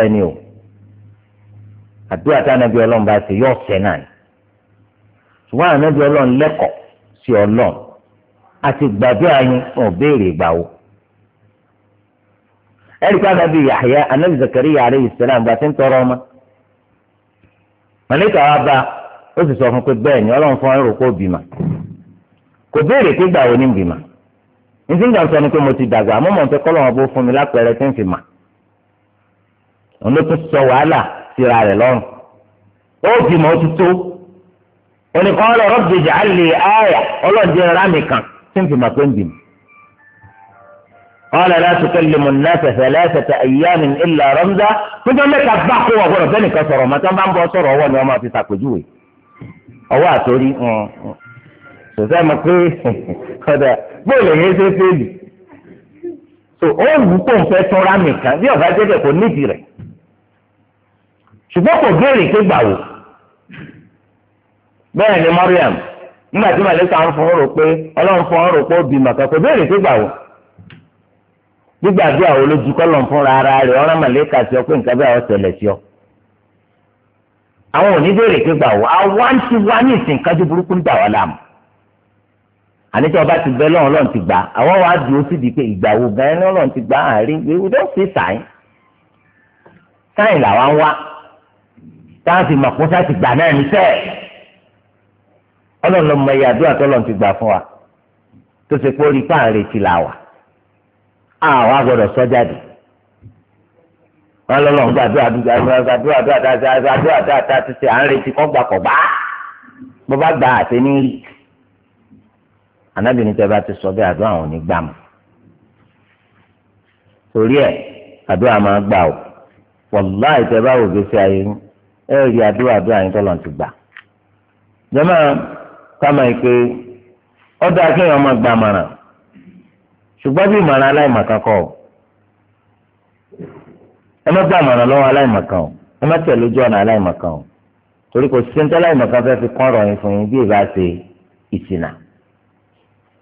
A: o ni o anábì ọlọ́run bá yóò náà ṣùgbọ́n anábì àti gbàdúrà yín wọn béèrè ìgbà wo. ẹ̀ríkà nàbí Yahya anabi Zakariya alayhi salam gba ti ń tọrọ ọmọ. màlíkà wa bá ó sì sọ fún pé bẹ́ẹ̀ ni ọlọ́run fún ẹrù kó bímọ. kò béèrè pé gbà wo ní sọ ni pé mo ti dàgbà àmọ́ mọ̀ pé kọ́lọ́wọ́n bó fún mi tí ń fi mà. òun ló tún sọ wàhálà síra rẹ̀ lọ́rùn. ó ó ti tó. tí ń fi mà pé ń bì mí. قال لا تكلم الناس ثلاثة أيام إلا رمزا níjọ́ mẹ́ta gbáko wà gbọ́dọ̀ bẹ́ẹ̀ nìkan sọ̀rọ̀ mọ́tò bá ń bọ́ sọ̀rọ̀ ọwọ́ ni wọ́n máa fi ṣàpèjúwe ọwọ́ àtórí mm, mm. ṣòṣẹ́ mọ̀ pé kọ́dà bóòlù yẹn ṣe fẹ́ẹ̀lì tó ó wù kó n fẹ́ tún rámì bí ọ̀gá jẹ́jẹ́ kò nídìí rẹ̀ ṣùgbọ́n kò béèrè nígbà tí màlẹ́kà ń fọ́n rò pé ọlọ́run fọ́n rò pé ó bí màkà kò béèrè pé gbàwó gbígbàdúrà wo lójú kọ́lọ̀ ń fúnra ara rẹ̀ ọ̀rọ̀ màlẹ́kà sí ọ pé nǹkan bẹ́ẹ̀ ọ̀sẹ̀lẹ̀ sí ọ. àwọn ò ní béèrè pé gbàwó àwa ń ti wá ní ìsìn kájú burúkú ń dà wá láàmú. àní tí ọba ti bẹ lọ́run lọ́run ti gbà àwọn wàá dùn ó sì di pé ìgbàwó gan-an lọ́run ti gbà àárín we don't see sign sign ọlọ́run lọ́mọ ẹ̀yà àdúrà tọ́lọ́run ti gbà fún wa tó ṣe pé orí páàrin ti là wà àwa gbọ́dọ̀ sọ jáde wọn lọ́lọ́run gbàdúrà àdúrà àdúrà àdúrà àdúrà ti ṣe à ń retí kọ́ gbà kọ́ gbà bó bá gbà àti ní rí anábìrin tẹ bá ti sọ bẹ́ẹ̀ àdúrà àwọn ò ní gbà mọ́ torí ẹ̀ àdúrà máa gbà o wàláì tẹ bá wò gbèsè ayé ẹ rí àdúrà àdúrà yín tọ́lọ́run ti gbà jẹ́mọ́ sáma yìí pé ọdọ akéèyàn máa gba àmàràn ṣùgbọ́n bí ìmọ̀ràn aláìmọ̀kan kọ́
B: ẹ má gba àmàràn lọ́wọ́
A: aláìmọ̀kan o ẹ má tẹ̀ lójú ọ̀nà aláìmọ̀kan o torí kò sí nítorí aláìmọ̀kan fẹ́ fi kọ́ ọ̀rọ̀ yẹn fún yín bí ìbá ṣe ìsìnà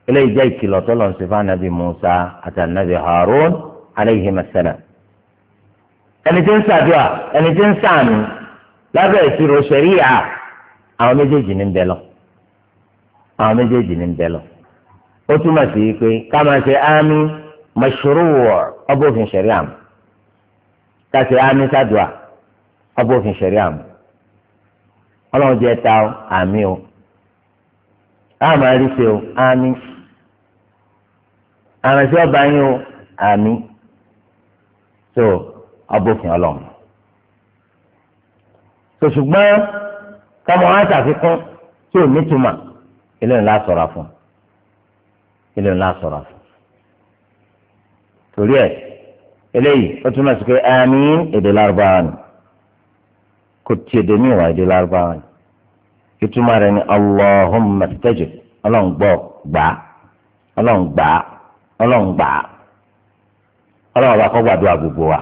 A: eléyìí jẹ́ ìkìlọ̀ tó lọ́n ṣe fún anabi Musa àti anabi Harun aleyhi masana ẹni tí ń ṣàdúrà ẹni tí ń ṣàánú lábẹ́ ìṣirò ṣẹ̀ríyà àwọn méjèèjì ní bẹ́ẹ̀ lọ́wọ́ àwọn méjèèjì ní bẹ́ẹ̀ lọ. ó túmọ̀ sí pé ká máa ṣe ámì mọ̀ṣúrùwọ̀ ọbọ̀fin ṣẹ̀rí àmù ká ṣe ámì sádùá ọbọ̀fin ṣẹ̀rí àmù ọlọ́run jẹ́ ta àmì o àmà rí ṣe o àmì àrànṣẹ́ ọba yín o àmì so ọbọ̀fin ọlọ́run so ṣùgbọ́n káwọn á ṣàfikún tí ò ní túmọ̀. eléyìí ńlá sọ̀rọ̀ fún eléyìí ńlá sọ̀rọ̀ fún torí ẹ, eléyìí ó túmọ̀ sí pé àmín èdè lárúbáwá ni kò tí èdè mi wà èdè lárúbáwá ni ìtumọ̀ rẹ̀ ni allahumma stajib ọlọ́ngbọ́ gbà ọlọ́ngbà ọlọ́ngbà ọlọ́ngbà kó gbàdúrà gbogbo wa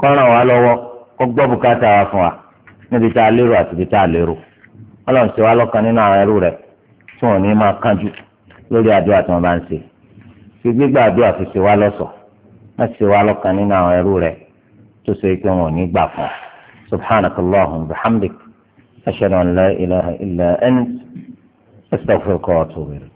A: kó ràn wá lọ́wọ́ kó gbọ́ bùkátà wa fún wa níbi tá a lérò àti ibi tá a lérò wá lọ́kàn nínú àwọn ẹrú rẹ̀ tí wọn ní máa kánjú lórí àdúrà tí wọn bá ń ṣe fi gbígbà àdúrà fi ṣe wá lọ́ṣọ̀ọ́ má ṣe wá lọ́kàn nínú àwọn ẹrú rẹ tó ṣe pé wọn ò ní gbà fún ọ subhanakallahum bihamdik ashhadu an la ilaha illa ant astaghfiruka wa atubu ilayk.